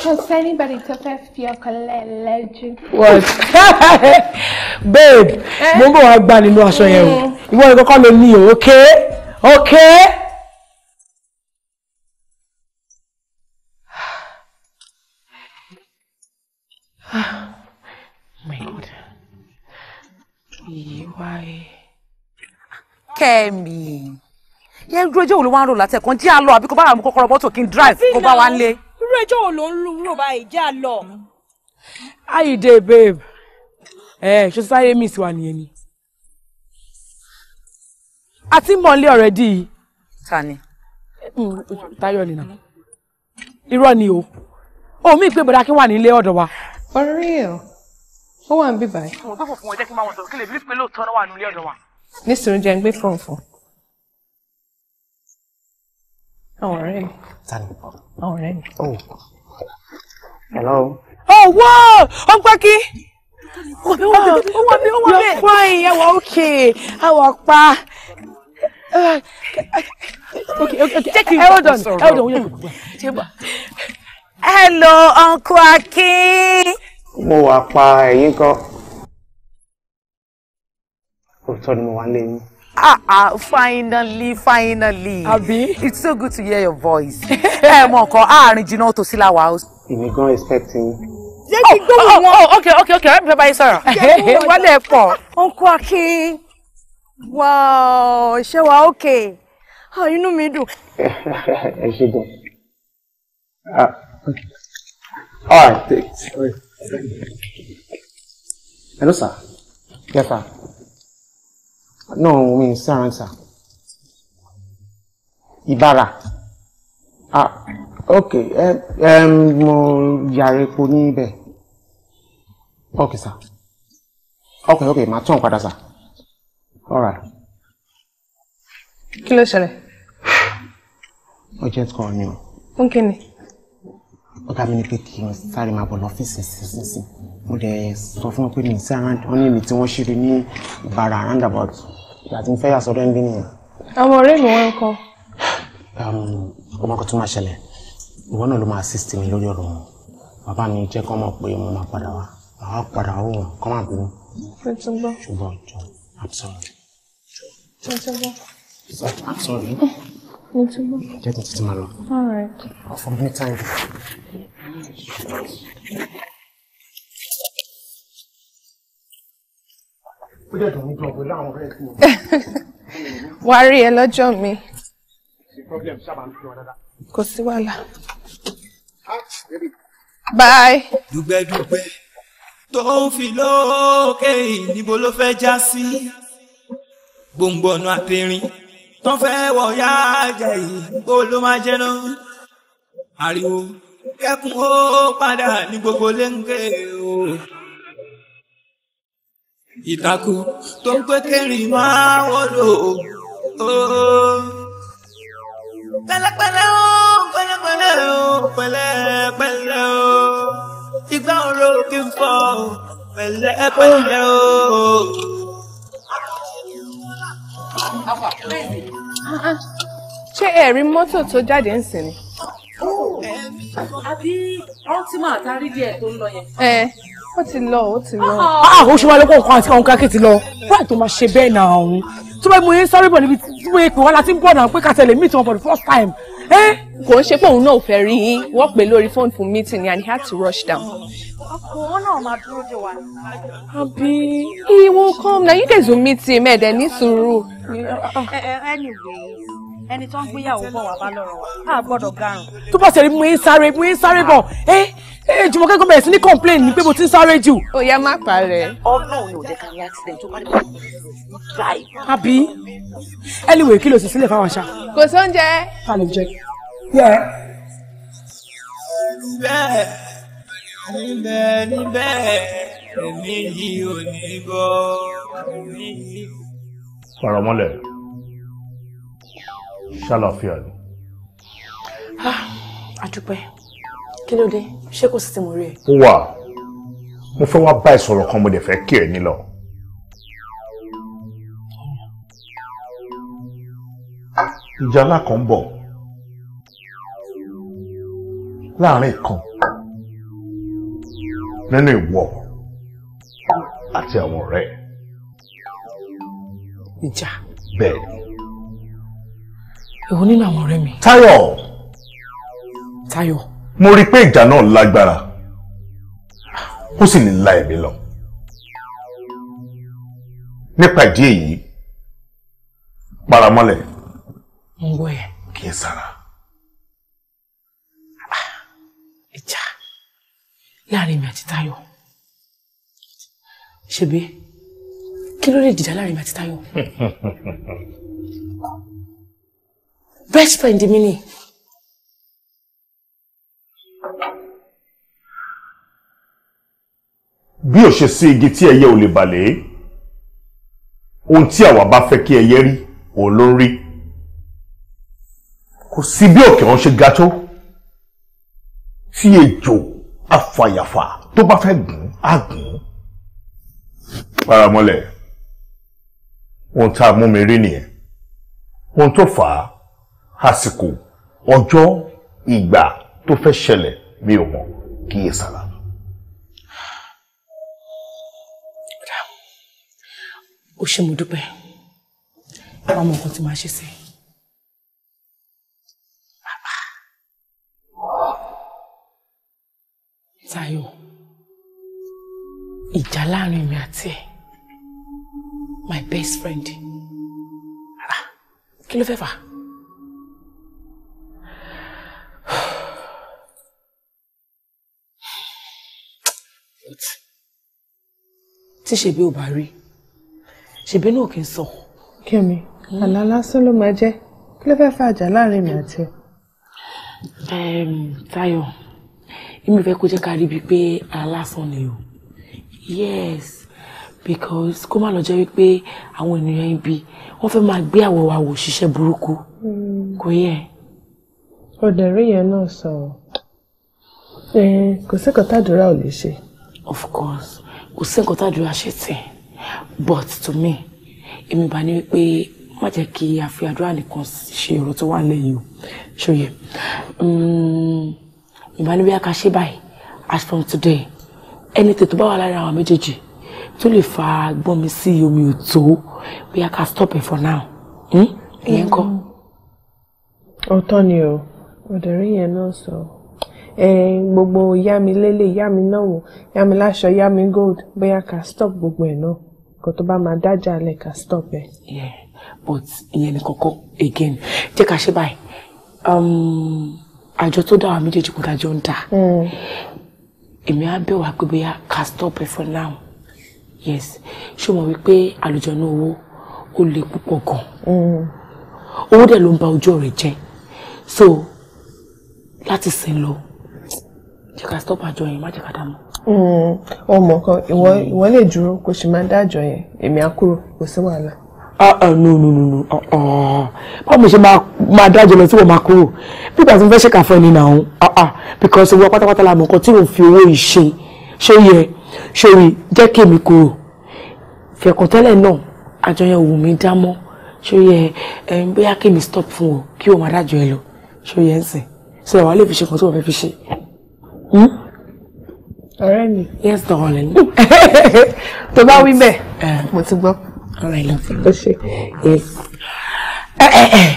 kò sẹ́ni bẹ̀rẹ̀ tó fẹ́ fi ọkàn lẹ́lẹ́jú. what babe mo ń bọ̀ wá gbà nínú aṣọ yẹn o mm. ìwọ ni kọ́kọ́ ló ní o okay okay. Kẹ́mi yẹn dúró ẹjọ́ wo ló wá ń rò látẹ̀kọ́ jẹ́ àlọ́ àbí kó bá àwọn kọ́kọ́rọ́ mọ́tò kí n drive kó bá wa ń lé. irú ẹjọ́ wo ló ń rò báyìí jẹ́ àlọ́. how you babe ẹ ṣe sáré miss wa nìyẹn ni. a ti ń bọ̀ nílé already. ta ni. Hmm, Táyọ̀ nìyà irọ́ ni o o mi pé bọ̀dá kí wà nílé ọ̀dọ̀ wa. for real ó wà ń bíbáyìí. mo tọ́ fọ̀ fún ọ jẹ́ kí n máa wọ̀ sọ̀rọ̀ kí lè bí pé lóòótọ́ náà wà nílé ọ̀dọ̀ wa nísìrò jẹ́ ń gbé fóònù fún. àwọn ọ̀rẹ́ mi. tani. mi. Oh. hello. oh ọgbẹ́ kí. wọ́n mi wọ́n mi. you're fine ẹ wà okay ẹ wà pa. Uh, okay okay jẹ́ kí n bá a sọ̀rọ̀ ẹ hello uncle akin. mo wà pa ẹ̀yin kan òótọ́ ni mo wá lé yín. Ah, ah, finally, finally. Abi? It's so good to hear your voice. Ẹ eh, mọ̀ nǹkan, àárín jìnnà tòsí làwà. Èmi gan expecting. Jẹ́ kí gbóhùn oh, oh, wọn. oh, okay, okay, okay. Let me bá yín sọ̀rọ̀. Wọ́n lè pọ̀. Uncle Akin, wow, ṣé wàá okay? Ah, inú mi dùn. Ẹ ṣe gan. Ah, All right, thanks. Hello, sir. Yes, sir. No, means answer. Ibara. Ah, okay. Um, mo yàrá epo níbẹ̀. Okay, sir. Okay, okay, màá tún padà, sir. All right. Kí ló ṣẹlẹ̀? Urgent call ni o. Ó ń kí ni? Ọ̀gá mi ní pé kí n sáré máa bọ̀ lọ́fíìsì sísinsin. Mo dẹ̀ sọ fún wọn pé mi sí àrántí, wọ́n ní èmi tí wọ́n ṣe rí ní Ìbàrà roundabout ìgbà tí mo fẹ́ yà sọ́dọ̀ ń bí nìyẹn. àwọn ọ̀rẹ́ mi wọ́n ń kọ́. Um, ọmọ kan tó máa ṣẹlẹ̀ ìwọ náà ló máa assist mi lórí ọ̀rọ̀ wọn bàbá mi jẹ́ kọ́ mọ̀ pé mo máa padà wá màá padà wá wọn kọ́ máa bínú. ṣùgbọ́n jọ I'm sorry. I'm sorry. jẹ́ kí n tètè máa lọ. All right. for me time. ó dẹ̀ dùn ún gan pẹ̀lú àwọn ọ̀rẹ́ tí wà á rí ẹ lọ́jọ́ mi. kò sí wàhálà. bye. dùgbẹ́dùgbẹ́ tó ń fi lókè níbo ló fẹ́ já sí gbòǹgbòǹnù àtẹ̀rìn tó fẹ́ wọ̀ yá jẹ̀ yìí ló máa jẹ́ náà ariwo kẹ́kùn ó padà ní gbogbo léńgé o ìtàkù tó ń pé kẹrin máa wọlò pẹ̀lẹ́pẹ̀lẹ́ o pẹ̀lẹ́pẹ̀lẹ́ o pẹ̀lẹ́pẹ̀lẹ́ o ìgbà òrò kí n fọ pẹ̀lẹ́pẹ̀lẹ́ o. ṣé ẹ̀rí mọ́tò tó jáde ń sìn ni. àbí ultima àtàrí díẹ̀ tó ń lọ yẹn ó ti lọ ó ti lọ. ah oṣù ah, wa lọ́kọ̀ kan àti àwọn kákẹ́ ti lọ wáyé tó máa ṣe bẹ́ẹ̀ náà òun tó bá mo yẹ sáré bọ̀ níbi tí mo yẹ pé wọ́n láti ń bọ̀ náà pé kàtẹ́lẹ̀ meet wọn for the first time. Eh? kò ń ṣe pé òun náà ò fẹ́ rí yín wọ́n pè lórí phone for meeting and he had to rush down. ọkùnrin náà máa dúró de wa. àbí he will come na you guys will meet him ẹ̀ dẹ̀ ní sùúrù. Eh, eh, anyway ẹni tó ń gbéyàwó bọ̀ wá bá lọ́rọ̀ wa á gbọ́dọ̀ garùn. tó bá ṣe rí mo ń sáré mo ń sáré bọ̀ ẹ́ ẹ eh, Jùmọ̀kẹ́ kọ́ bẹ̀rẹ̀ sí ní complain ni pé mo ti ń sáré jù. ó yá má parẹ́. Ọlọ́run ò jẹ́ ká ní accident tó bá dé bá drive. àbí anyway kí ló sì sílẹ̀ fáwọn aṣá. kò sóúnjẹ. ká lè jẹ. bẹ́ẹ̀ níbẹ̀ níbẹ̀ èmi yìí ò ní bọ́ èmi yìí. faramọ́lẹ̀ ṣàlàfíà ni. Ah, a dúpẹ́ kí ló dé ṣé kò sí ti mo rí ẹ. ó wà mo fẹ́ wá bá ìsọ̀rọ̀ kan mo dẹ̀ fẹ́ kí ẹ nílọ. ìjà ńlá kan ń bọ̀ láàrin kan nínú ìwọ àti àwọn ọ̀rẹ́ ẹ̀. ìjà. bẹ́ẹ̀ ni. èwo nínú àwọn ọ̀rẹ́ mi. Táyọ̀. Táyọ̀ mo rí i pé ìjà náà lágbára ó sì lè la ẹ̀mí lọ nípa ìdí èyí paramọ́lẹ̀ kí ẹ sára. ìjà láàrin mi àti Táyọ̀ ṣebí kí ló lè dìjà láàrin mi àti Táyọ̀ best friend mi ni. bí ò ṣe sí igi tí ẹyẹ ò lè balẹ̀ ohun tí àwa bá fẹ́ kí ẹyẹ rí òun ló ń rí kò sí bí òkè wọn ṣe ga tó tí ejò afàyàfà tó bá fẹ́ gùn á gùn. paramọ́lẹ̀ ohun tá a mú mi rí nìyẹn ohun tó fà á àsìkò ọjọ́ ìgbà tó fẹ́ ṣẹlẹ̀ mi ò mọ̀ kíyèsára. ó ṣe mo dúpẹ́ wọ́n mọ nǹkan tí màá ṣe sí i. Táyọ̀ ìjà láàrin mi àti ẹ̀ my best friend kí ló fẹ́ fà? tí ṣe bí ó bá rí ṣèbí náà kì í sọ. Kẹ́mi àlá lásán ló máa jẹ́ kí ló fẹ́ẹ́ fàjà láàrin mi àti ẹ. Táyọ̀ èmi fẹ́ kó jẹ́ ká rí bíi pé àlá lásán ni o yes because kó má lọ jẹ́ wípé àwọn ènìyàn ibi wọ́n fẹ́ máa gbé àwọ̀ wa wò ṣiṣẹ́ burúkú hmm. kò yẹ. ọ̀dẹ̀ rí yẹn náà sọ kò sí nǹkan tàdúrà ò lè ṣe. of course kò sí nǹkan tàdúrà ṣe tẹ̀ but to me èmi bá ní wípé má jẹ́ kí a fi àdúrà nìkan ṣe ọ̀rọ̀ tó wà lẹ́yìn o ṣòye ìbá hmm, ní bí a ká ṣe báyìí as from today ẹni tètè bá wà lára àwọn méjèèjì tó lè fa gbọ́n mi sí omi ò tó bí a ká stop it for now hmm? ìyẹn kọ́. ọ̀tọ̀ hmm. ni o ọ̀dẹ̀rí yẹn náà sọ gbogbo yá mi lélẹ̀ yá mi náwó yá mi láṣọ yá mi gold bóyá ká stop gbogbo ẹ̀ náà nǹkan tó bá máa dájà lẹ ká stop ẹ. yeah but ìyẹn ni kọ́kọ́ again jẹ́ ká ṣe báyìí um, àjọ tó dá wa méjèèjì kó dájọ́ ń dà hmm. èmi á bẹ̀ wá pé bóyá ká stop ẹ for now yes ṣé o mọ̀ wípé àlùjọ náà owó ó le púpọ̀ gan hmm. owó dẹ̀ ló ń ba ojú ọ̀rẹ́ jẹ́ so láti sìn lọ jẹ́ ká stop àjọ yẹn má jẹ́ ká dá mọ́. Mm. ọmọ kan ìwọ hmm. ìwọ lè dúró kó sì máa dájọ yẹn èmi á kúrò kò sí wàhálà. Ah, ah, no no no no ah, báwo mo ṣe máa dájọ lọ tí wọ́n máa kúrò nígbà tí mo fẹ́ ṣèkà fún ẹni náà because owó pátápátá la mọ̀ kan tí mo fi owó yìí ṣe ṣó yẹ ṣó rí jẹ́ kí èmi kúrò fẹ̀kọ̀tẹ́lẹ̀ náà àjọyẹ̀ wù mí dá mọ́ ṣó yẹ ẹ ń bóyá kí mi stop fún ọ kí o máa dájọ ẹ lọ ṣó yẹ ń sìn ṣé wàá lè fi ṣe nǹkan tó o fẹ́ fi ṣe. Hmm? ọ̀rẹ́ mi. yes darling. tó bá wí bẹ́ẹ̀ eh. mo ti gbọ́. ọ̀rẹ́ lọ sí ló ṣe. yes. Eh, eh,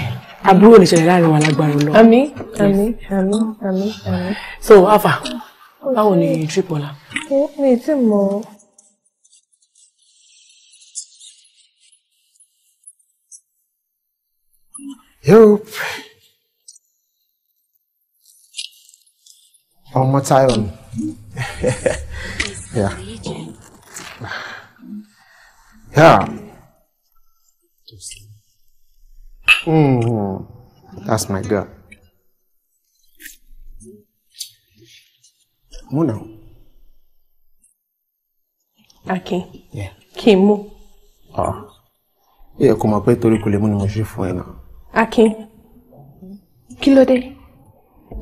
àbúrò ní ìṣẹ̀lẹ̀ láàrin wa lágbára lọ. àmín àmín àmín àmín àmín. so afa báwo ni trip ọ̀la. mi ì tí mọ. yóò ọmọ táyọ̀ ni. yeah. Yeah. Mm, that's my girl. Move now. Akin. Yeah. Kí n mú. Ah. Yeah, kò mọ̀ pé torí kò lè mú ni mo ṣe fún ẹ náà. Akin. Kilode.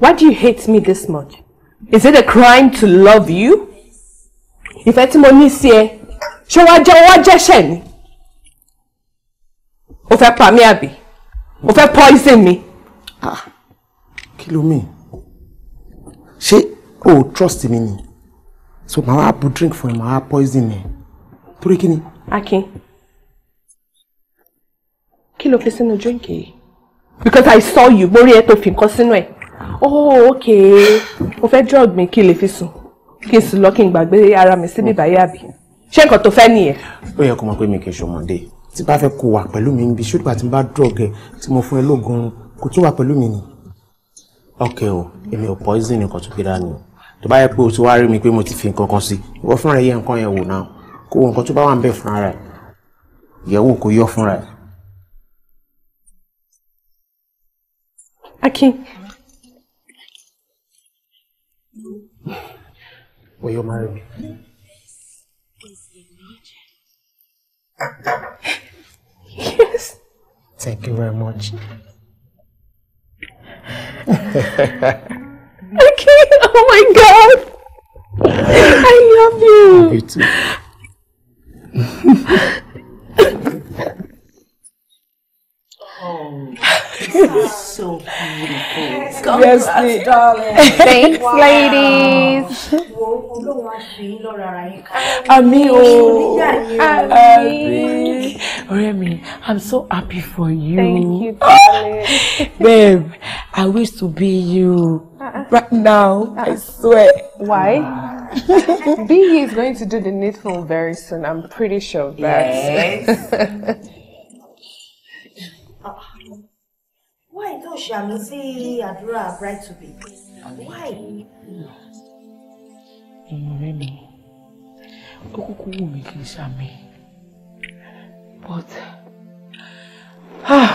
Why do you hate me this much? is it a crime to love you? If tí mo ní sí ẹ ṣé wàá jẹ́ wàá jẹ́ṣẹ̀ ni o fẹ́ pa poison me, ah, kí ló mean ṣé o ò trust mi ni so my wá drink for ẹ màá wá poison me. torí kí ni. Akin kí ló fi sínú drink yìí ah. because I saw you borí ẹ tó fi oh okay mo fẹ́ drug mi kí n lè fi sùn kí n sùn lọ kí n gbàgbé ara mi síbí báyìí àbí ṣé nǹkan tó fẹ́ nìyẹn. ó yẹ kó máa pé mi kì í ṣọmọdé tí bá fẹ́ kó wà pẹ̀lú mi níbi ṣùgbọ́n tí n bá drug ẹ tí mo fún ẹ lóògùn kò tún wà pẹ̀lú mi ni. ok o èmi ò poison nǹkan tó gbé dání o tó bá yẹ pé o ti wá rí mi pé mo ti fi nǹkan kan sí ìwọ fúnra ẹ yẹ nǹkan yẹn wò náà kó wo nǹkan tó bá wà ń bẹ fúnra rẹ ìyẹ̀wò kò yọ fúnra ẹ. Akin Will you marry me? This is Yes. Thank you very much. okay. Oh my God. I love you. You too. Oh, so beautiful. Congrats, yes, darling. Thanks, wow. ladies. Ami o. Ami. Remy, I'm so happy for you. Thank you, ah! darling. Babe, I wish to be you uh right now. uh I uh-uh. swear. Why? Wow. Ah. B is going to do the needful very soon. I'm pretty sure of that. Yes. why tó ṣàmì sí a bright to be why. èèyàn rẹ mi ó kúkú wù mí kí n but ah,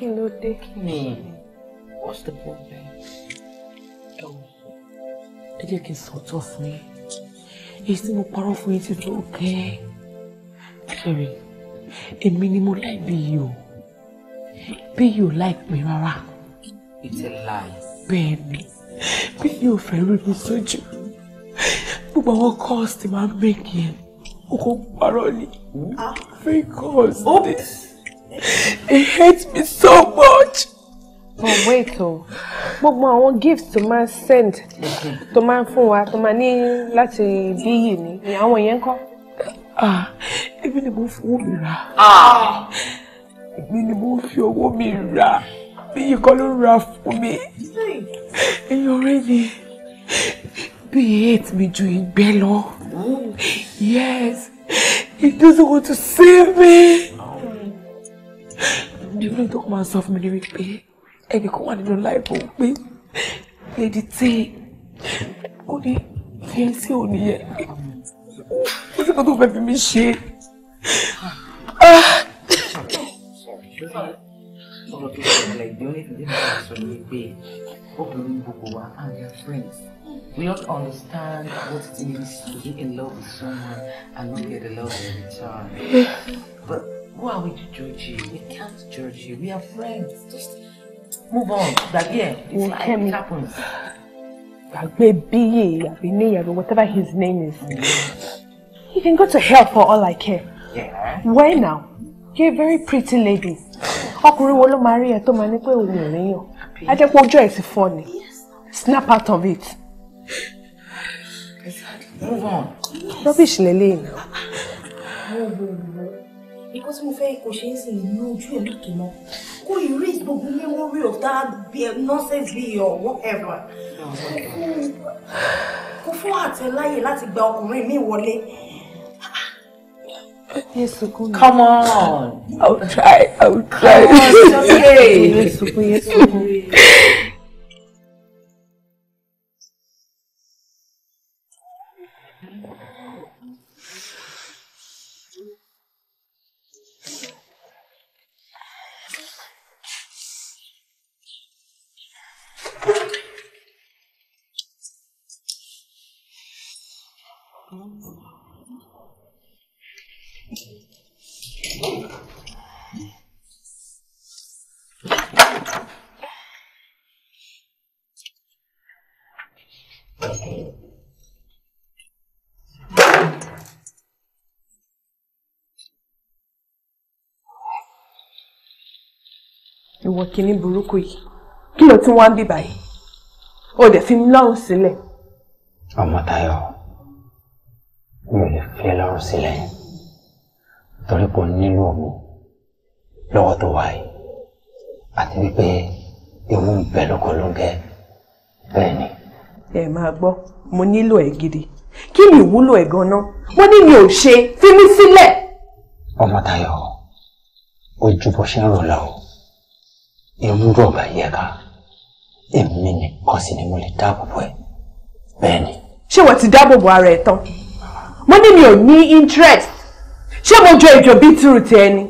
you dé kí me? what's the problem ẹ wò ẹ jẹ́ kí n sọ̀tọ̀ fún yín èyí tí mo parọ́ fún yín ti tó gẹ́ẹ́ kẹrin èmi ni mo láìbí yìí o pé yóò like mi rárá. it's a lie. bẹ́ẹ̀ ni pé yóò fẹ́ rí mi sójú gbogbo àwọn calls ti máa ń make yẹn o parọ́ ni three ah. calls. he hates me so much. but oh, wait o oh. gbogbo àwọn gifts tó máa ń send tó máa ń fún wa tó máa ní láti bí yìí ni àwọn yẹn ń kọ́. ah ebi ni mo fowó mi rà. ah èmi ni mo fi owó mi rà bíyì kan ló ra fún mi ẹ̀yin ọ̀rẹ́ mi bíyì hate mi ju ìgbẹ́ lọ yes he doesn't want to save me. ìlú tó kọ́ máa sọ fún mi ni wípé ẹnì kan wà nínú láìpẹ́ òun pé lady t ó ní fíẹ́ sí òní yẹn ó sì kó tó fẹ́ fi mí ṣe. Ah. Some people are like, the only thing when pay. Bukowa and their friends. We don't understand what it means to be in love with someone and not get the love in return. but who are we to judge you? We can't judge you. We are friends. Just move on. That yeah, it's well, mm, like, it happens. Baby, whatever his name is. He can go to hell for all I care. Yeah. Where now? you're a very pretty lady ọkùnrin wo ló máa rí ẹ tó máa ní pé òun ò níyàn á jẹ́ pé ọjọ́ ẹ̀ ti fọ́ ni snap out of it. move on. rubbish lélẹ́yìn náà. nǹkan tí mo fẹ́ kò ṣe é sì ní ojú ẹ̀ lókè mọ́ kó erase gbogbo memory of that nonsense bee or whatever kò fún àtẹ̀láyè láti gba ọkùnrin mi wọlé. Yes, Come on. I'll try. I'll try. okay. yes, yes, yes, ìwọ kìíní burúkú yìí kí ló tún wá ń bì báyìí o dẹ̀ fi mí lọ́rùn sílẹ̀. Ọmọ́táyọ̀ mi ò lè fi lọ́rùn sílẹ̀ torí kò nílò mi lọ́wọ́ tó wà yìí àti wípé ewu ń bẹ lóko lóńgẹ bẹ́ẹ̀ ni. ẹ máa gbọ́ mo nílò ẹ gidi kí ni ìwúlò ẹ ganan mo ní mi ò ṣe fi mí sílẹ̀. Ọmọ́táyọ̀ ojú bó ṣe ń rò lọ irú rọ̀bà yẹ ká èmi nìkan sì ni mo lè dáàbò bo ẹ bẹ́ẹ̀ ni. ṣé wọ́n ti dáàbò bo ara ẹ̀ tán mo ní mi ò ní interest ṣé mo jọ ìjọ bíi tìrù ti ẹni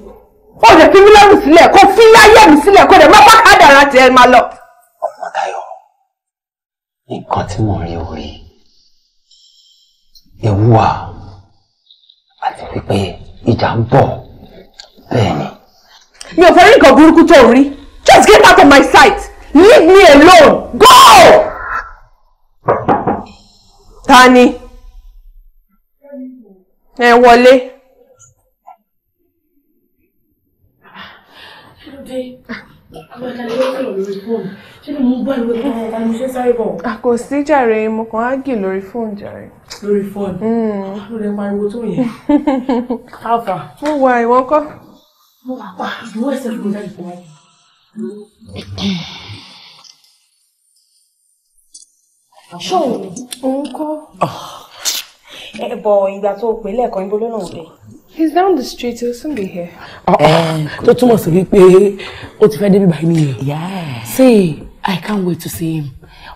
ó lè fi mí lọ́rùn sílẹ̀ kó fi láyé mi sílẹ̀ kó lè má bá kádàrá ti ẹ máa lọ. ọmọ Táyọ̀ nǹkan tí mò ń rí orí ewu wà àti wípé ìjà ń bọ̀ bẹ́ẹ̀ mi ò fẹ́ rí nǹkan burúkú tó rí. Just get out of my sight. Leave me alone. Go! Tani. Eh, Wale. Kò sí jàre, mo kàn á gì lórí fóònù jàre. Lórí fóònù? Ló hmm. ah, lè pariwo tó yẹn. Káfà. Mo wà ìwọ́kọ́. Mo wa pa, ìwọ́ ẹ̀sẹ̀ ló ń jáde ṣóun òun kọ́ ẹ eh, bọ̀ ìgbà tó pè lẹ́ẹ̀kan ibo ló lóun he's down the street he'll soon be here. Oh, eh, eh, to túmọ̀ sí What if I didn't buy me? Yeah. See, i can't wait to see him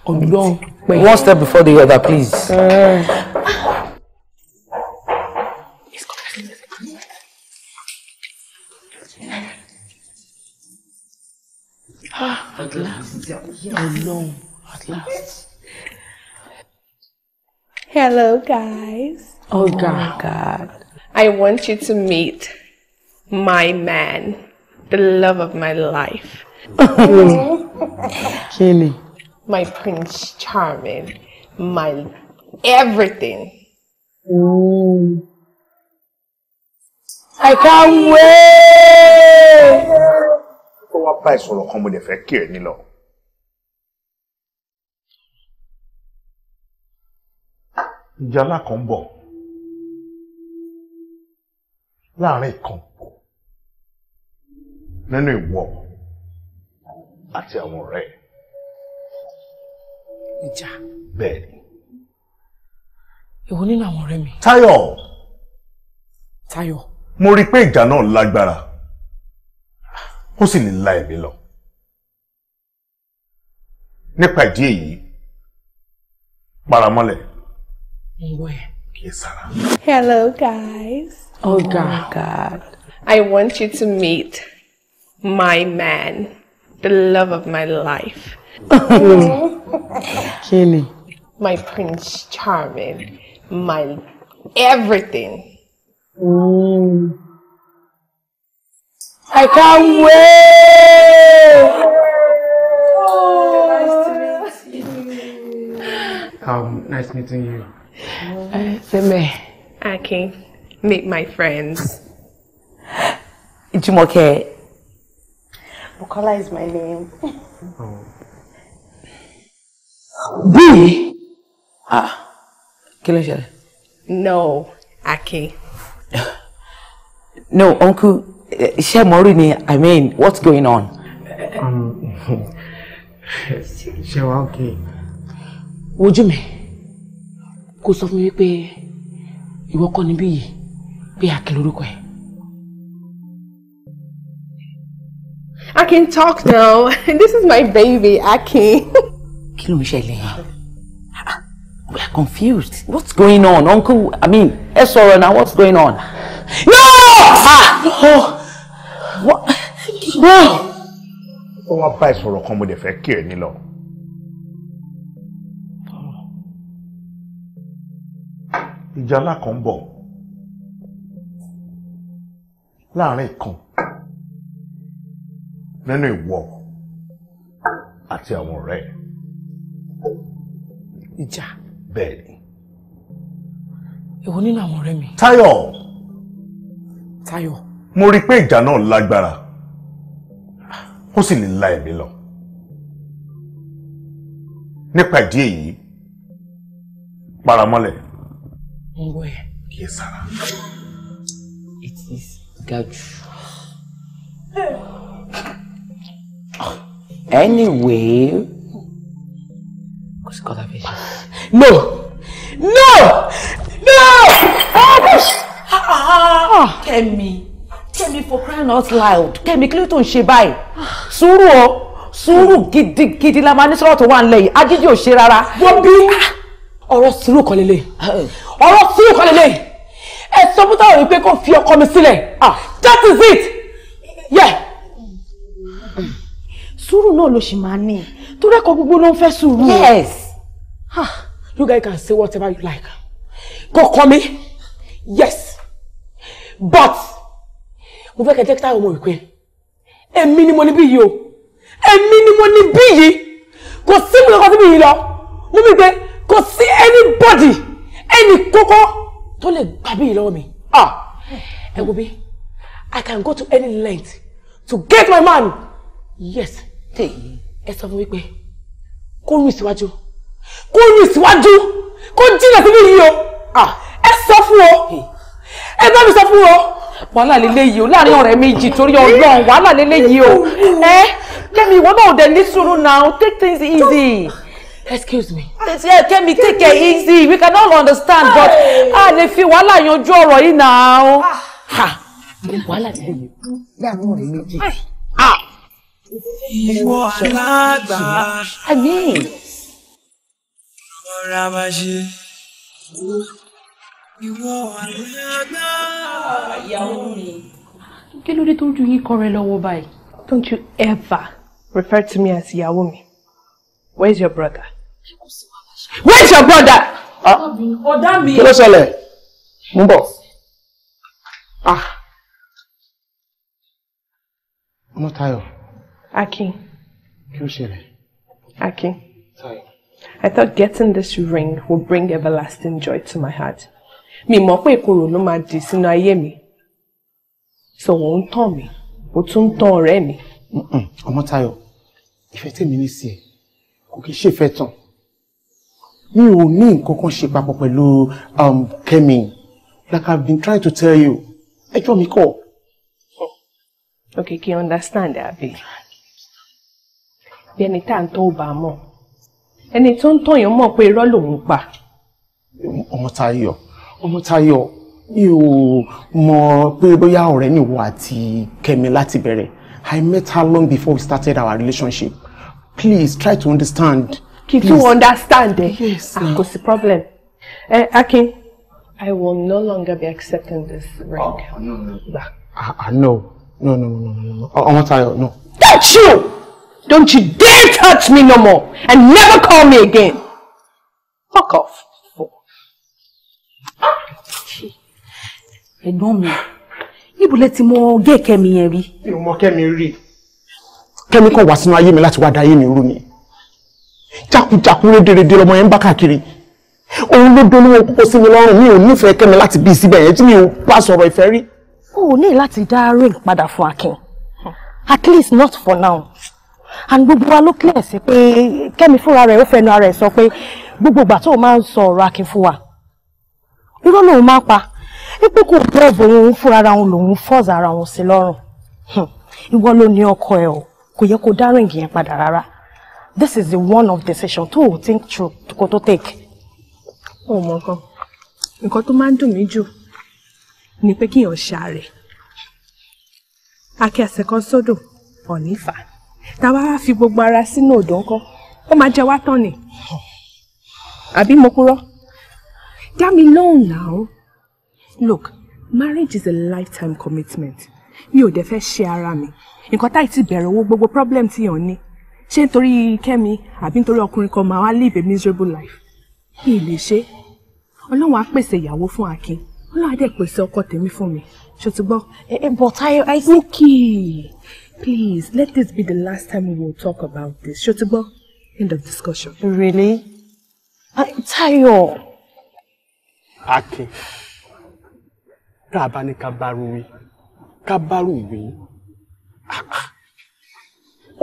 ọdún pẹ̀lú. one step before the other please. Uh. at last. Oh no, at last. Hello, guys. Oh, oh God. God. I want you to meet my man, the love of my life. Kenny. my Prince Charming, my everything. Mm. I can't wait! ó wá bá ìsọ̀rọ̀ kan mo dẹ̀ fẹ́ kí ẹ nílọ. ìjà ńlá kan ń bọ̀ láàrin kan nínú ìwọ àti àwọn ọ̀rẹ́ ẹ̀. ìjà. bẹ́ẹ̀ ni. èwo nínú àwọn ọ̀rẹ́ mi. Táyọ̀. Táyọ̀. mo rí i pé ìjà náà lágbára. ó sì la ẹ̀mí lọ. nípa ìdí èyí paramọ́lẹ̀ kì í sára. hello guys. oh god. Oh god. I want you to meet my man, the love of my life. Kenny. my Prince Charming, my everything. Mm. I can't wait. Um, nice meeting you. Uh, Seme. Okay. Meet my friends. okay. Bukola is my name. Oh. B? Ah. Kí No, Aki. no, uncle. iṣẹ́ mọ́rí ni i mean what's going on. Um, ṣé wàá òkè. wojú mi kò sọ fún mi pé ìwọ kọ́ níbí yìí pé àkè lórúkọ ẹ̀. I can talk now. This is my baby, Akin. Kí ló ń ṣẹlẹ̀ yẹn? We ah, are confused. What's going on, Uncle? I mean, ẹ sọ̀rọ̀ now, what's going on? No! Ah! Oh! ó wá bá ìsọ̀rọ̀ kan mo dẹ̀ fẹ́ kí ẹ nílọ. ìjà ńlá kan ń bọ̀ láàrin kan nínú ìwọ àti àwọn ọ̀rẹ́ ẹ̀. ìjà. bẹ́ẹ̀ ni. èwo nínú àwọn ọ̀rẹ́ mi. Táyọ̀. Táyọ̀. mo rí i pé ìjà náà lágbára ó sì lè la ẹ̀mí lọ nípa ìdí èyí paramọ́lẹ̀. ọwọ́ ẹ̀ kì í it is gaju. anyway kò sí kọ́tà fẹ́ ṣe. no no no. Ah, ah, ah, Kẹ́mi. Kẹ́mi for crying out loud Kẹ́mi kí ló tó ń ṣe báyìí sùúrù o sùúrù gidigidi la máa ní sọ̀rọ̀ tó wà nílẹ̀ yìí ajíjì ò ṣe rárá. wọ́n bí ọ̀rọ̀ sùúrù kan lélẹ̀ ọ̀rọ̀ sùúrù kan lélẹ̀ ẹ sọ fún táwọn wípé kó fi ọkọ mi sílẹ̀ ah. that is it yeah. sùúrù náà ló ṣì máa ní torí ẹ̀kọ́ gbogbo ló ń fẹ́ sùúrù. yes ah, you guys can say whatever you like Go call me. yes but mo fẹ́ kẹjẹ́ táwọn ọmọ ìpín èmi ni mo ní bí yìí o èmi ni mo ní bí yìí kò sí mi lọ́kọ́ sí mi yìí lọ mo bí pé kò sí anybody ẹnì kókó tó lè gbà bí yìí lọ́wọ́ mi ah, ẹ wo bí I can go to any length to get my man yes ẹ sọ fún mi pé kó rìn síwájú kó rìn síwájú kó jìnnà sí mi yìí o ah, ẹ sọ fún o ẹ bá mi sọ fún o wàhálà lélẹ́yìí o láàrin ọ̀rẹ́ méjì torí ọlọ́run wàhálà lélẹ́yìí o ẹ kẹ́mi ìwọ náà dẹ̀ ní sùúrù now take things easy. excuse me. yeah kẹ́mi take it easy we can all understand but a lè fi wàhálà yanjú ọ̀rọ̀ yìí now. wàhálà lélẹ́yìí o láàrin ọ̀rẹ́ méjì. ìwọ alágbà. àmín. ọ̀rọ̀ àbáṣe ìwọ alágbára. Ah, ìyàwó mi. kí ló dé tó ń ju yín kọrẹ lọ́wọ́ báyìí. don't you ever refer to me as ìyàwó mi where is your brother. where is your brother. Ah. ọ̀dà mi. kí ló ṣẹlẹ̀ ń bọ̀. ah mo tayo. akin. kí ló ṣẹlẹ̀. akin. tayo. I thought getting this ring will bring everlasting joy to my heart mi mọ̀ pé ìkorò ló máa dì sínú ayé mi so òun ń tàn mí ó tún ń tàn ọ̀rẹ́ mi. ọmọ Táyọ̀ ìfẹ́ tèmi ní sí ẹ kò kí ṣèfẹ́ tán mi ò ní nǹkan kan ṣe papọ̀ pẹ̀lú um, Kẹ́mi like I've been trying to tell you ẹjọ́ mi kọ̀. okay kí understand abi bí ẹni tá à ń tọ́ ò bá mọ̀ ẹni tó ń tọ̀yàn mọ̀ pé irọ́ lòun pa. ọmọ Táyọ̀. Ọmọ́táyọ̀ mi ò mọ̀ pé bóyá ọ̀rẹ́ nìwọ àti Kẹ́mi láti bẹ̀rẹ̀ I met her long before we started our relationship please try to understand. kì í tún understand ẹ yes, ah, kò sí problem ẹ eh, Akin I will no longer be accepting this ring. Oh, no, no. Ah, ah, no no no no no no Ọmọ́táyọ̀ no. that's you don't you dare touch me no more and never call me again fuck off ẹ̀gbọ́n mi níbo lẹ ti mọ gé kẹ́mi yẹn rí. mi ò mọ kẹ́mi rí. kẹ́mi kan wá sínú ayé mi láti wá da ayé mi rú ni jákujáku rédèrèdè lọmọ yẹn ń bá káàkiri òun ló dolówó kókó sí mi lọ́rùn mi ò nífẹ̀ẹ́ kẹ́mi láti bí síbẹ̀ yẹn tí mi ò bá sọ̀rọ̀ ìfẹ́ rí. o ò ní láti dá rain padà fún akin at least not for now and gbogbo wa ló clear sí pé kẹ́mi fúnra rẹ̀ ó fẹnu ara ẹ̀ sọ pé gbogbo ìgbà tó o máa ń sọ ọ̀rọ̀ akin fún wa irọ́ lòun máa pa pé kò bọ́ọ̀bù òun fúnra ara òun lòun fọ́ọ̀sì ara òun sí lọ́rùn hmm. ìwọ ló ní ọkọ ẹ o kò yẹ kó dá ríǹgì yẹn padà rárá this is the one of decision tó o think through kó tó take. ó mọ nǹkan nǹkan tó máa ń dùn mí jù ni pé kí kíyàn ṣàárẹ̀ akẹ́sẹ̀ kan sódò ọ̀nífà táwa wá fi gbogbo ara sínú odò ńkọ́ ó máa jẹ wá tán ni àbí mo kúrò. Dá me lóhùn now. Look, marriage is a lifetime commitment. Mi ò dẹ̀ fẹ́ ṣe ara mi. Nǹkan táì ti bẹ̀rẹ̀ owó gbogbo problem tí yàn ní. Ṣé nítorí Kẹ́mi àbí nítorí ọkùnrin kan máa wá live a miserable life? Mi ì lè ṣe. Ọlọ́run á pèsè ìyàwó fún Akin. Ọlọ́run á dẹ̀ pèsè ọkọ tèmi fún mi. Ṣo ti gbọ́? Ẹ eh, Ẹ eh, but I I think. Okay, please let this be the last time we will talk about this. Ṣo ti End of discussion. Really? Uh, Tayo. Akin tá a bá ní ká bárò wí ká bárò wí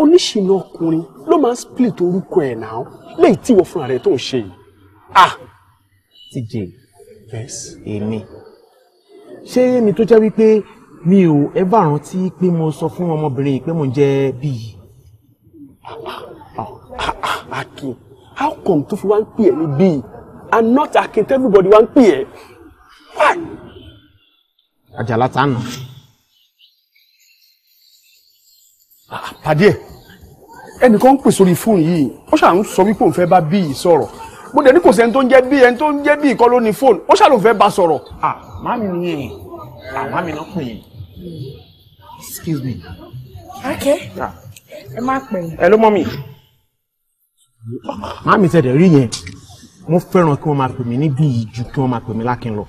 oníṣìnà ọkùnrin ló máa ń split orúkọ ẹ̀ náà léyìí tí wọ́n fúnra rẹ̀ tó ń ṣe yìí. ah TJ yes èmi ṣé èmi tó jẹ́ wípé mi ò ẹ́bà rántí pé mo sọ fún ọmọbìnrin yìí pé mo jẹ́ bíyì. Ah, ah. ah, Akin how come tó fi wá ń pè ẹ́ ní bíyì? and not akintẹ́lù everybody wá ń pè ẹ́ why. àjàlá tá a nà. pàdé ẹ ẹnìkan ń pè sórí fóònù yìí ó ṣáà ń sọ wípé òun fẹ́ bá bíi sọ̀rọ̀ mo dẹ̀ ní kò sẹ́ni tó ń jẹ́ bíi ẹni tó ń jẹ́ bíi kọ́ ló ní fóònù ó ṣáà ló fẹ́ bá sọ̀rọ̀. à ah, má mi nìyẹn ah, àmá mi náà pè é excuse me. akẹ́ ah. ẹ má pè é. ẹ ló mọ́ mi. má mi tẹ̀ rí yẹn mo fẹ́ràn kí wọ́n máa pè mí níbí yìí ju kí wọ́n máa pè mí lákin lọ.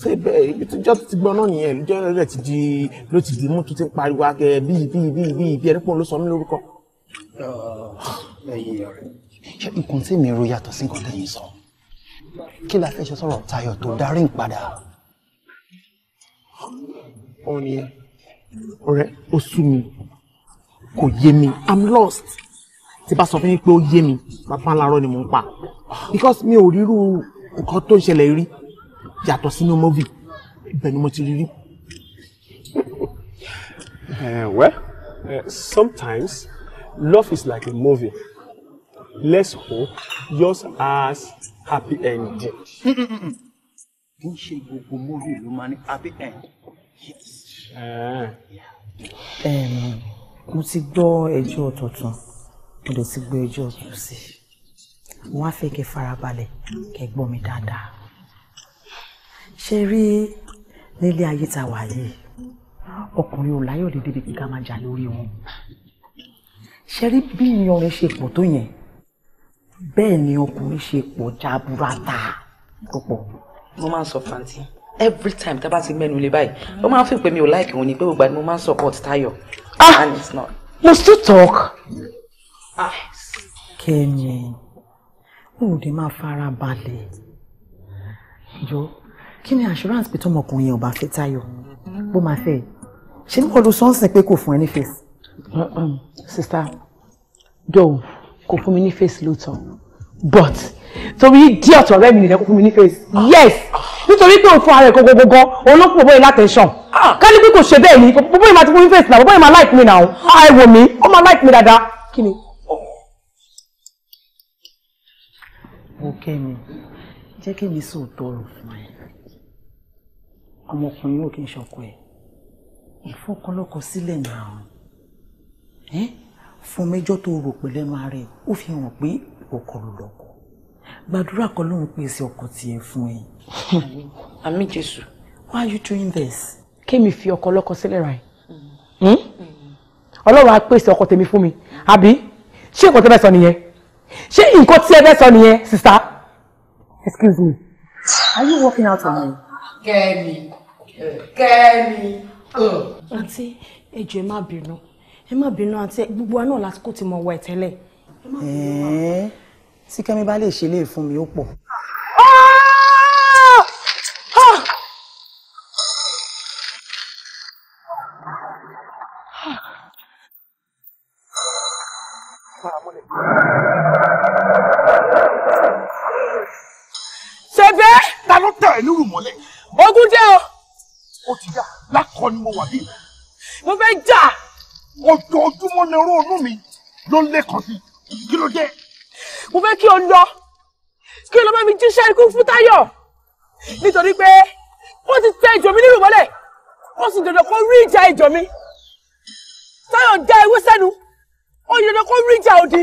ṣé bẹ́ẹ̀ ibi tó jọ́ ti gbọ́n náà nìyẹn lójọ́ rẹ̀ ti di ló ti di mú tó ti ń pariwo akẹ́ bíi bíi bíi bíi bíi ẹni pọ́n ló sọ mí lórúkọ. ẹ̀yin ọ̀rẹ́ ṣé nǹkan tí mi ro yàtọ̀ sí nǹkan tẹ̀yin sọ kí la fẹ́ ṣe sọ̀rọ̀ tayọ̀ tó darí ń padà. ó ní ọ̀rẹ́ ó sú mi kò yé mi i'm lost tí bá sọ fún mi pé ó yé mi bàbá ńlá because mi ò ríru nǹkan tó ń ṣẹlẹ̀ rí yàtọ̀ sínú movie ibẹ̀ ni mo ti rí rí. Eh, well uh, sometimes love is like a movie Less hope yours has happy ending. kì í ṣe gbogbo movie ló máa ní happy end. Yes. Eh. mo ti gbọ́ ẹjọ́ ọ̀tọ̀ọ̀tọ̀ mo dẹ̀ ti gbọ́ ẹjọ́ ọ̀tọ̀ sí i mo wá fẹ́ kẹ́ farabalẹ̀ kẹ́ gbọ́ mi dáadáa ṣe rí nílé ayé tá wà yìí ọkùnrin ò láyọ̀ dédé bíi ká máa jà lórí wọn ṣe rí bí iyanrìn ṣe pọ̀ tó yẹn bẹ́ẹ̀ ni ọkùnrin ṣe pọ̀ jaburata púpọ̀. mo máa ń sọ fanti every time tá a bá ti mẹ́nu lé báyìí ó máa ń fi pé mi ò láìkí òun ni pé gbogbo àti mo máa ń support Tayo ah! and it's not. mo still talk. Kẹ́mi. Ah ó ò dé máa fara balẹ̀ jọ kí ni assurance pé tọmọkùnrin yẹn ò bá fẹ́ Táyọ̀ bó máa fẹ́ ṣé ní wọ́n lo sọ́ọ̀sì pé kò fún ẹ ní fèsì. sista jọ kò fún mi ní fèsì lóòótọ́ but torí díẹ̀ ọ̀tọ̀ ọ̀rẹ́ mi nìyẹn kò fún mi ní face yes nítorí pé òun fún ara ẹ̀ gbogbogbò òun ló fún bóyá látẹ̀sán kálí pé kò ṣe bẹ́ẹ̀ ni bóyá máa ti fún mi face náà bóyá máa like mi náà àìwò mi ó máa like mi dáadáa kí ni wò kẹ́mi jẹ́ kẹ́mi sòótọ́ ọ̀rọ̀ fún ẹ ọmọkùnrin yóò kí n ṣọkọ ẹ ìfọkọlọkọ sílẹ̀ náà fún mẹ́jọ tó rò pé lẹ́nu ara ó fi hàn pé ọkọ ló lọ́kọ gbàdúrà kan lóun pèsè ọkọ tiẹ̀ fún ẹ. àmì jésù. why are you doing this. kémi fi ọkọ lọ́kọ sílẹ̀ ra ẹ hmm? Hmm? ọlọ́run á pèsè ọkọ tèmi fún mi àbí ṣé nǹkan tó fẹ́ sọ nìyẹn ṣé nǹkan tí ẹ fẹ́ sọ nìyẹn sista excuse me are you working out on me. kẹ́mi kẹ́mi. Mm. àǹtí ẹjọ ẹ má bínú ẹ má bínú àǹtí gbogbo wa náà lásìkò tí mo wà ẹ tẹ́lẹ̀. ẹ̀ẹ́n tí kẹ́mi bá lè ṣe lè fún mi ó pọ̀. ṣe bẹ́ẹ̀. ta ló tẹ̀ ẹ́ nírú mọ́lẹ̀. ogun jẹ́ o. ó ti dà lákọ ni mo wà bí. mo fẹ́ jà. ojoojúmọ́ ni ronú mi ló ń lẹ́kọ̀ọ́ sí kí ló jẹ́. mo fẹ́ kí o lọ kí o lọ bá mi jíṣẹ́ ikú fún Táyọ̀ nítorí pé ó ti tẹ ìjọ mi nírú mọ́lẹ̀ ó sì dandan kó rí ìjà ìjọ mi Táyọ̀ já ewé sẹ́nu ó yẹ dandan kó rí ìjà òdì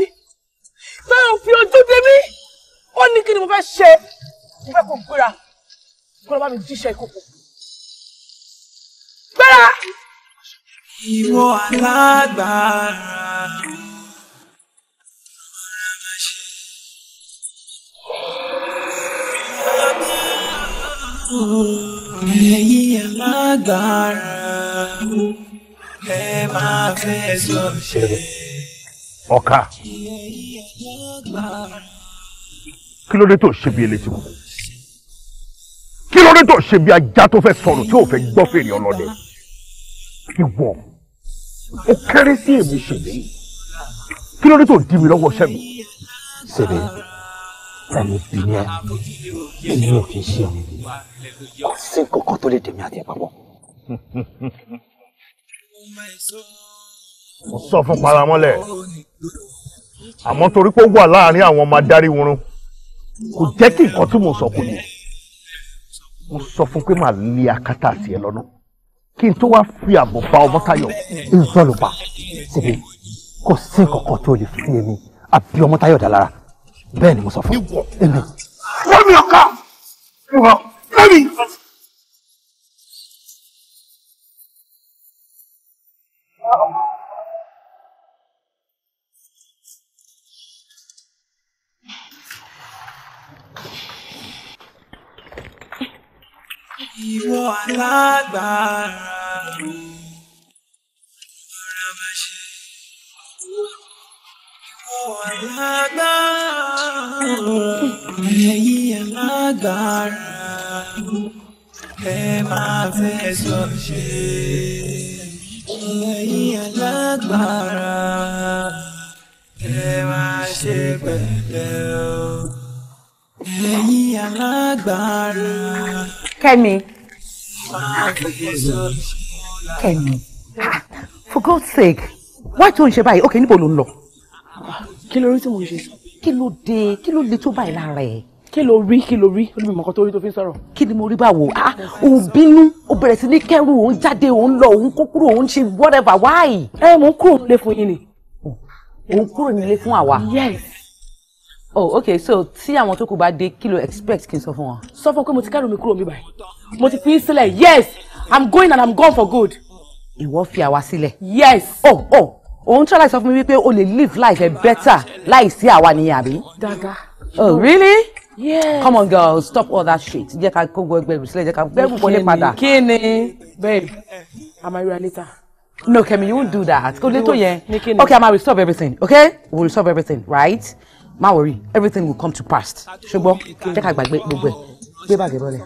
tá à ń fi ojú dé mí ó ní kí ni mo fẹ́ ṣe mo fẹ́ kó gbéra kó lọ bá mi jíṣẹ́ ìkókò gbéra. ìwọ alágbára. Ẹ̀yin alágbára, ẹ máa fẹ́ sọ ṣe ọ̀ka kí ló dé tó ṣe bí elétí kù kí ló dé tó ṣe bí ajá tó fẹ́ sọnù tí ò fẹ́ gbọ́ fèrè ọlọ́dẹ ìwọ ó kéré sí èmi ṣèlè kí ló dé tó dí mi lọ́wọ́ ṣẹ́ mi. ṣèlè ẹni bí ni ẹ èmi ò kì ṣe ọmọ kò sí kankan tó lè dèmi àti ẹ mo sọ fún paramọ́lẹ̀ àmọ́ torí pé ó wà láàrin àwọn ọmọ adarí wọn kò jẹ́ kí nǹkan tí mo sọ kò yẹ mo sọ fún pé màá lé akátá àti ẹ lọ́nà kí n tó wá fi ààbò fa ọmọ táyọ̀ ìzọlùpà síbi kò sí kankan tó lè fi èmi àbí ọmọ táyọ̀ dá bẹ́ẹ̀ ni mo sọ fún èmi. lẹ́mi ọ̀ka ìwọ alágbára o. Ìwọ alágbára o. Ẹ̀yin alágbára o. Ẹ máa fẹ́ sọ ṣe. Ẹ̀yin alágbára ẹ máa ṣe pẹ̀lẹ́ o. Ẹ̀yin alágbára. Kemi, Kemi, ah, For God's sake, why don't you buy? báyìí? Okay, you ló ń lọ? Kí ló rí tí mo ṣe? Kí ló dé? Kí ló le tó báyìí lára ẹ̀? Kí ló rí? Kí ló rí? Olúmi mọ̀kàn tó rí tó fi ń sọ̀rọ̀. Kí ni mo rí báwo? Ah, òun bínú, ó bẹ̀rẹ̀ sí ní kẹ́rù, òun jáde, òun lọ, òun kó kúrò, òun ṣe whatever, why? Ẹ mò ń kúrò nílé fún yín ni. Òun kúrò nílé fún àwa. Yes oh okay so tí àwọn tó kù bá dé kí lo expect kí n sọ fún wọn. sọ fún pé mo ti kẹ́rù mi kúrò mi báyìí mo ti fi í sílẹ̀ yes i'm going and i'm gone for good. ìwọ fi àwa sílẹ̀. yes. oh oh òun tí wọ́n láì sọ fún mi wípé o lè live life ẹ better láì sí àwa nìyẹn àbí. daga. oh really. yes come on girl stop all that shit jẹ́ ká kó gbogbo ẹgbẹ̀rún sílẹ̀ jẹ́ ká gbẹ́rù wọlé padà. kí ni babe i marry later. no Kemi you won't do that kò lè tó yẹn okay i ma resolve everything okay we will resolve everything right má worry everything will come to pass ṣùgbọ́n jẹ́ ká gbàgbé gbogbo ẹ̀ gbé bàgẹ́ bọ́lẹ̀.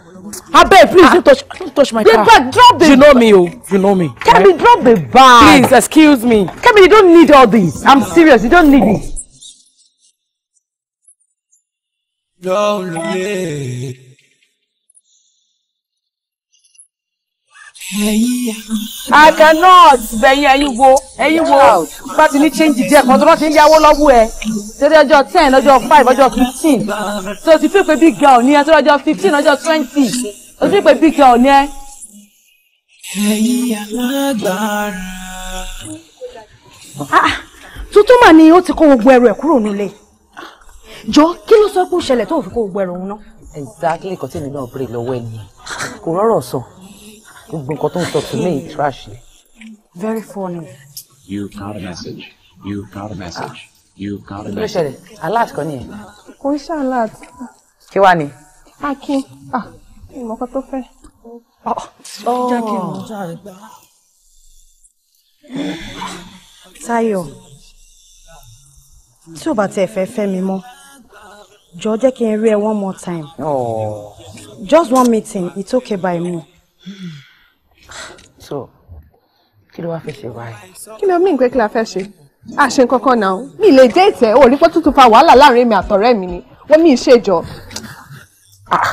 abeg please don't touch don't touch my car. Beba, drop the you know me o oh. you know me. Kemi right? drop the bag. please excuse me. Kemi you don't need all this I'm serious you don't need it. Lonely. I cannot bẹ̀yìn ẹ̀yin wo ẹ̀yin wo bá ti ní change díẹ̀ kan tó wọ́n ti ń yáwó lọ́wọ́ ẹ̀ torí ọjọ́ ten ọjọ́ five ọjọ́ fifteen tó ti fi pé big girl ní ẹ torí ọjọ́ fifteen ọjọ́ twenty tó ti fi pé big girl ní ẹ. ẹ̀yin ah, alágbára. tuntun mà ni ó ti kó gbogbo ẹrù ẹ̀ kúrò nílé jọ kí ló sọ pé ó ṣẹlẹ̀ tó fi kó gbogbo ẹrù òun ná. exactly kò tí èmi náà béèrè lọ́wọ́ ẹ̀ nìyẹn kò rọrọ̀ sọ gbogbo nǹkan tó ń to me trash very funny. you got a message you got a message you got a message. kí ló ṣẹlẹ̀ alert kan nìyẹn. kò ń akin ah ìmọ̀kọ tó ah. Oh. jákè mọ jáde. Táyọ̀ tí ò bá tiẹ̀ fẹ́ mi mọ́ jọ jẹ́ kí n rí ẹ one more time. Oh. just one meeting it's okay by me so kí ló wá fẹ́ ṣe wáyé. kí ló mí nǹkan kí la fẹ́ ṣe àṣe kankan náà mi lè dé ìtẹ̀ ò rí pé tuntun fa wàhálà láàrin èmi àtọ̀rẹ́ mi ni wọ́n mi ṣèjọ. Ah,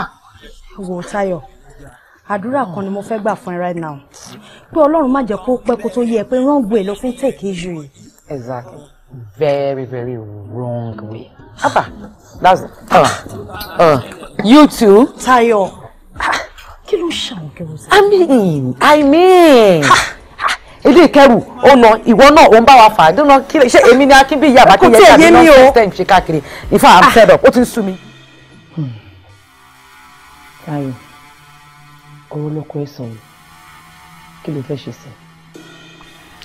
ah, wo Táyọ̀ àdúrà kan ni mo fẹ́ gbà fún ẹ right now pé Ọlọ́run má jẹ́ kó pẹ́ kó tó yẹ pé wrong way ló fi ń take issue yìí. exactly very very wrong way. haba ah, that's uh, uh, you too. Táyọ̀ kí ló ṣàwọn kẹrù sí. i mean i mean ilé ìkẹrù ó lọ ìwọ náà ó ń bá wa fà á dúró kí ṣe èmi ni akínbí ìyá àbá kí yẹ kí àbí lọ system ṣe káàkiri ifá i'm ah. fed up ó ti ń sú mi. Ayo. ọ̀rọ̀ lọkọ ẹ sọ yìí kí ló fẹ́ ṣe sí.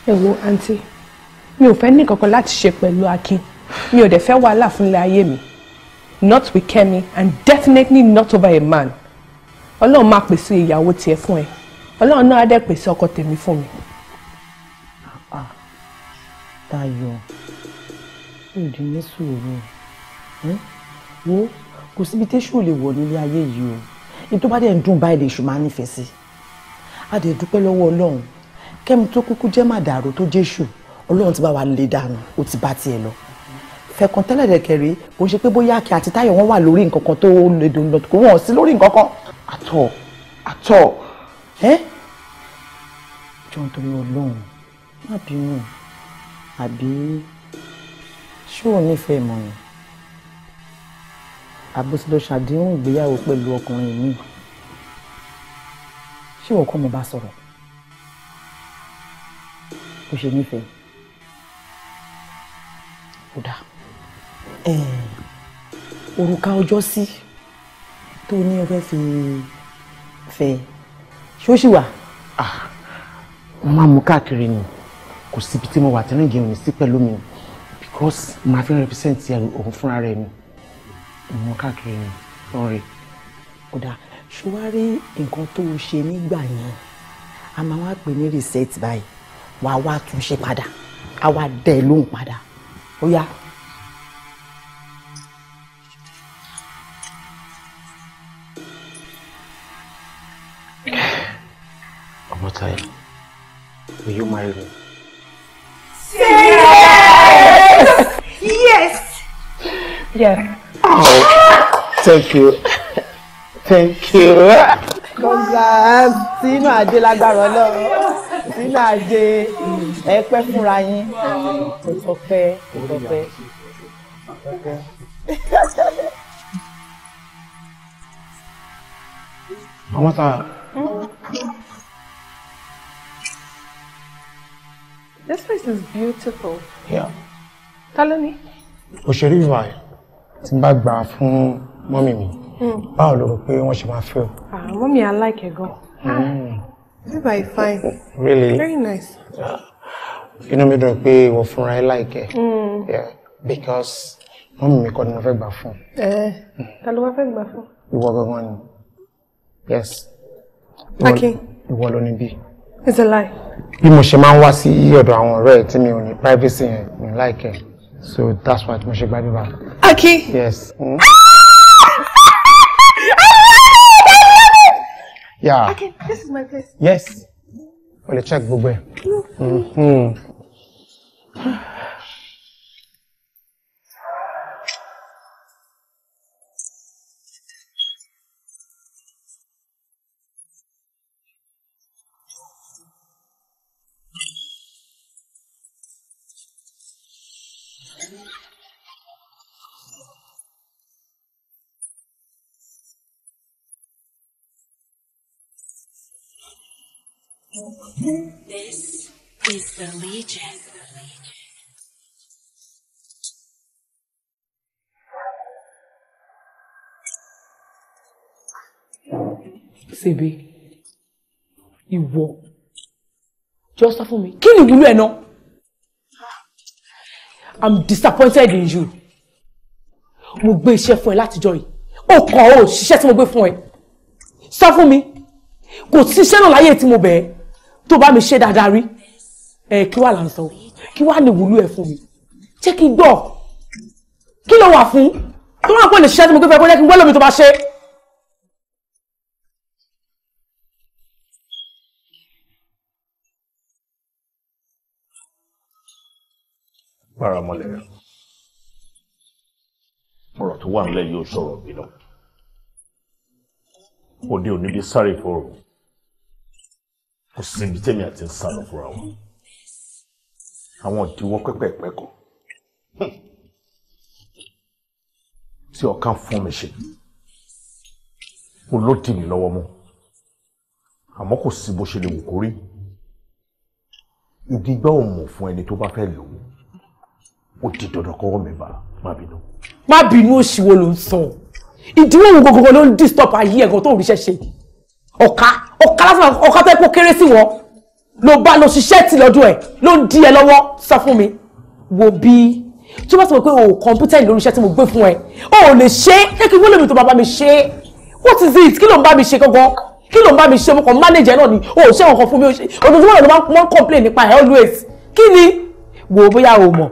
ẹ wo àǹtí mi ò fẹ́ ní kankan láti ṣe pẹ̀lú akin mi ò dẹ̀ fẹ́ wàhálà fúnlẹ̀ ayé mi not with kemi and definitely not over a man ọlọ́run máa pèsè ìyàwó tiẹ̀ fún ẹ ọlọ́run náà á dẹ̀ pèsè ọkọ tèmi fún mi. Ah, ah. Táyọ̀ òdì ní sùúrù hm? wo kò síbi tí èṣù lè wọ̀ nílé ayé yìí o ní tó bá dẹ̀ ń dùn báyìí lè ṣù máa nífẹ̀ẹ́ sí a dẹ̀ dúpẹ́ lọ́wọ́ ọlọ́run kẹ́mi tó kúkú jẹ́ màdàrú tó jésù ọlọ́run ti bá wa lè dànù ó ti bá tiẹ̀ lọ fẹ̀kàn tẹ́lẹ̀ dẹ̀ kẹrì kò ń ṣe pé bóyá àkè àti Táyọ̀ wọn wà lórí nǹkan kan tó lè dùn lọ kò wọ́n sí lórí nǹkan kan at all at all ẹ jọ nítorí Ọlọ́run má bínú àbí ṣé ò nífẹ̀ẹ́ mọ̀ ni àbúṣe ló ṣàdéhùn ìgbéyàwó pẹ̀lú ọkùnrin mi ṣé òun kọ́ mo bá sọ̀rọ̀ ó ṣe nífẹ̀ẹ́ kódà òrùka ọjọ́ sí. Si tó ní o fẹ́ fi fẹ́ ṣó sì wà. Ah, mo máa mú káàkiri ni kò síbi tí mo wà tẹ́lẹ̀ ìgbẹ́ òní sí pẹ̀lú mi because màá fi represent òun fúnra rẹ̀ ni mo mú káàkiri ni lọ́rẹ̀. kódà ṣó wá rí nǹkan tó o ṣe nígbà yẹn a máa wá pè ní reset báyìí wàá wá túnṣe padà a wá dẹ̀ lóhùn padà ó yá. Amatai, will you marry me? Yes! Yes! Yeah. Oh, thank you. Thank you. that Congrats, Sínú Adé lágbára Ọlọ́run. Sínú Adé, ẹ pẹ́ fúnra yín. Ọ̀pẹ, ọ̀pẹ. Amata. This place is beautiful. Yeah. Ta ló ní? Òṣèré ìwà ẹ̀ tí n bá gbà fún mọ́mì mi. Hmm. Báwo ló rò pé wọ́n ṣe máa fẹ́ ah, I like ẹ̀ ah, Hmm. Bíbá ì fine. Really? Very nice. Yeah. Inú mi dùn pé ìwọ fun I like Hmm. Yeah. Because mommy mi kọ́ ni mo fẹ́ gbà fún. Eh, ta ló wá fẹ́ gbà fún? Ìwọ gangan ni. Yes. Okay. Ìwọ ló ní bí. It's a lie. Bí mo ṣe máa ń wá sí ọ̀dọ̀ àwọn ọ̀rẹ́ tí mi ò ní privacy yẹn mi láìkẹ́. So that's why mo ṣe gba bíbá. Aki. Yes. Hmm? yeah. Okay, this is my place. Yes. O lè check gbogbo Hmm. hmm. This is the Legion. Ṣèbí, ìwọ, jọ sọ fún mi, kí ni ìwúlò ẹ̀ náà? I'm disappointed in you. Mo gbé iṣẹ́ fún ẹ látijọ́ yìí. Ó kọ̀ ọ́ òṣìṣẹ́ tí mo gbé fún ẹ. Sọ fún mi, kò síṣẹ́ náà láyé tí mo bẹ̀ẹ́ tó bá mi ṣe dáadáa rí ẹ kí wàá là ń sọ kí wàá lè wúlò ẹ fún mi jẹ́ kí n gbọ́ kí ló wà fún tó wà pọ̀ lè ṣiṣẹ́ tí mo gbé fẹ́ kó jẹ́ kí n gbọ́ lómi tó bá ṣe. para mọ́lẹ̀ ọ̀rọ̀ tó wà nílẹ̀ yóò sọ̀rọ̀ bínú òde òní bí sáré fòrò kò síbi tẹ́mi àti ń sá lọ fúnra wọn àwọn ìdíwọ́ pẹ́pẹ́pẹ́ kan tí ọ̀kan fún mi ṣe olódì mi lọ́wọ́ mú àmọ́ kò sí bó ṣe lè wù kó rí ìdígbà òmù fún ẹni tó bá fẹ́ lò ó ó di dandan kọ́wọ́ mi bá má bínú. má bínú òṣìwò ló ń sọ ìdíwọ́ òun gbogbo ló ń disturb ayé ẹ̀gàn tó ń ríṣẹ́ ṣe ọ̀ka ọ̀ka lásán ọ̀ka tó yẹ kó kéré sí wọn ló bá lọ ṣiṣẹ́ tì lọ́dún ẹ̀ ló ń di ẹ lọ́wọ́ sọ fún mi wo bí tí wọ́n sọ pé o kọ̀ǹpútà ìlú iṣẹ́ tí mo gbé fún ẹ o ò lè ṣe é kí wọ́n lè mi tó bá mi ṣe é what is it kí ló ń bá mi ṣe gangan kí ló ń bá mi ṣe mo kàn manager náà ni o ò ṣe nǹkan fún mi ojoojúmọ́ ló máa ń mọ́ complain nípa ẹ̀ always kí ni wo bóyá o mọ̀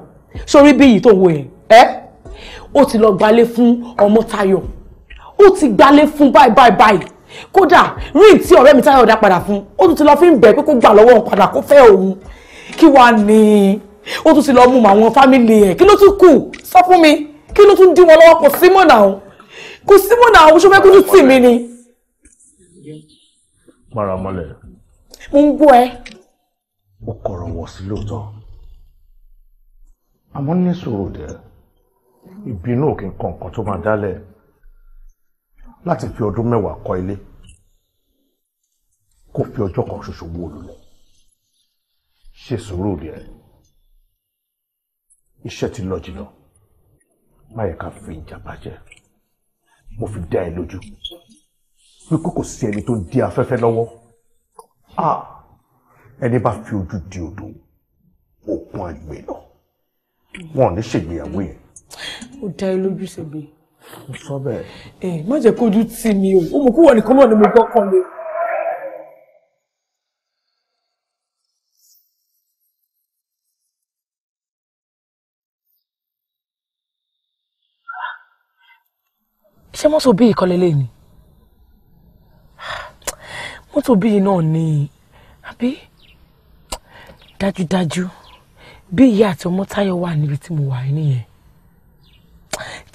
sórí bí yìí tó wo ẹ̀ ẹ́ ó ti lọ gbalé fún ọmọ Táyọ̀ ó ti gbalé fún báyìí báyìí báyìí kódà ring tí ọ̀rẹ́ mi Táyọ̀ dá padà fún ó tún ti lọ fi ń bẹ̀ pé kó gbà lọ́wọ́ òun padà kó fẹ́ òun kí wàá ní ó tún ti lọ mú àwọn fámìlì ẹ̀ kí ló tún kù sọ fún mi kí ló tún dí wọn lọ́wọ́ kò sí mọ̀nà o kò sí mọ̀nà o ṣó fẹ́ kó tún tì mí ni. mara mọ́lẹ̀. mo ń gbọ́ ẹ. ó kọ̀rọ̀ wọ̀ sí lóòótọ́ àmọ́ ní sòrò dẹ̀ ìbínú òkè kan tó máa dálẹ̀ láti fi ọdún mẹ́wàá kọ́ ilé kó fi ọjọ́ kan ṣoṣo wó lulẹ̀ ṣe sùúrù rẹ̀ iṣẹ́ ti lọ jìnnà má yẹ ká fi ìjà bàjẹ́ mo fi dá ẹ lójú wípé kò sí ẹni tó di afẹ́fẹ́ lọ́wọ́ ẹni bá fi ojú di odò òkun àgbẹ̀ lọ wọn ò ní ṣègbéyàwó yẹn. ó dá ẹ lójú ṣègbè mo sọ bẹ́ẹ̀. ẹ má jẹ́ kójú tì mí o ó mọ̀ kúwọ nìkan náà ni mo gbọ́kàn lé. ṣé mọ́tò bíi ìkọlẹ̀ lè ní mọ́tò bíi náà ni àbí dájúdájú bí ìyá àti ọmọ Táyọ̀ wà níbi tí mo wà nìyẹn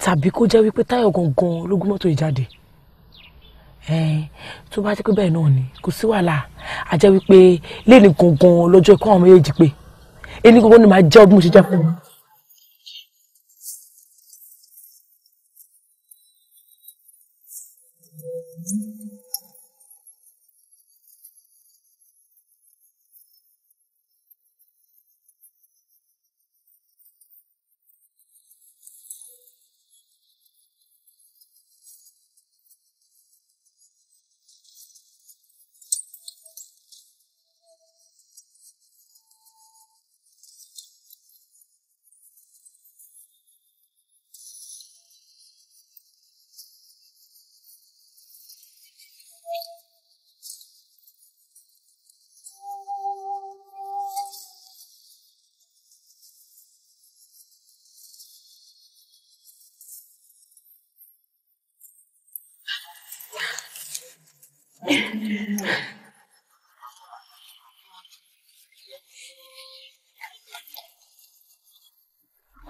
tàbí kó jẹ́ wípé Táyọ̀ gangan ló gún mọ́tò yìí jáde tó bá jẹ́ pé bẹ́ẹ̀ náà ni kò sí wàhálà a jẹ́ wípé lẹ́ni gangan lọ́jọ́ ikú àwọn méjèèjì pé ẹni gangan ni màá jẹ́ ọdún mo ṣe jẹ́ fún wọn.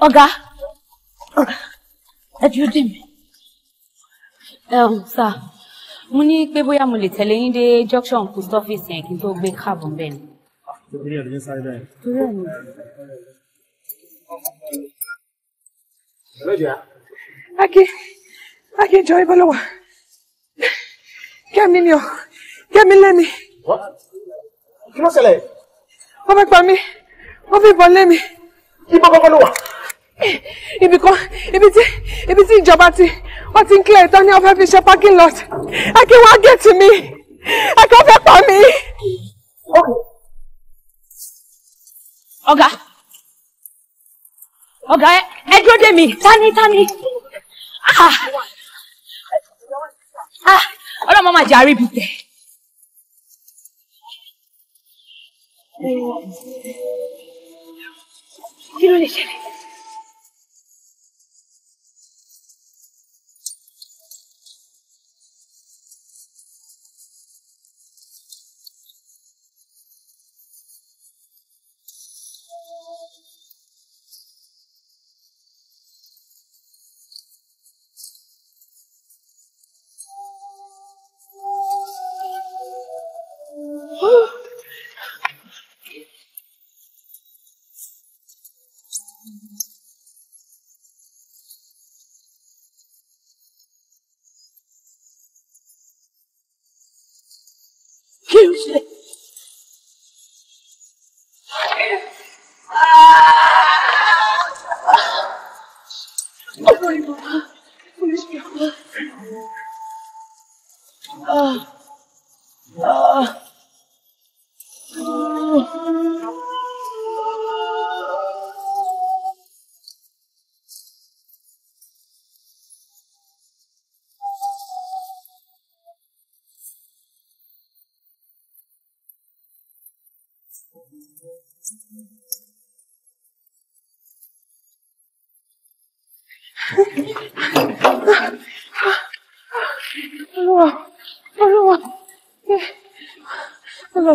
ọ̀gá ẹ dúró dè mí sà mo ní pé bóyá mo lè tẹ̀lé yín dé junction post office yẹn kí n tó gbé káàbù bẹ́ẹ̀ ni. torí ẹ̀ ló ń sáré bẹ́ẹ̀. torí ẹ̀ ni. hello Akin Akin jọ ibo ló wà ni o Kẹ́mi lẹ́mi. kí ló ṣẹlẹ̀. wọ́n fẹ́ pa mí wọ́n fi ìbọn lé mi. ibo gbogbo ló wà ibi kan ibi tí ibi tí ìjọba ti wọ́n ti ń clear ìtàn ní ọ̀fẹ́ fi ṣe parking lot akin wá gẹ̀ẹ́tì mi akin fẹ́ pa mí. ọ̀gá ọ̀gá ẹ dúró dè mí tani tani ah. ah, ọlọ́mọ máa jẹ́ àríbi tẹ̀. kí ló lè ṣẹlẹ̀.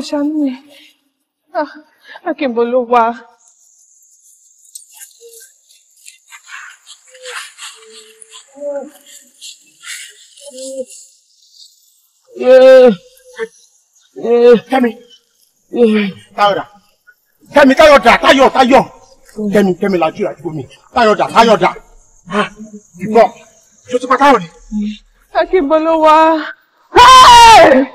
ṣàánú ẹ ah, akínbo ló wá. Kẹ́mi táyọ̀dà Kẹ́mi táyọ̀dà táyọ̀ táyọ̀ Kẹ́mi Kẹ́mi lajú àdúgbò mi táyọ̀dà táyọ̀dà ìbọn tó ti pa táyọ̀ ni. Akínbo ló Hey!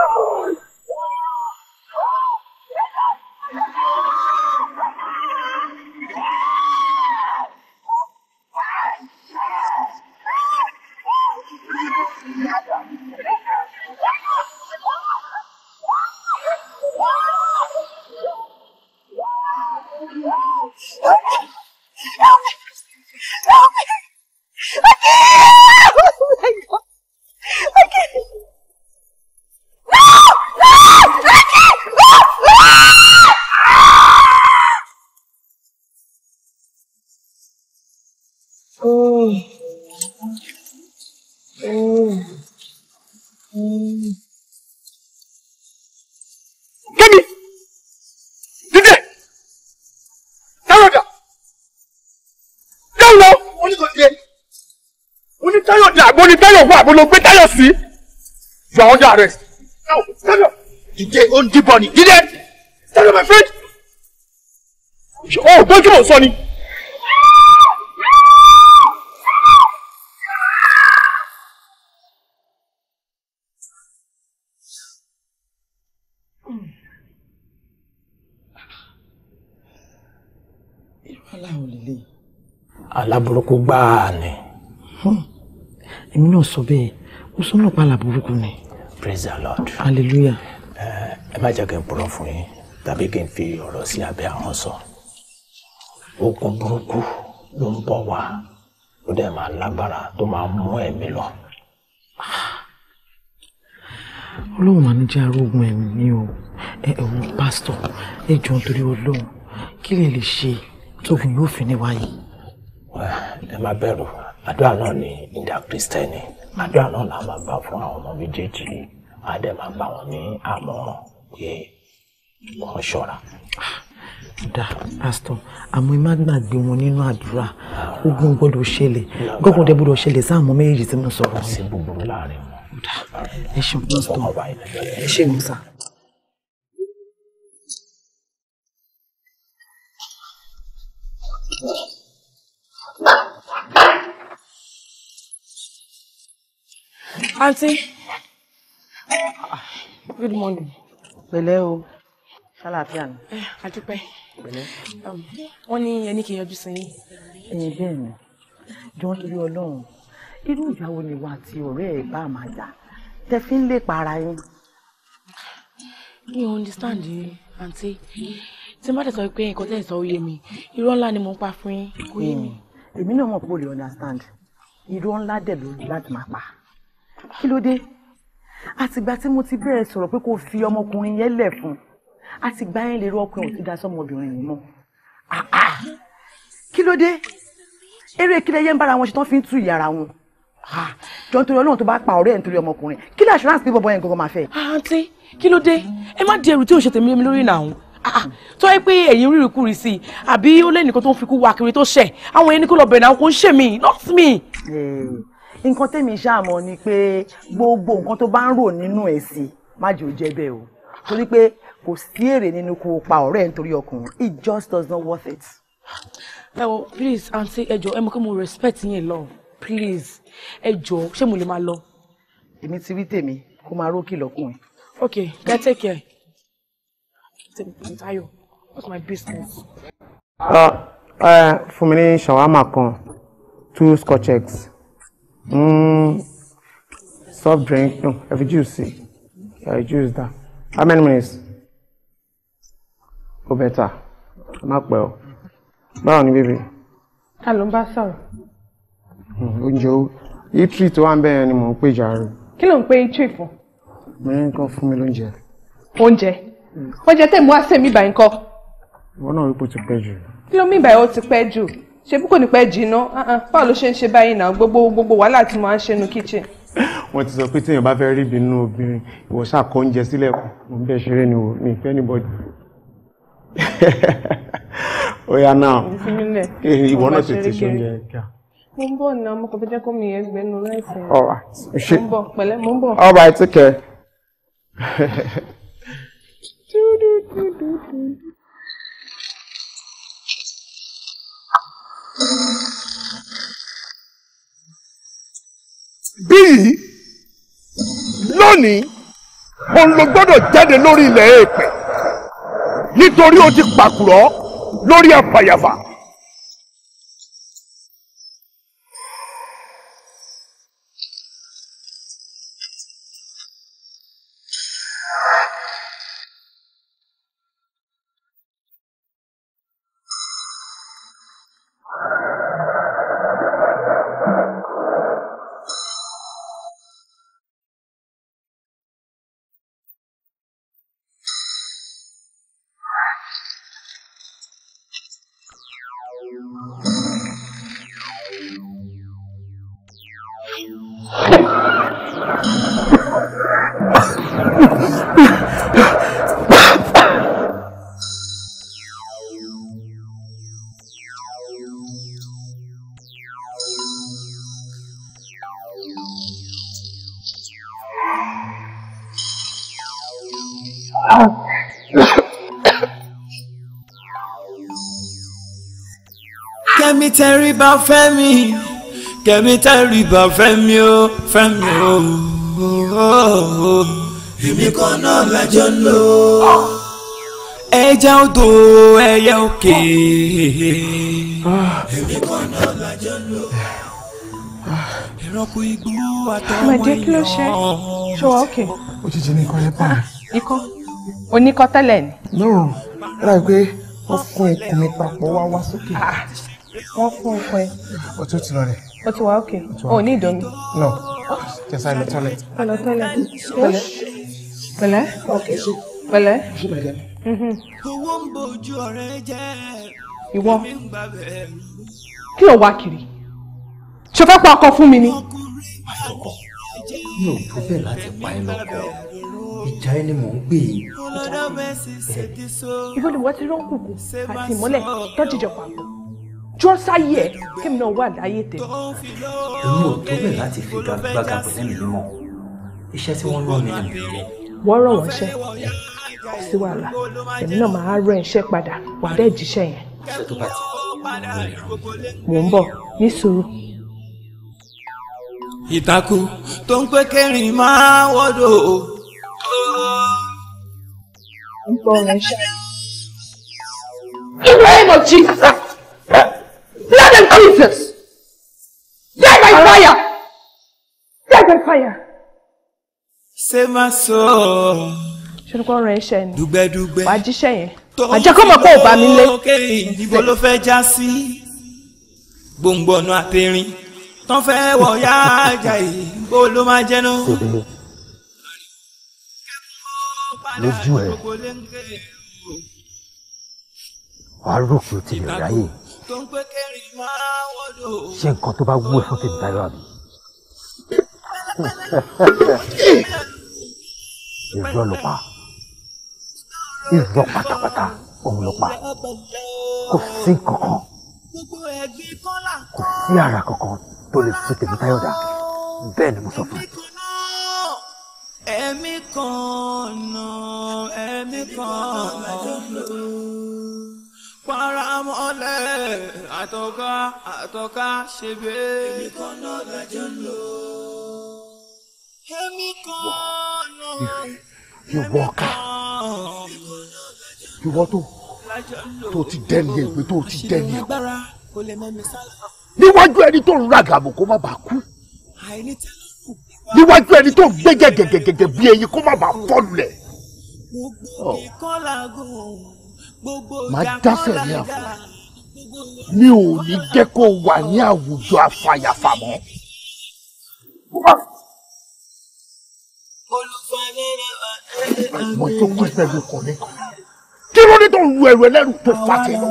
Oh! Help me! Help me! I can't! Oh my God! I can't! ló wà mo ló gbé Táyọ̀ sí. You are under arrest. Táyọ̀ dìde ó ń dìbọn ni dìde Táyọ̀ my friend. O ò gbójú mò ń sọ ni. aláburúkú gbáà ni. Hmm èmi náà sọ bẹ́ẹ̀ ó sọ náà pàlà burúkú ni. praise the lord. hallelujah. ẹ má jẹ́ kí n purọ́ fún yín tàbí kí n fi ọ̀rọ̀ sí abẹ́ àwọn sọ. ogun burúkú ló ń bọ̀ wá ó dẹ̀ máa lágbára tó máa mú ẹ̀mí lọ. ọlọ́run máa ń jẹ́ arógun ẹ̀mí ni o ẹ ẹ wo pásítọ̀ ẹ jọ nítorí ọlọ́run kí lè lè ṣe tóògùn yóò fi níwáyé. ẹ má bẹ̀rù àdúrà náà ni ìdá kristẹni àdúrà náà là máa gbà fún àwọn ọmọ méjèèjì á dẹ̀ máa gbà wọ́n ní àmọ̀ràn pé wọ́n ṣọ́ra. dá pásítọ̀ àmọ́ ẹ má gbàgbé wọn nínú àdúrà ogun gbọ́dọ̀ ṣẹlẹ̀ gbọ́dọ̀ dẹ̀ gbọ́dọ̀ ṣẹlẹ̀ sáàmù méjèèjì tí mo sọ̀rọ̀ sí búburú láàrin wọn. ẹ ṣeun pásítọ̀ ẹ ṣeun sá. Thank Aunty. Good morning. Pẹ̀lẹ́ o. Ṣàlàáfíà ni. Àdúpẹ́. Eh, Pẹ̀lẹ́. Um, wọ́n ní ẹni kì í yọjú sí yín. Ẹyin eh, bẹ́ẹ̀ ni. Jọ́ nítorí Ọlọ́run. Irú ìjà wo ni wà tí ọ̀rẹ́ ẹ̀ bá máa jà? Tẹ fi ń lè para yín. Mi ò understand yín, àǹtí. Tí má dẹ̀ sọ pé nǹkan tẹ̀ sọ ó yé mi, irọ́ ńlá ni mo ń pa fún yín kó yé mi. Hmm. Èmi náà mọ̀ pé o lè understand. Irọ́ ńlá dẹ̀ lórí láti máa pa kí ló dé àtìgbà tí mo ti bẹ̀rẹ̀ sọ̀rọ̀ pé kò fi ọmọkùnrin yẹn lẹ̀ fún àtìgbà yẹn lè rí ọkùnrin ò ti da sọmọbìnrin yìí mọ́ kí ló dé eré kílẹ̀ yẹn ń bára wọn ṣe tán fi ń tu ìyàrá wọn jọ nítorí ọlọ́run tó bá pa ọ̀rẹ́ ẹ̀ nítorí ọmọkùnrin kí lè assurance pé bọ́bọ́ yẹn gbogbo máa fẹ́. àǹtí kí ló dé ẹ má di ẹrù tí ò ṣe tèmi lórí nà ọ̀hún tó yẹ pé ẹ̀yin rírì kúrì sí i àbí ó lé nìkan tó ń fi kú wa kiri tó ṣẹ̀ àwọn ẹni kó lọ bẹ̀rẹ̀ náà kò ń ṣèmí not me nǹkan tèmi ṣàmọ̀ ni pé gbogbo nǹkan tó bá ń rò nínú ẹ̀ sí má jẹ́ bẹ́ẹ̀ o torí pé kò sí èrè nínú kó o pa ọ̀rẹ́ nítorí ọkùnrin it just does not worth it. ẹ wo please aunty ẹ jọ̀ọ́ ẹ mọ̀ kí mo respect yín lọ please ẹ jọ̀ọ́ ṣé mo lè máa lọ. èmi ti rí tèmi kó máa rókì lọkùnrin. okay get take care. Tayo, what's my business? Uh, uh, fún mi ní shawarma kan two scotch eggs. Mm, soft drink, no, have juice. Yeah, juice that. How many minutes? Ó bẹ́tà, ó má pẹ́ o. Báwo ni bébì? You treat ń bá sọ̀rọ̀? Mm, oúnjẹ o, itri tó pay ń bẹ̀yẹn ni mò ń pè jàre. Kí ló ń pe itri fún? Mo ní nǹkan fún mi lóúnjẹ. Oúnjẹ? Oúnjẹ tẹ̀ mú àṣẹ mi báyìí nǹkan. Ìwọ náà wípé ó ti pẹ́ jù. Kí ló mí báyìí ṣe bí kò ní pẹ́ jiná ah, ah. báwo ló ṣe ń ṣe báyìí náà gbogbo gbogbo wàhálà tí mo máa ń ṣe nu kitchen. wọ́n ti sọ pé téèyàn bá fẹ́ rí ibinú obìnrin ìwọ ṣàkọ oúnjẹ sílẹ̀ mo ń bẹ́ ṣeré ni o mi fẹ́ ní oya náà ìwọ náà ti ti ṣoúnjẹ kíá. mo ń bọ̀ náà mo kò fẹ́ jẹ́ kó mi yẹn gbẹ́nu láìsẹ̀. mo ń bọ̀ pẹ̀lẹ́ mo ń bọ̀. all right take care. bíi lónìí òun ló gbọ́dọ̀ jáde lórí ilẹ̀ èèpẹ̀ nítorí o ti pàkúrọ̀ lórí àfàyàfà. tẹríba fẹ́mi kẹ́mi tẹríba fẹ́mi o fẹ́mi o. èmi kan náà lájọ ń lò. ẹja odò ẹyẹ òkè. èmi kan náà lájọ ń lò. ìrọ́kù igbó àtọ́wọ́ ìlọ. mẹ̀jẹ̀ kí ló ṣe ṣọwọ́ òkè. òjijì ni ikọ́ yẹn pa. Ah, ikọ́ oníkọ́ tẹ́lẹ̀ ni. lóòrùn ẹ dàbí pé wọ́n fún ikùn mi papọ̀ wá wá sókè. Ah, wọ́n fún ọkọ ẹ. o tún ti lọ rẹ. o ti wà ókè o ní ìdọ́mi. no just i lọ toilet. o lọ toilet pẹ̀lẹ́ pẹ̀lẹ́ pẹ̀lẹ́. Mhm. owó ń bojú ọ̀rẹ́ jẹ́ ìwọ kí ló wá kiri ṣe fẹ́ pa ọkọ fún mi ni. àtọkọ mi ò tó bẹ́ẹ̀ láti pa ẹ lọ́kọ ìjà ẹni mò ń gbé yìí. ìwọ ni wọ́n ti rán kùkù àti ìmọ́lẹ̀ tó jíjọ pàgbọ́ jọ́sáyé ẹ̀ kémi náà wà láyé tẹ̀. èmi ò tó bẹ̀ láti fi gbàgbàgbà pẹ̀lú mi mọ́ iṣẹ́ tí wọ́n rán mi nìyẹn. wọ́n rán wọn ṣẹ́ sí wàhálà èmi náà máa rán iṣẹ́ padà wà dẹ́ jíṣẹ́ yẹn. iṣẹ́ tó bá ti mò ń bọ̀ ní sùúrù. ìtàkù tó ń pé kẹrin máa wọ́dọ̀ ń bọ̀ ránṣẹ́. In the name of Jesus. fire. Save my soul. Ṣé kò rán iṣẹ́ ni? Dùgbẹ́dùgbẹ́. Wàá jíṣẹ́ yẹn. Àjẹ́ kọ́ mọ̀ kó o bá mi lé. Ibo ló fẹ́ já sí? Gbòǹgbòǹnù àtẹ̀rìn. Tán fẹ́ wọ̀ yá àjà yìí. Bó ló máa jẹ́nu? Lójú ẹ̀, wàá rò pé o ti lè ráyè. Ṣé nǹkan tó bá wú ẹ fún tèmi dáyọ̀ àbí? irọ́ ló pa irọ́ pátápátá òun ló pa kò sí kankan kò sí ara kankan tó lè fi tèmi táyọ̀ dá bẹ́ẹ̀ ni mo sọ fún ẹ. ẹ̀mí kan náà ẹ̀mí kan náà para mọ́lẹ̀ àtọ́ká àtọ́ká ṣe bẹ́ẹ̀. èmi kan náà ìwọ ọkà ìwọ tó tó ti dẹni ègbé tó ti dẹni ègbé níwájú ẹni tó ń ra gàmù kó má bàa kú níwájú ẹni tó ń gbé gẹ́gẹ́gẹ́gẹ́ bí ẹyin kó má bàa fọ́ lulẹ̀ máa dáfẹ́ ní àfọ mi ò ní jẹ́ kó wà ní àwùjọ àfàyàfà mọ́ àìmọ̀ tó kọ́ ẹgbẹ́ ló kọ́ nìkan kí ló dé tó lu ẹ̀rù ẹlẹ́rù tó fà á kẹ́lọ́.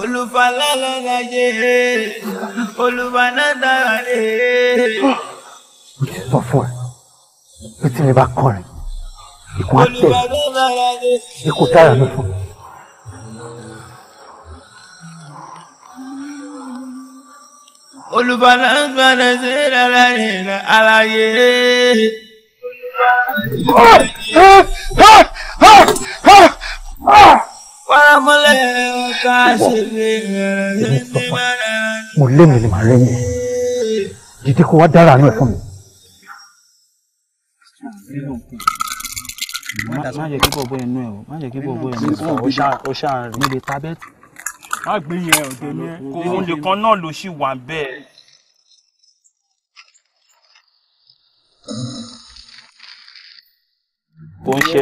olùfàlálàyé olùfàlálàyé. mo ti sọ fún ẹ bí tí mi bá kọrin ìkùn á tẹ ìkùn tára mi fún mi. olùbánágbáná sí lẹ́lẹ́yìn aláyé. Wárámọ́lẹ̀ ọ̀ká ṣe lè rẹ̀ sí bára. Mo lé mi ni màá rẹ̀ yẹn. Dìde kó wá dára àánú ẹ̀ fún mi. Má jẹ́ kí bọ̀bọ̀ ẹnu ẹ̀ o, má jẹ́ kí bọ̀bọ̀ ẹnu ẹ̀ o, ó ṣáà rí. Mo lè ta bẹ́ẹ̀ má gbé yẹn ọ̀dẹ ní ẹ. kò òun nìkan náà ló ṣì wà bẹ́ẹ̀. kò ń ṣe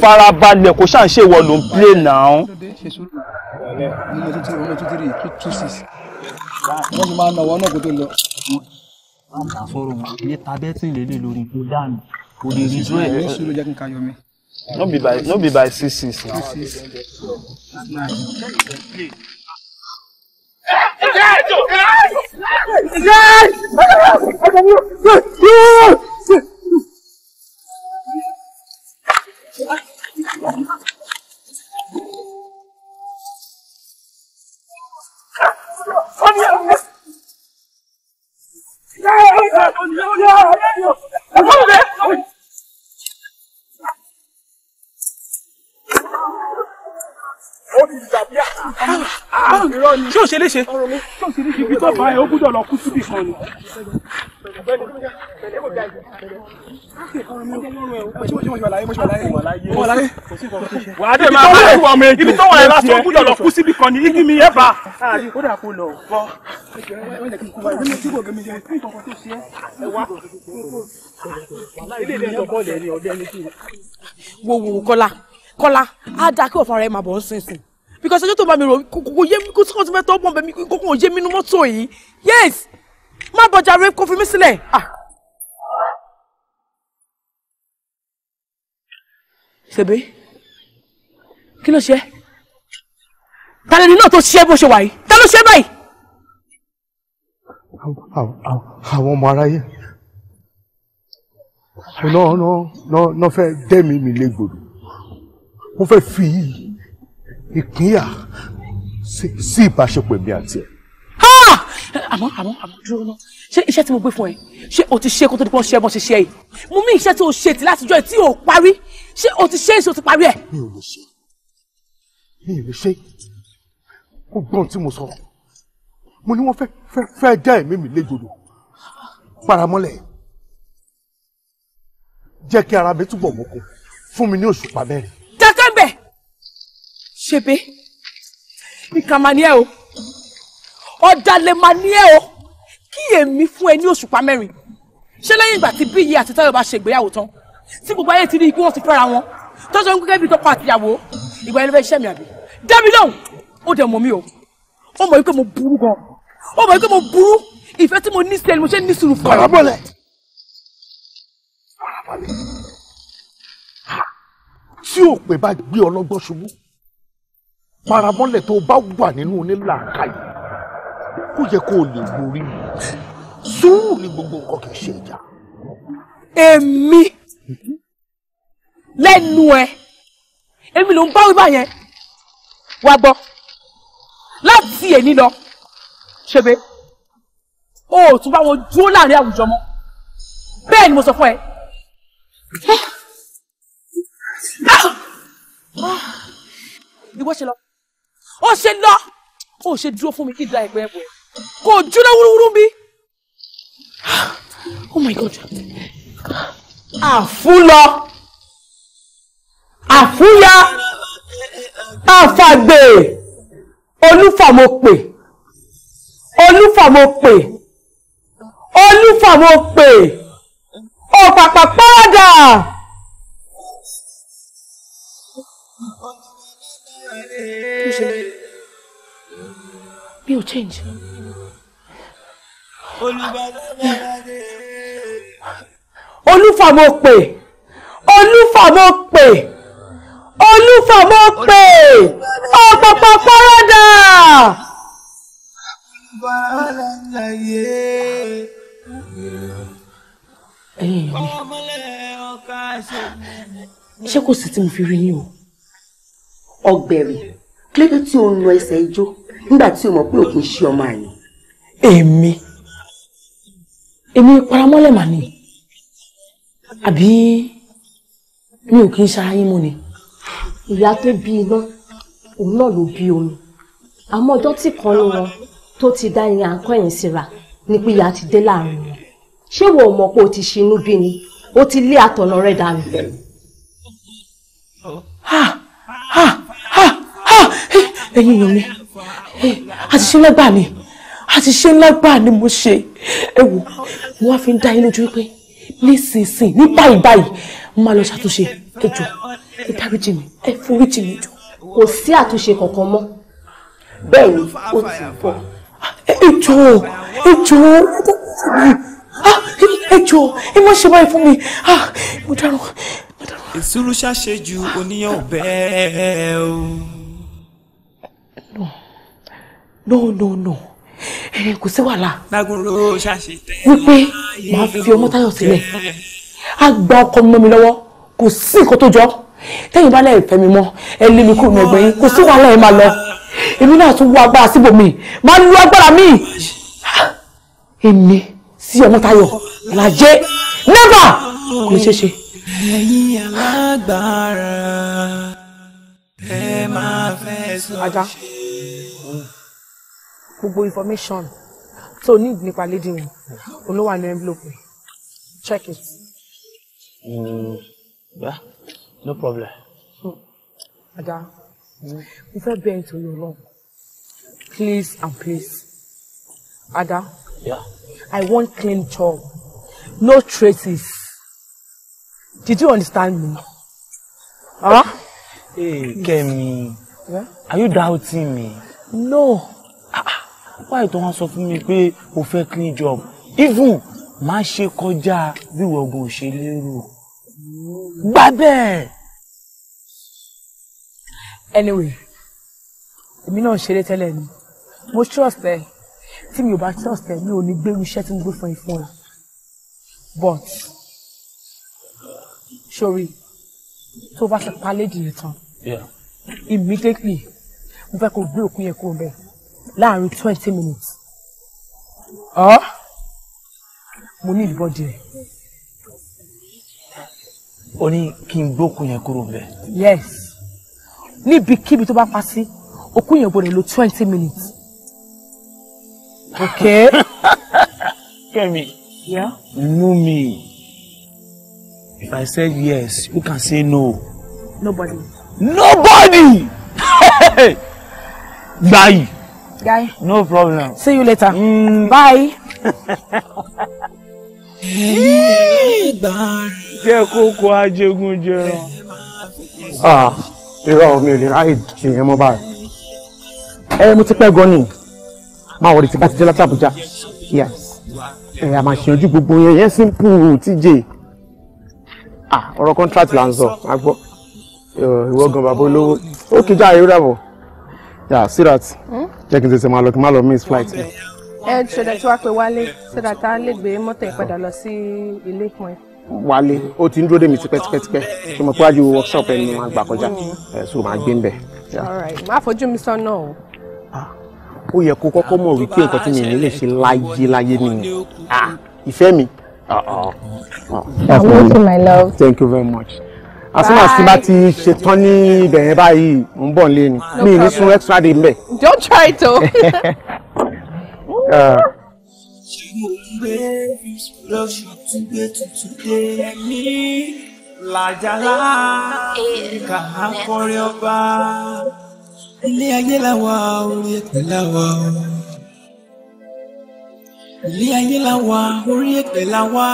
farabalẹ̀ kò ṣàǹṣe ìwọ ló ń play now. wọ́n ti máa ń náwó náà kó tó lọ. wọ́n ń ní tabẹ́tì lélẹ̀ lórí kó dànù kò lè rí jù ẹ̀ no be by no be by six six na. Yeah, yeah, yeah. ṣé o ṣe léṣe ibi tó fà á yẹn ó gbúdọ̀ lọ kú síbì kan ni. wàdé máa bá ẹ̀ wọ̀mọ̀ èjì ibi tó wà yẹn láti ó gbúdọ̀ lọ kú síbì kan ni igi mi yẹn bá. ó dà kó lọ bọ́. wo wo Kọ́lá. Kọ́lá á dáa kí ọ̀fà rẹ̀ máa bọ̀ ń sínsìn because ọjọ́ tó bá mi rò kò yé mi kó tí wọ́n ti fẹ́ tọ́ bọ̀m̀bẹ̀ mi kó kò yé mi inú mọ́tò yìí yes má bọjà rẹ kó fi mí sílẹ̀. Ah! ṣèbí kí ló ṣe ta lẹni náà tó ṣiṣẹ́ bó ṣe wà yìí ta ló ṣe báyìí. àwọn ọmọ aráyé náà náà náà fẹ́ dẹ́mi mi légbodò mo fẹ́ fi ìpínyà sí ìbáṣepọ̀ èmi àti ẹ̀. Ah! àmọ́ àmọ́ àmọ́ dúró náà ṣé iṣẹ́ tí mo gbé fún ẹ ṣé o ti ṣe kó tó di pé wọ́n ṣe é bọ́ ṣe ṣe yìí mo mí iṣẹ́ tí o ṣe ti látijọ́ tí o parí ṣé o ti ṣe é ṣe o ti parí ẹ̀. mi ò lè ṣe mi ò lè ṣe kó gbọ́n tí mo sọ mo ní wọ́n fẹ́ fẹ́ fẹ́ já ẹ̀mí mi léjodò paramọ́lẹ̀ jẹ́ kí ara mi túbọ̀ mọ́kò fún mi ní òṣùpá mẹ́rin ṣebe nǹkan máa ní o ọ̀dàlẹ̀ máa o kí èmi fún ẹ ní òṣùpá mẹ́rin ṣé lẹ́yìn ìgbà tí bíyì àti táyọ̀ bá ṣe ìgbéyàwó tán tí gbogbo ayé ti rí i pé wọ́n ti fẹ́ra wọn tọ́jú ń gẹ́gẹ́ bí tọ́kọ àtìyàwó ìgbà ẹni fẹ́ iṣẹ́ mi àbí dẹ́mi lóhùn ó dẹ̀ mọ̀ mí o ó mọ̀ wípé mo burú gan ó mọ̀ wípé mo burú ìfẹ́ tí mo ní sí mo ṣe ní sùúrù fún ẹ. farabalẹ̀ farabalẹ̀ tí òpè bá gbé ọlọ́gbọ́n ṣubú paramọ́lẹ̀ tó bá wà nínú onílà káyì kó yẹ kó o lè borí zuu ni gbogbo nǹkan kì í ṣe ìjà. èmi lẹ́nu ẹ̀ èmi ló ń bá wíwá yẹn wá gbọ́ láti èní lọ ṣebe o ò tún bá wọn dúró láàrin àwùjọ mọ́ bẹ́ẹ̀ ni mo sọ fún ẹ. ìwọ ṣe lọ ó ṣe lọ ó ṣe dúró fún mi kí da ẹgbẹ́ ẹ̀bùn ẹ̀ kò jóná wúrúwúrú bí. oh my god àfúlọ àfúyà àfàgbè olúfàmọpè olúfàmọpè olúfàmọpè ọ̀pàpà pàdà. mi change. olúfà mo pè olúfà mo pè olúfà mo pè ọ̀pọ̀pọ̀ fọ́rọ́dà. ẹ̀yin èèyàn mi ṣé kò sí tí mo fi rí yín o ọ̀gbẹ̀rì kílódé tí o nu ẹsẹ̀ ijó nígbà tí o mọ̀ pé o kì í ṣe ọmọ àyè. èmi èmi paramọ́lẹ̀ mà ni àbí mi ò kì í ṣayín mu ni. ìyá tó bí iná òun náà ló bí omi àmọ́ ọjọ́ tí kan ní wọn tó ti dá irin àǹkọ́ yẹn síra ni pé ìyá ti dé láàrin wọn ṣé wo mọ̀ pé o ti ṣinú bí ni o ti lé àtọ̀nà rẹ̀ dànù. ah ẹ̀yin èèyàn mi àti ṣe lẹ́gbàá ni àti ṣe lẹ́gbàá ni mo ṣe ẹ wò mo wá fi ń dá yín lójú pé nísinsìnyí ní báyìí báyìí mo máa lọ ṣàtúnṣe ẹ jọ̀ọ́ ẹ dáríjì mi ẹ foríjì mi jọ̀ọ́. kò sí àtúnṣe kankan mọ́ bẹ́ẹ̀ ni ó ti bọ̀. ẹ jọ̀ọ́ ẹ jọ̀ọ́ ah, ẹ jọ̀ọ́ ẹ má ṣe báyìí fún mi ah, mo dáràn. ìṣúrú ṣàṣejù oníyàn ò bẹ́ẹ̀ o no no no no eh, kò sí wàhálà wípé màá fi ọmọ táyọ̀ sílẹ̀ á gba ọkọ mọ́ mi lọ́wọ́ kò sí nǹkan tó jọ tẹ́yìn bá lẹ́yìn fẹ́ mi mọ́ ẹ lé mi kúrò ní ọgbẹ́ yín kò sí wàhálà ẹ máa lọ èmi náà tún wọ agbára síbòmí máa lu agbára mi èmi sí ọmọ táyọ̀ làjẹ never kò ṣeé ṣe. ẹ̀yin alágbára ẹ máa fẹ́ sọ ṣe. ajá gbogbo information tó ní nípa lady mi olówà ní envelope check it. Mm, yeah, no problem. Hmm. ajá mo fẹ́ bẹ́ẹ̀ nítorí ọlọ́run please and please ada yeah. i want clean job no traces did you understand me? Huh? Hey, Kemi, yeah? are you doubting me? No. Ah, ah. why don't you sọ fún mi pé o clean job? Even má ṣe kọjá bí ìwọ gan ṣe lérò. Gbà bẹ́ẹ̀. Anyway, èmi náà ṣeré tẹ́lẹ̀ ni. Mo trust ẹ. Tí mi ò bá trust ẹ, mi ò ní gbérú iṣẹ́ tí mo gbé fún ẹ fún ẹ. But, sorry, tó bá ti pa lédi tán. Yeah. Immediately, mo fẹ́ kó gbé òkú yẹn kúrò bẹ́ẹ̀ láàárín twenty minutes. Ọ́ mo ní ìbọ̀dì rẹ̀. O ní kí n gbé òkú yẹn kúrò bẹ́ẹ̀. Yes. Níbikíbi tó bá pa sí, òkú yẹn gbọ́dọ̀ lò twenty minutes. Okay. Kẹ́mi. Yeah. Nú mi. If I said yes, who can say no? Nobody nobody gbayi guy no problem see you later mm. bye. jẹ́ kókó ajégún jẹran. Ah, irọ́ mi ò lè ráyè ṣe yẹn mọ́ báyìí. ẹ mo ti pẹ́ gan ni máa wọlé tí bá ti dé láti Àbújá ẹ a máa ṣèyànjú gbogbo yẹn yẹn simple TJ ah, ọ̀rọ̀ contract là ń sọ a ìwọ gan bàbá olówó ó kí jáde ó dàbọ̀ yà see that kí n tètè máa lọ kí n má lọ miss flight mi. ẹ ṣẹlẹ tí wàá pe wálé ṣẹlẹ tá lè gbé mọ́tò ìpadà lọ sí ilé fún ẹ. wálé ó ti ń dúró dè mí tipẹ́tipẹ́tipẹ́ tó mọ̀ pé wájú workshop ẹni máa gbà kọjá hmm. ẹ̀ so máa gbé ń bẹ̀. má fojú mi sọ́nà o ah, ó yẹ kó kọ́kọ́ mọ̀ wípé nǹkan tí mi lè ṣe láyé láyé ni ah, ìfẹ́ mi. Ah, Thank you very much asúnmọ̀ sí ti ṣetán ní ibẹ̀ yẹn báyìí mo bọ̀ nílé ni mi ní sún extra day mbẹ. don't try to. Uh. làjàlá kà á ọba ilé ayé làwa orí èpè làwa ilé ayé làwa orí èpè làwa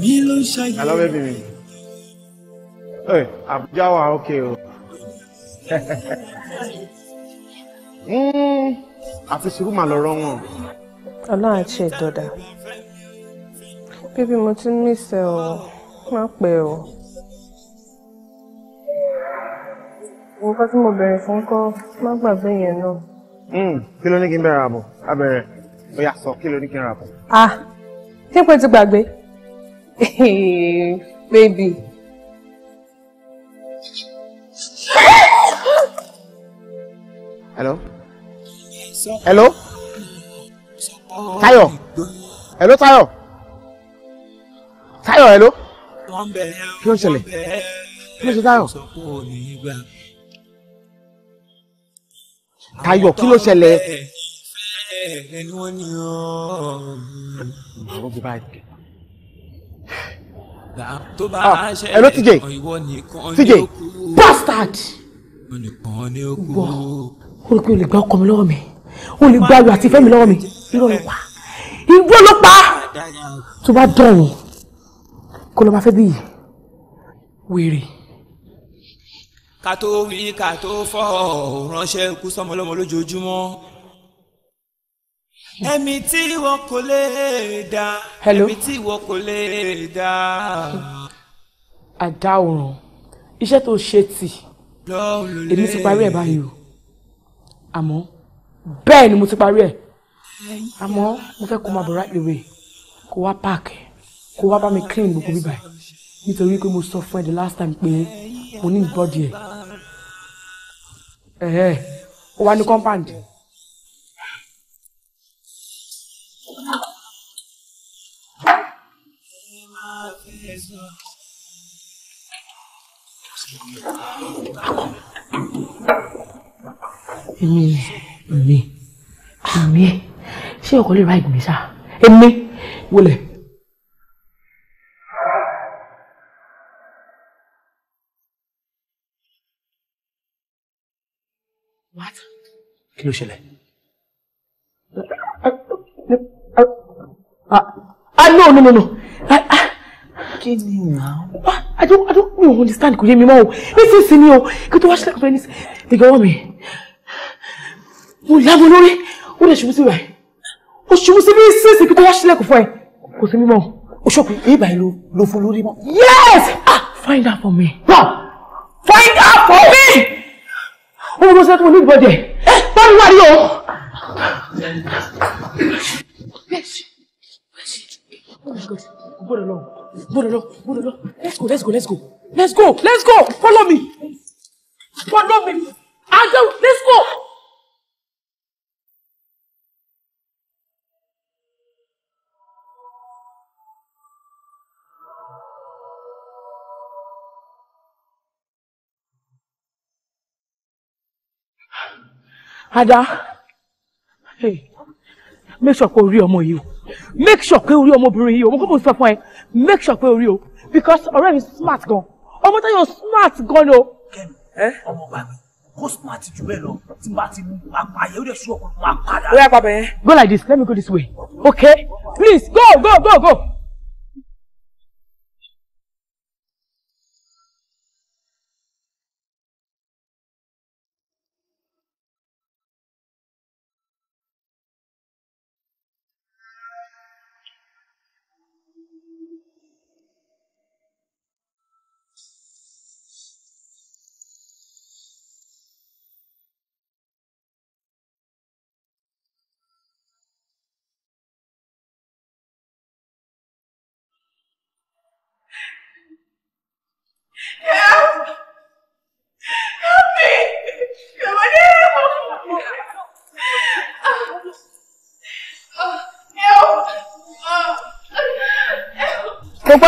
mi ló ṣayé. alábẹ́ bí mi ẹ Àbújá Hmm. ókè o àfi sùúrù mà lọ́rọ́ wọn. ọlọ́run àti ìdọ̀dà bíbí mo ti ń mísẹ̀ ọ́ má pẹ́ ọ́. nǹkan tí mo bẹ̀rẹ̀ fún kọ́ má gbàgbé yẹn náà. Hmm, kí ló ní kí n bẹ̀rẹ̀ àbọ̀ abẹ̀rẹ̀ ó yá sọ kí ló ní ah ṣé pé ti gbàgbé baby. hello hello Tayo. hello Tayo. Tayo, hello kí ló ń ṣẹlẹ̀ kí ló ń ṣe Táyọ̀. Táyọ̀ kí ló ṣẹlẹ̀ ẹni wọ́n ní ọ́. màá wọ́n bí báyìí. tó bá a ah, ṣe ẹ̀kọ́ ìwọ nìkan ni ó kú. bastard. mo nìkan ni ó kú. wọ o rò pé o lè gba ọkọ mi lọ́wọ́ mi o lè gba ayọ̀ àti ìfẹ́ mi lọ́wọ́ mi irọ́ ló pa irọ́ ló pa tó bá dọ̀rùn kó lọ́ọ́ máa fẹ́ bí yìí wèrè ká tó rí ká tó fọ́ ránṣẹ́ kú sọ́mọlọ́mọ lójoojúmọ́ ẹ̀mí tí wọn kò lè dá ẹ̀mí tí wọn kò lè dá. àdáwòrán iṣẹ́ tó ṣe tì èmi ti parí ẹ̀ báyìí o àmọ́ bẹ́ẹ̀ ni mo ti parí ẹ̀ àmọ́ mo fẹ́ kó máa bọ̀ right away kó wá páàkì kó wá bá mi clean gbogbo bíbá ẹ̀ nítorí pé mo sọ fún ẹ the last time pé mo ní ìbọ́dì ẹ̀ ẹ̀ẹ́ ó wá ní compound. èmi èmi èmi ṣé ọkọ lè ra ìgbìmọ̀ ṣá èmi wọlé. What? kí ló ṣẹlẹ̀. ah, ah no no no no. Ah, ah. kí ni What? I don't, I don't, mi ò understand kò yé mi mọ́ o. Nísinsìnyí o, kí tó watch ṣe lẹ́kọ̀ọ́ nísìn. Ìgbà wọ́n mi, mo lábọ̀ lórí, ó lè ṣubú sí ibà. O ṣubú sí bí sísìn kí tó wá ṣe lẹ́kọ̀ọ́ fún ẹ. Kò sí mímọ́ o. O ṣọ́kùn èébà yìí ló fún lórí mọ́. Yes! Ah! Find out for me. Wow! Find out for me! O mọ̀ sọ́kùn mo ní ìbọ̀dẹ̀. Ẹ bá mi wá rí o. Bẹ́ẹ̀ ṣe, oh my God, gbọ́dọ̀ lọ. No no no no no! let's go, let's go, let's go. Let's go, let's go. Follow me. Follow me. Adé, let's go. Ada, hey, make sure kó rí ọmọ yìí o make sure pé orí ọmọbìnrin yìí o mo kọ́ mo sọ fún ẹ make sure pé orí o because ọ̀rẹ́ mi smart gan ọmọ tó yọ smart gan ni o. kẹ́mi ọmọ ọba mi kó smart jù bẹ́ẹ̀ lọ tí n bá ti mú apààyẹ ó dẹ̀ sún ọkùnrin máa padà. ó yà pàbẹ. go like this let me go this way okay please go go go go.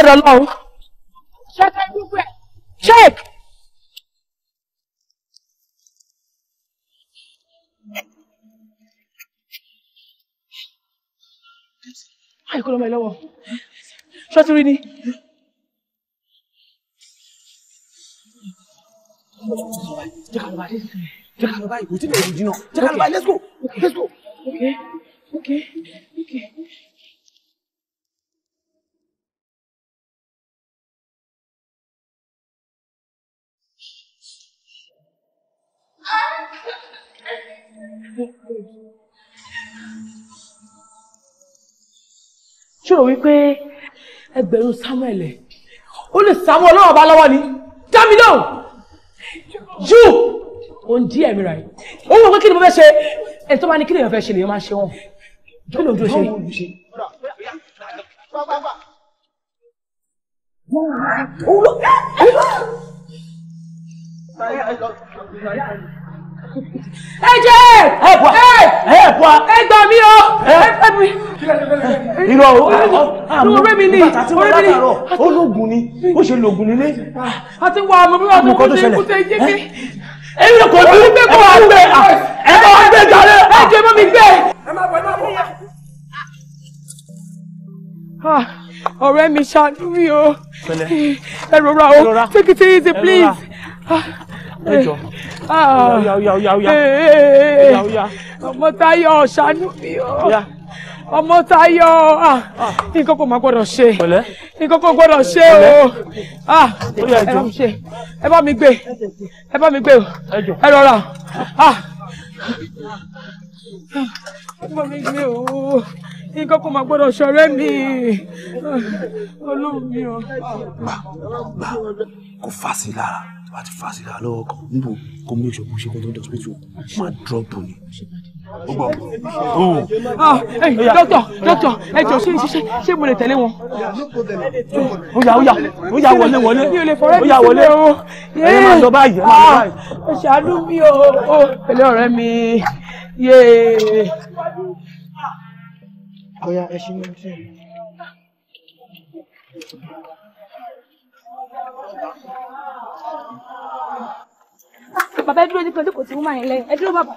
lọ́dọ̀ lọ́hùn. ṣẹ́kẹ́ gbogbo check. Why you lọ́mọ ẹ lọ́wọ́ ṣọ́tí rí ni. jẹ́ ká lọ bá let's go let's go. okay okay. ṣé o wípé ẹgbẹ̀rún samuel ẹ̀ ó lè sáwọ́ ọlọ́wọ́ bá lọ́wọ́ ni dámi jù ó ń dí ẹ̀mí ra yìí ó wọ́n pé kí ni mo fẹ́ ṣe ẹ̀ tó bá ní kí ni èèyàn fẹ́ ṣe lèèyàn máa ṣe wọ́n kí ló ń ṣe. Oh, look! ẹ jẹ́ ẹ bọ́ ẹ bọ́ ẹ gbà mí o ẹ mi. irọ́ o àmọ́ ọ̀rẹ́ mi ni ọ̀rẹ́ mi ni ó lóògùn ni ó ṣe lóògùn nílé. àti wà á mọ bí wàá tó kọjú ikú tẹ jẹ́ pé. èyí kò ní ẹ bá wà gbé ẹ bá wà gbé jàre. ẹ jẹ́ mọ́ mi gbé. ẹ má bọ̀ ẹ má bọ̀ ọ̀rẹ́ mi ṣàánú mi o ẹ rọra o take it easy please ẹjọ ya ya ya ya ọmọ Táyọ̀ ṣàánú mi o ọmọ Táyọ̀ ah, ah. nǹkan kò má gbọ́dọ̀ ṣe nǹkan kò gbọ́dọ̀ ṣe o ah, ẹ bá mi ṣe ẹ bá mi gbé ẹ bá mi gbé o ẹ rọra ẹ bá mi gbé o nǹkan kò máa gbọ́dọ̀ ṣọ̀rẹ́ mi olóhùn o. gbà gbà kò fà sí lára bá ti fà síra lọ́wọ́ kan níbo kó mi ìṣòwò ṣe kó tó dọ̀ sípítù máa dọ́ọ̀bù ni. ó gbọ́ ó. dókítà ah, dókítà ẹ jọ ṣé ṣe ṣé mo lè tẹ̀lé wọn. ó yá ó yá ó yá wọlé wọlé ó yá wọlé o. ẹ máa lọ báyìí ẹ máa lọ báyìí. Ah, ẹ ṣàánú mi o o pẹ̀lẹ́ ọ̀rẹ́ mi yéé. ọ̀ya ẹ ṣí mi sí i. bàbá ẹ dúró nípa oníkò tí woman yẹn lẹ́yìn ẹ dúró bàbá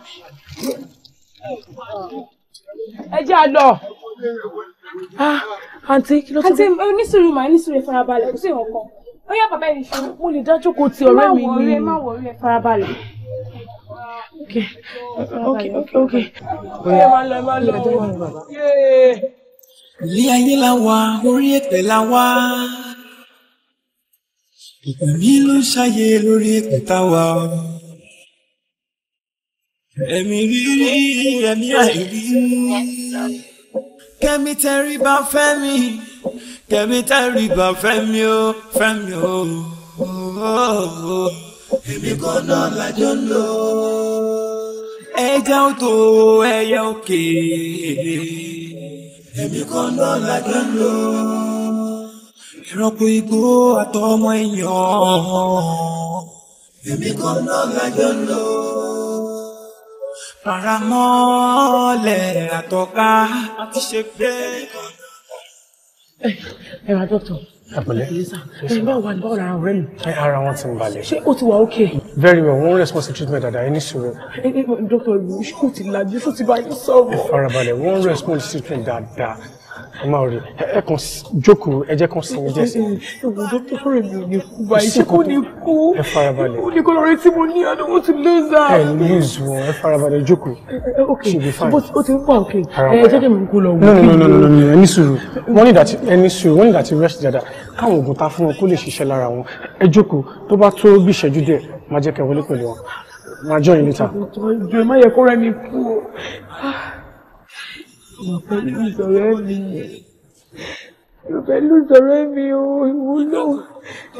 ẹ jẹ́ àlọ́. àǹtí ah, kí ló tó. àǹtí onísùúrù màá nísùúrù ìfarabalẹ̀ kò sí ìwọ̀n kan ó yá bàbá yìí ṣe mo lè dájú kó ti ọ̀rẹ́ mi ní. má wọrí ẹ farabalẹ̀. Okay, okay, okay, okay. Ẹ máa Ilé ayé la wà, orí ètè la wà. Ẹ̀mí ló ń ṣàyè lórí ìpẹ̀tà wa. Ẹ̀mí rírí ẹ̀mí àìrí. Kẹ́mi tẹ́rí bá fẹ́ mi. Kẹ́mi tẹ́rí bá fẹ́ mi ó fẹ́ mi ó. Èmi kò ná lájọ́ lò. Ẹja òtò ẹyẹ òkè. Èmi kò ná lájọ́ lò ẹranko igbó àtọmọ èèyàn. èmi kan náà lájọ lọ. paramọ́lẹ̀ àtọ́ká àti ṣe bẹ́ẹ̀. ẹ ẹ ra dọ́tọ̀. Àpẹlẹ. Ẹ bá wà báwo lára ọ̀rẹ́ mi. Ẹ ara wọn ti ń balẹ̀. Ṣé ó ti wà okay? Very well, wọ́n response treatment dada, ẹ ní sùúrù. Dọ́kítọ̀ ìlú ṣé ti lajú, ṣé ti bá sọ̀rọ̀? Ẹ farabalẹ̀, wọ́n response treatment dada ọmọ rẹ ẹ kàn jókòó ẹ jẹ́ kàn sinmi díẹ̀ sí. ṣùgbọ́n dókítà rẹ̀ mi ò ní kú báyìí ṣé kò ní kú ẹ farabalẹ̀ ó ní kó lórí tí mo ní ọdún mo ti lóza. ẹ lóòzù wọn ẹ farabalẹ̀ jókòó ṣì lè fàyè. ó ti ń pa òkè ẹ jẹ́ kí mi kú lọ wò. no no no no ẹ ní sùúrù wọ́n ní ìdàtí ẹ ní sùúrù wọ́n ní ìdàtí rest dada káwọn oògùn ta fún wọn kó lè ṣiṣẹ́ lára wọn ẹ jókòó tó bá tó mo fẹ́ lù sọ̀rọ̀ mi mo fẹ́ lù sọ̀rọ̀ mi o ìwúlò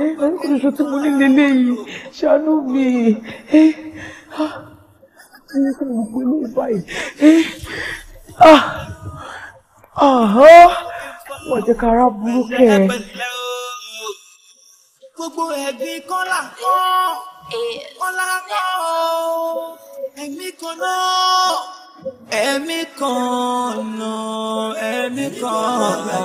ẹ ọkọ ṣoṣo tí mo ní lélẹ́yìí ṣàánú mi ẹ ah mo fẹ́ lù pé ló báyìí ẹ ah ah wọ́n jẹ́ ká ara burúkú ẹ. gbogbo ẹ̀gbin kọ́là kan kọ́là kan ẹ̀gbin kan náà ẹ̀mí kan ọ̀nà ẹ̀mí kan ọ̀nà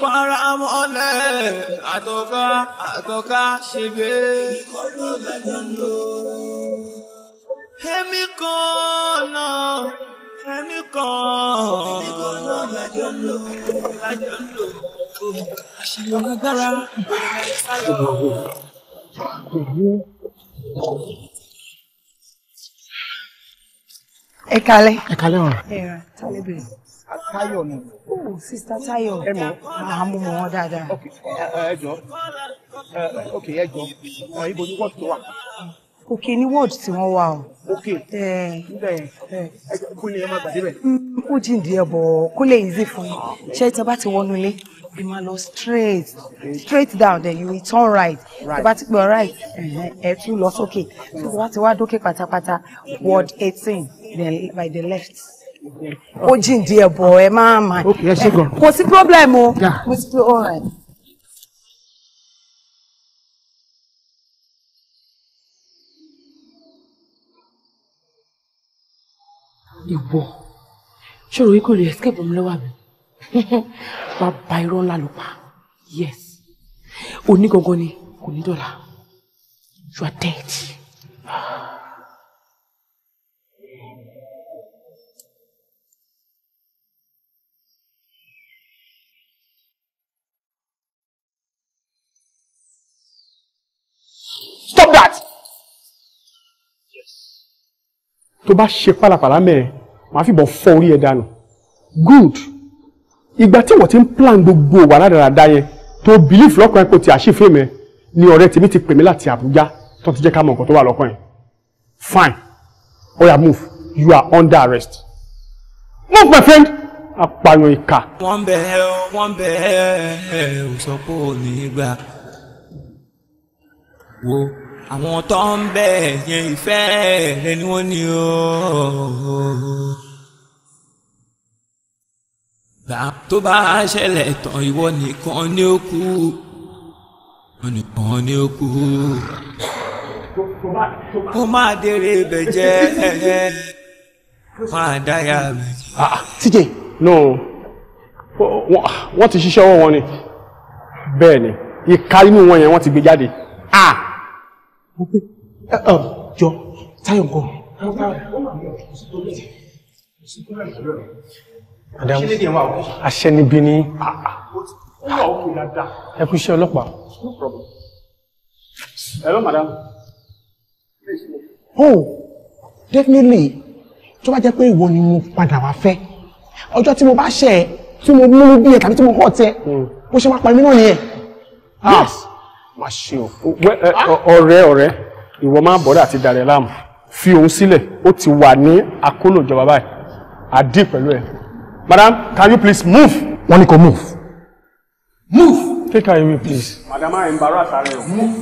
para mọ́lẹ̀ àtọ́ká àtọ́ká ṣe bẹ́. Èmi kan náà, èmi kan lájọ ń lò. ẹ kalẹ̀. ẹ kalẹ̀ ọ̀rọ̀. ẹ ra Tayo, bèrè. Táyọ̀ ni. o sista Táyọ̀. ẹ mọ̀ máa mú wọn dáadáa. ok ẹ jọ ok ẹ jọ ibo ni wọ́ọ̀dù tó wà. òkè ni wọ́ọ̀dù tí wọ́n wà o. òkè níbẹ̀ yẹn ẹ jọ kúlẹ̀ ẹ má gbàdé bẹ̀. ó mm, jìn díẹ̀ bọ̀ kúlẹ̀ easy fún yín ṣé tí bá ti wọnú ilé ẹ máa lọ straight straight down then you turn right tó bá ti pè ọ right ẹ tún lọ sókè tó bá ti wá dókè pátápátá ward eighteen by the left. ó jìn díẹ̀ bọ̀ ẹ máa ma kò sí problem o kò sí all right. ìwọ ṣòro yìí kò lè escape mi lọ́wọ́ mi bàbá irọ́ ńlá ló pa yes òní gangan ni kò ní dọ̀la you are dead. Stop that! Tó bá ṣe pálapàla mẹ́rin, màá fìbọn fọ́ orí ẹ̀ dànù. Good. Ìgbà tí wọ́n ti ń plan gbogbo wà ládàradà yẹn tó belief lọ́kàn ẹ̀ pé ti àṣìfẹ́ mi ni ọ̀rẹ́ tèmi ti pè mí láti Àbújá tó ti jẹ́ ká mọ̀ nǹkan tó wà lọ́kàn yẹn. Fine. Oya move. You are under arrest. Move my friend. Apààyàn ìkà. Wọ́n bẹ̀ẹ́ wọ́n bẹ̀ẹ́ ò sọ pé ò ní gbà. Wo àwọn tó ń bẹ̀ yẹn ìfẹ́ rẹ ni wọ́n ní o. gbà tó bá ṣẹlẹ̀ tán ìwọ nìkan ni ó kú nìkan ni ó kú. ó máa dèrè ibẹ̀ jẹ́ máa dáyà ibẹ̀ jẹ́. Ah, tíjẹ no wọ́n ti ṣiṣẹ́ ọwọ́ wọn ni bẹ́ẹ̀ ni ìka inú wọn yẹn wọ́n ti gbé jáde. Ah mo pé eh, um, jọ táyọ̀ nǹkan. Adamu aṣẹ ni ẹ iṣẹ́ ọlọ́pàá. Hello, madam. Oh, definitely. Tó bá jẹ́ pé ìwọ ni mo padà wá fẹ́. Ọjọ́ tí mo bá ṣẹ̀ tí mo múlú bí ẹ tàbí tí mo họ̀ tẹ, mo ṣe máa pa èmi náà ni ẹ. Ah. Yes. Ah! ọ̀rẹ́ ọ̀rẹ́ ìwọ máa bọ̀dọ̀ àti dàrẹ́ láàmú fi òun sílẹ̀ ó ti wà ní àkólò ìjọba báyìí àdí pẹ̀lú ẹ̀. madam can you please move. wọ́n ní kò move. move. take her me, please. madam i embarrass her. Eh? move.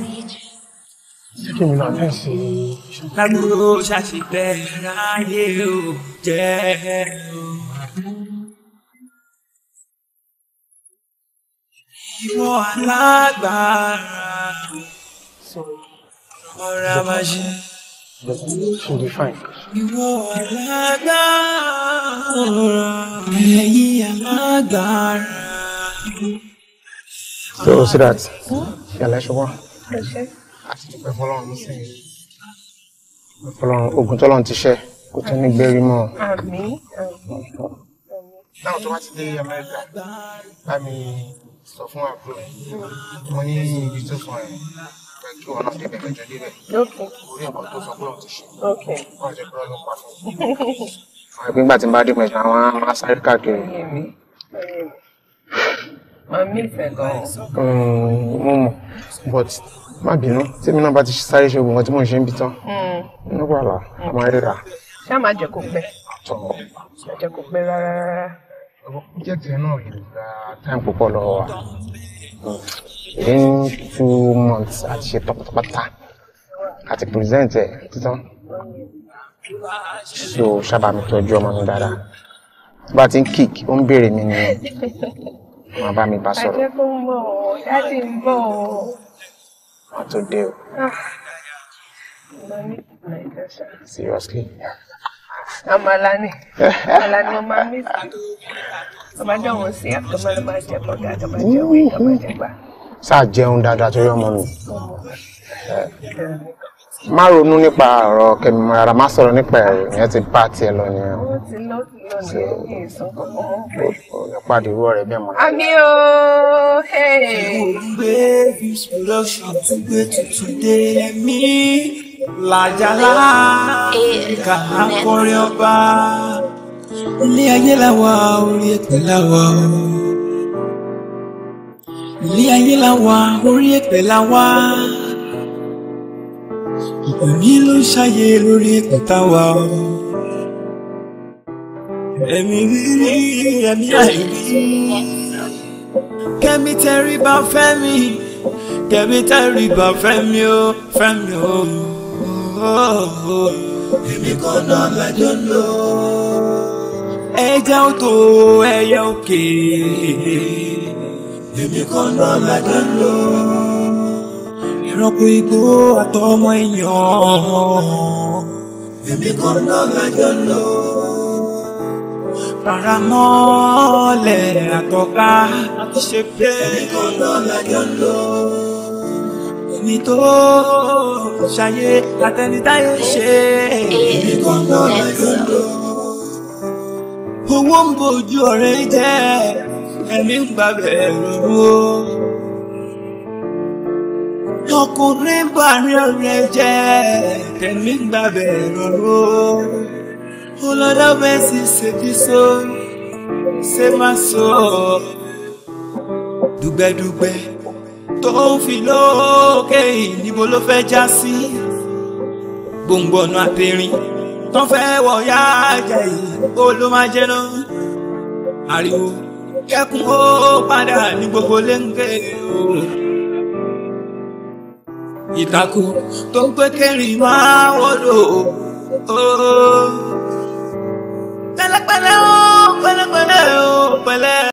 Jẹ́kí mi náà tẹ́ sí i. Lágbóró ṣàṣìbẹ̀rẹ̀ ayé ò jẹ́ ò. ìwọ alágbára ọ̀rọ̀ àmàṣe. Should be fine. Ìwọ alágbára ẹ̀yìn alágbára. So see that. Yàrá ẹ̀ṣọ́ wá. Àti ìpẹ́ fọlọ́run ló sìn. Fọlọ́run ogun tọ́lọ́run ti ṣẹ́ kò tún ní gbérí mọ́. Àmín. Náà tó bá ti dé Amẹ́ríkà, bá mi sọ fún àbúrò ẹ mo ní ibi tó sọ ẹ pé kí wọn náà débẹ̀ mẹ́jọ débẹ̀ orí nǹkan tó sọ pé òun ti ṣe wọn àjẹ pé ọlọ́pàá pa fún un. àgbégbà tí n bá dé mẹ́jọ àwọn máa sáré káàkiri. màá mí ìfẹ́ gan-an. mo mọ̀ but má bínú tèmi náà bá ti sáré ṣe oògùn kan tí mò ń ṣe ń bi tán nígbà là á máa ríra. ṣé àmà jẹ́ kó pẹ́? àtọ̀. àjẹ́ kó pẹ́ rárá rárá project yẹn náà yóò gba time púpọ̀ lọ́wọ́ wa in two months àti ṣe tọpatọpata àti present ẹ̀ títàn so sábà mi tọ́jú ọmọ mi dáadáa bá ti ń kick ó ń béèrè mi ni màá bá mi bá sọ̀rọ̀. àjẹ́ kó ń bọ̀ ọ́ dájú ń bọ̀ ọ́. wọ́n tó dé o. Ah. Seriously? Yeah àmàlà ni àmàlà ni ọmọ mi ọmọ jẹ wọn sí àkàmọ ẹ máa jẹ bọgá àkàmọ jẹ wọn àkàmọ jẹ gbà. sáà jẹun dáadáa torí ọmọ mi má ronú nípa ọ̀rọ̀ kẹmímọ́ra má sọ̀rọ̀ nípa ẹ̀rọ ìyẹn ti bá tiẹ̀ lọ ni ẹ̀. ti lọ ti lọ ní ẹ̀yìn ó pàdé irú ọ̀rẹ́ bẹ́ẹ̀ mọ́. àmì o ṣe. mo gbé inspiration tó gbé tuntun dé mi làjàlá ìka akọrin ọba ilé ayé làwa orí èpè làwa o ilé ayé làwa orí èpè làwa òní ló ṣàyè lórí èpè táwa o ẹ̀mí rírí ẹ̀mí àìrí kẹ́mi tẹrí ba fẹ́mi kẹ́mi tẹrí ba fẹ́mi o fẹ́mi o èmi kò ná lẹ́jọ́ lọ. ẹja odò ẹyẹ òkè èmi kò ná lẹ́jọ́ lọ. ìrọ́pò igbó àtọmọ èèyàn èmi kò ná lẹ́jọ́ lọ. Paramọ́lẹ̀ àtọ́ká àti ṣe bẹ́ẹ̀. Èmi kò ná lẹ́jọ́ lọ èmi tó ṣayé àtẹnitáyé ṣe èmi kò ń lọ lọ́dọ̀. owó ń bojú ọ̀rẹ́ jẹ́ ẹ̀mí ń gbàgbẹ́ lówó. ọkùnrin bá rí ọ̀rẹ́ jẹ́ ẹ̀mí ń gbàgbẹ́ lówó. olódò bẹ́ẹ̀ sì ṣe kí so ṣe má so dùgbẹ́dùgbẹ́ tó ń fi lókè níbo ló fẹ́ já sí gbòǹgbòǹnù àtẹ̀rìn tó fẹ́ wọ̀ yá àjà yìí ó ló máa jẹ́ náà ariwo kẹ́kun ó padà ní gbogbo léńgé o. ìtàkù tó ń pé kẹrin máa wọ́dọ̀ o. pẹ̀lẹ́pẹ̀lẹ́ o pẹ̀lẹ́pẹ̀lẹ́ o pẹ̀lẹ́.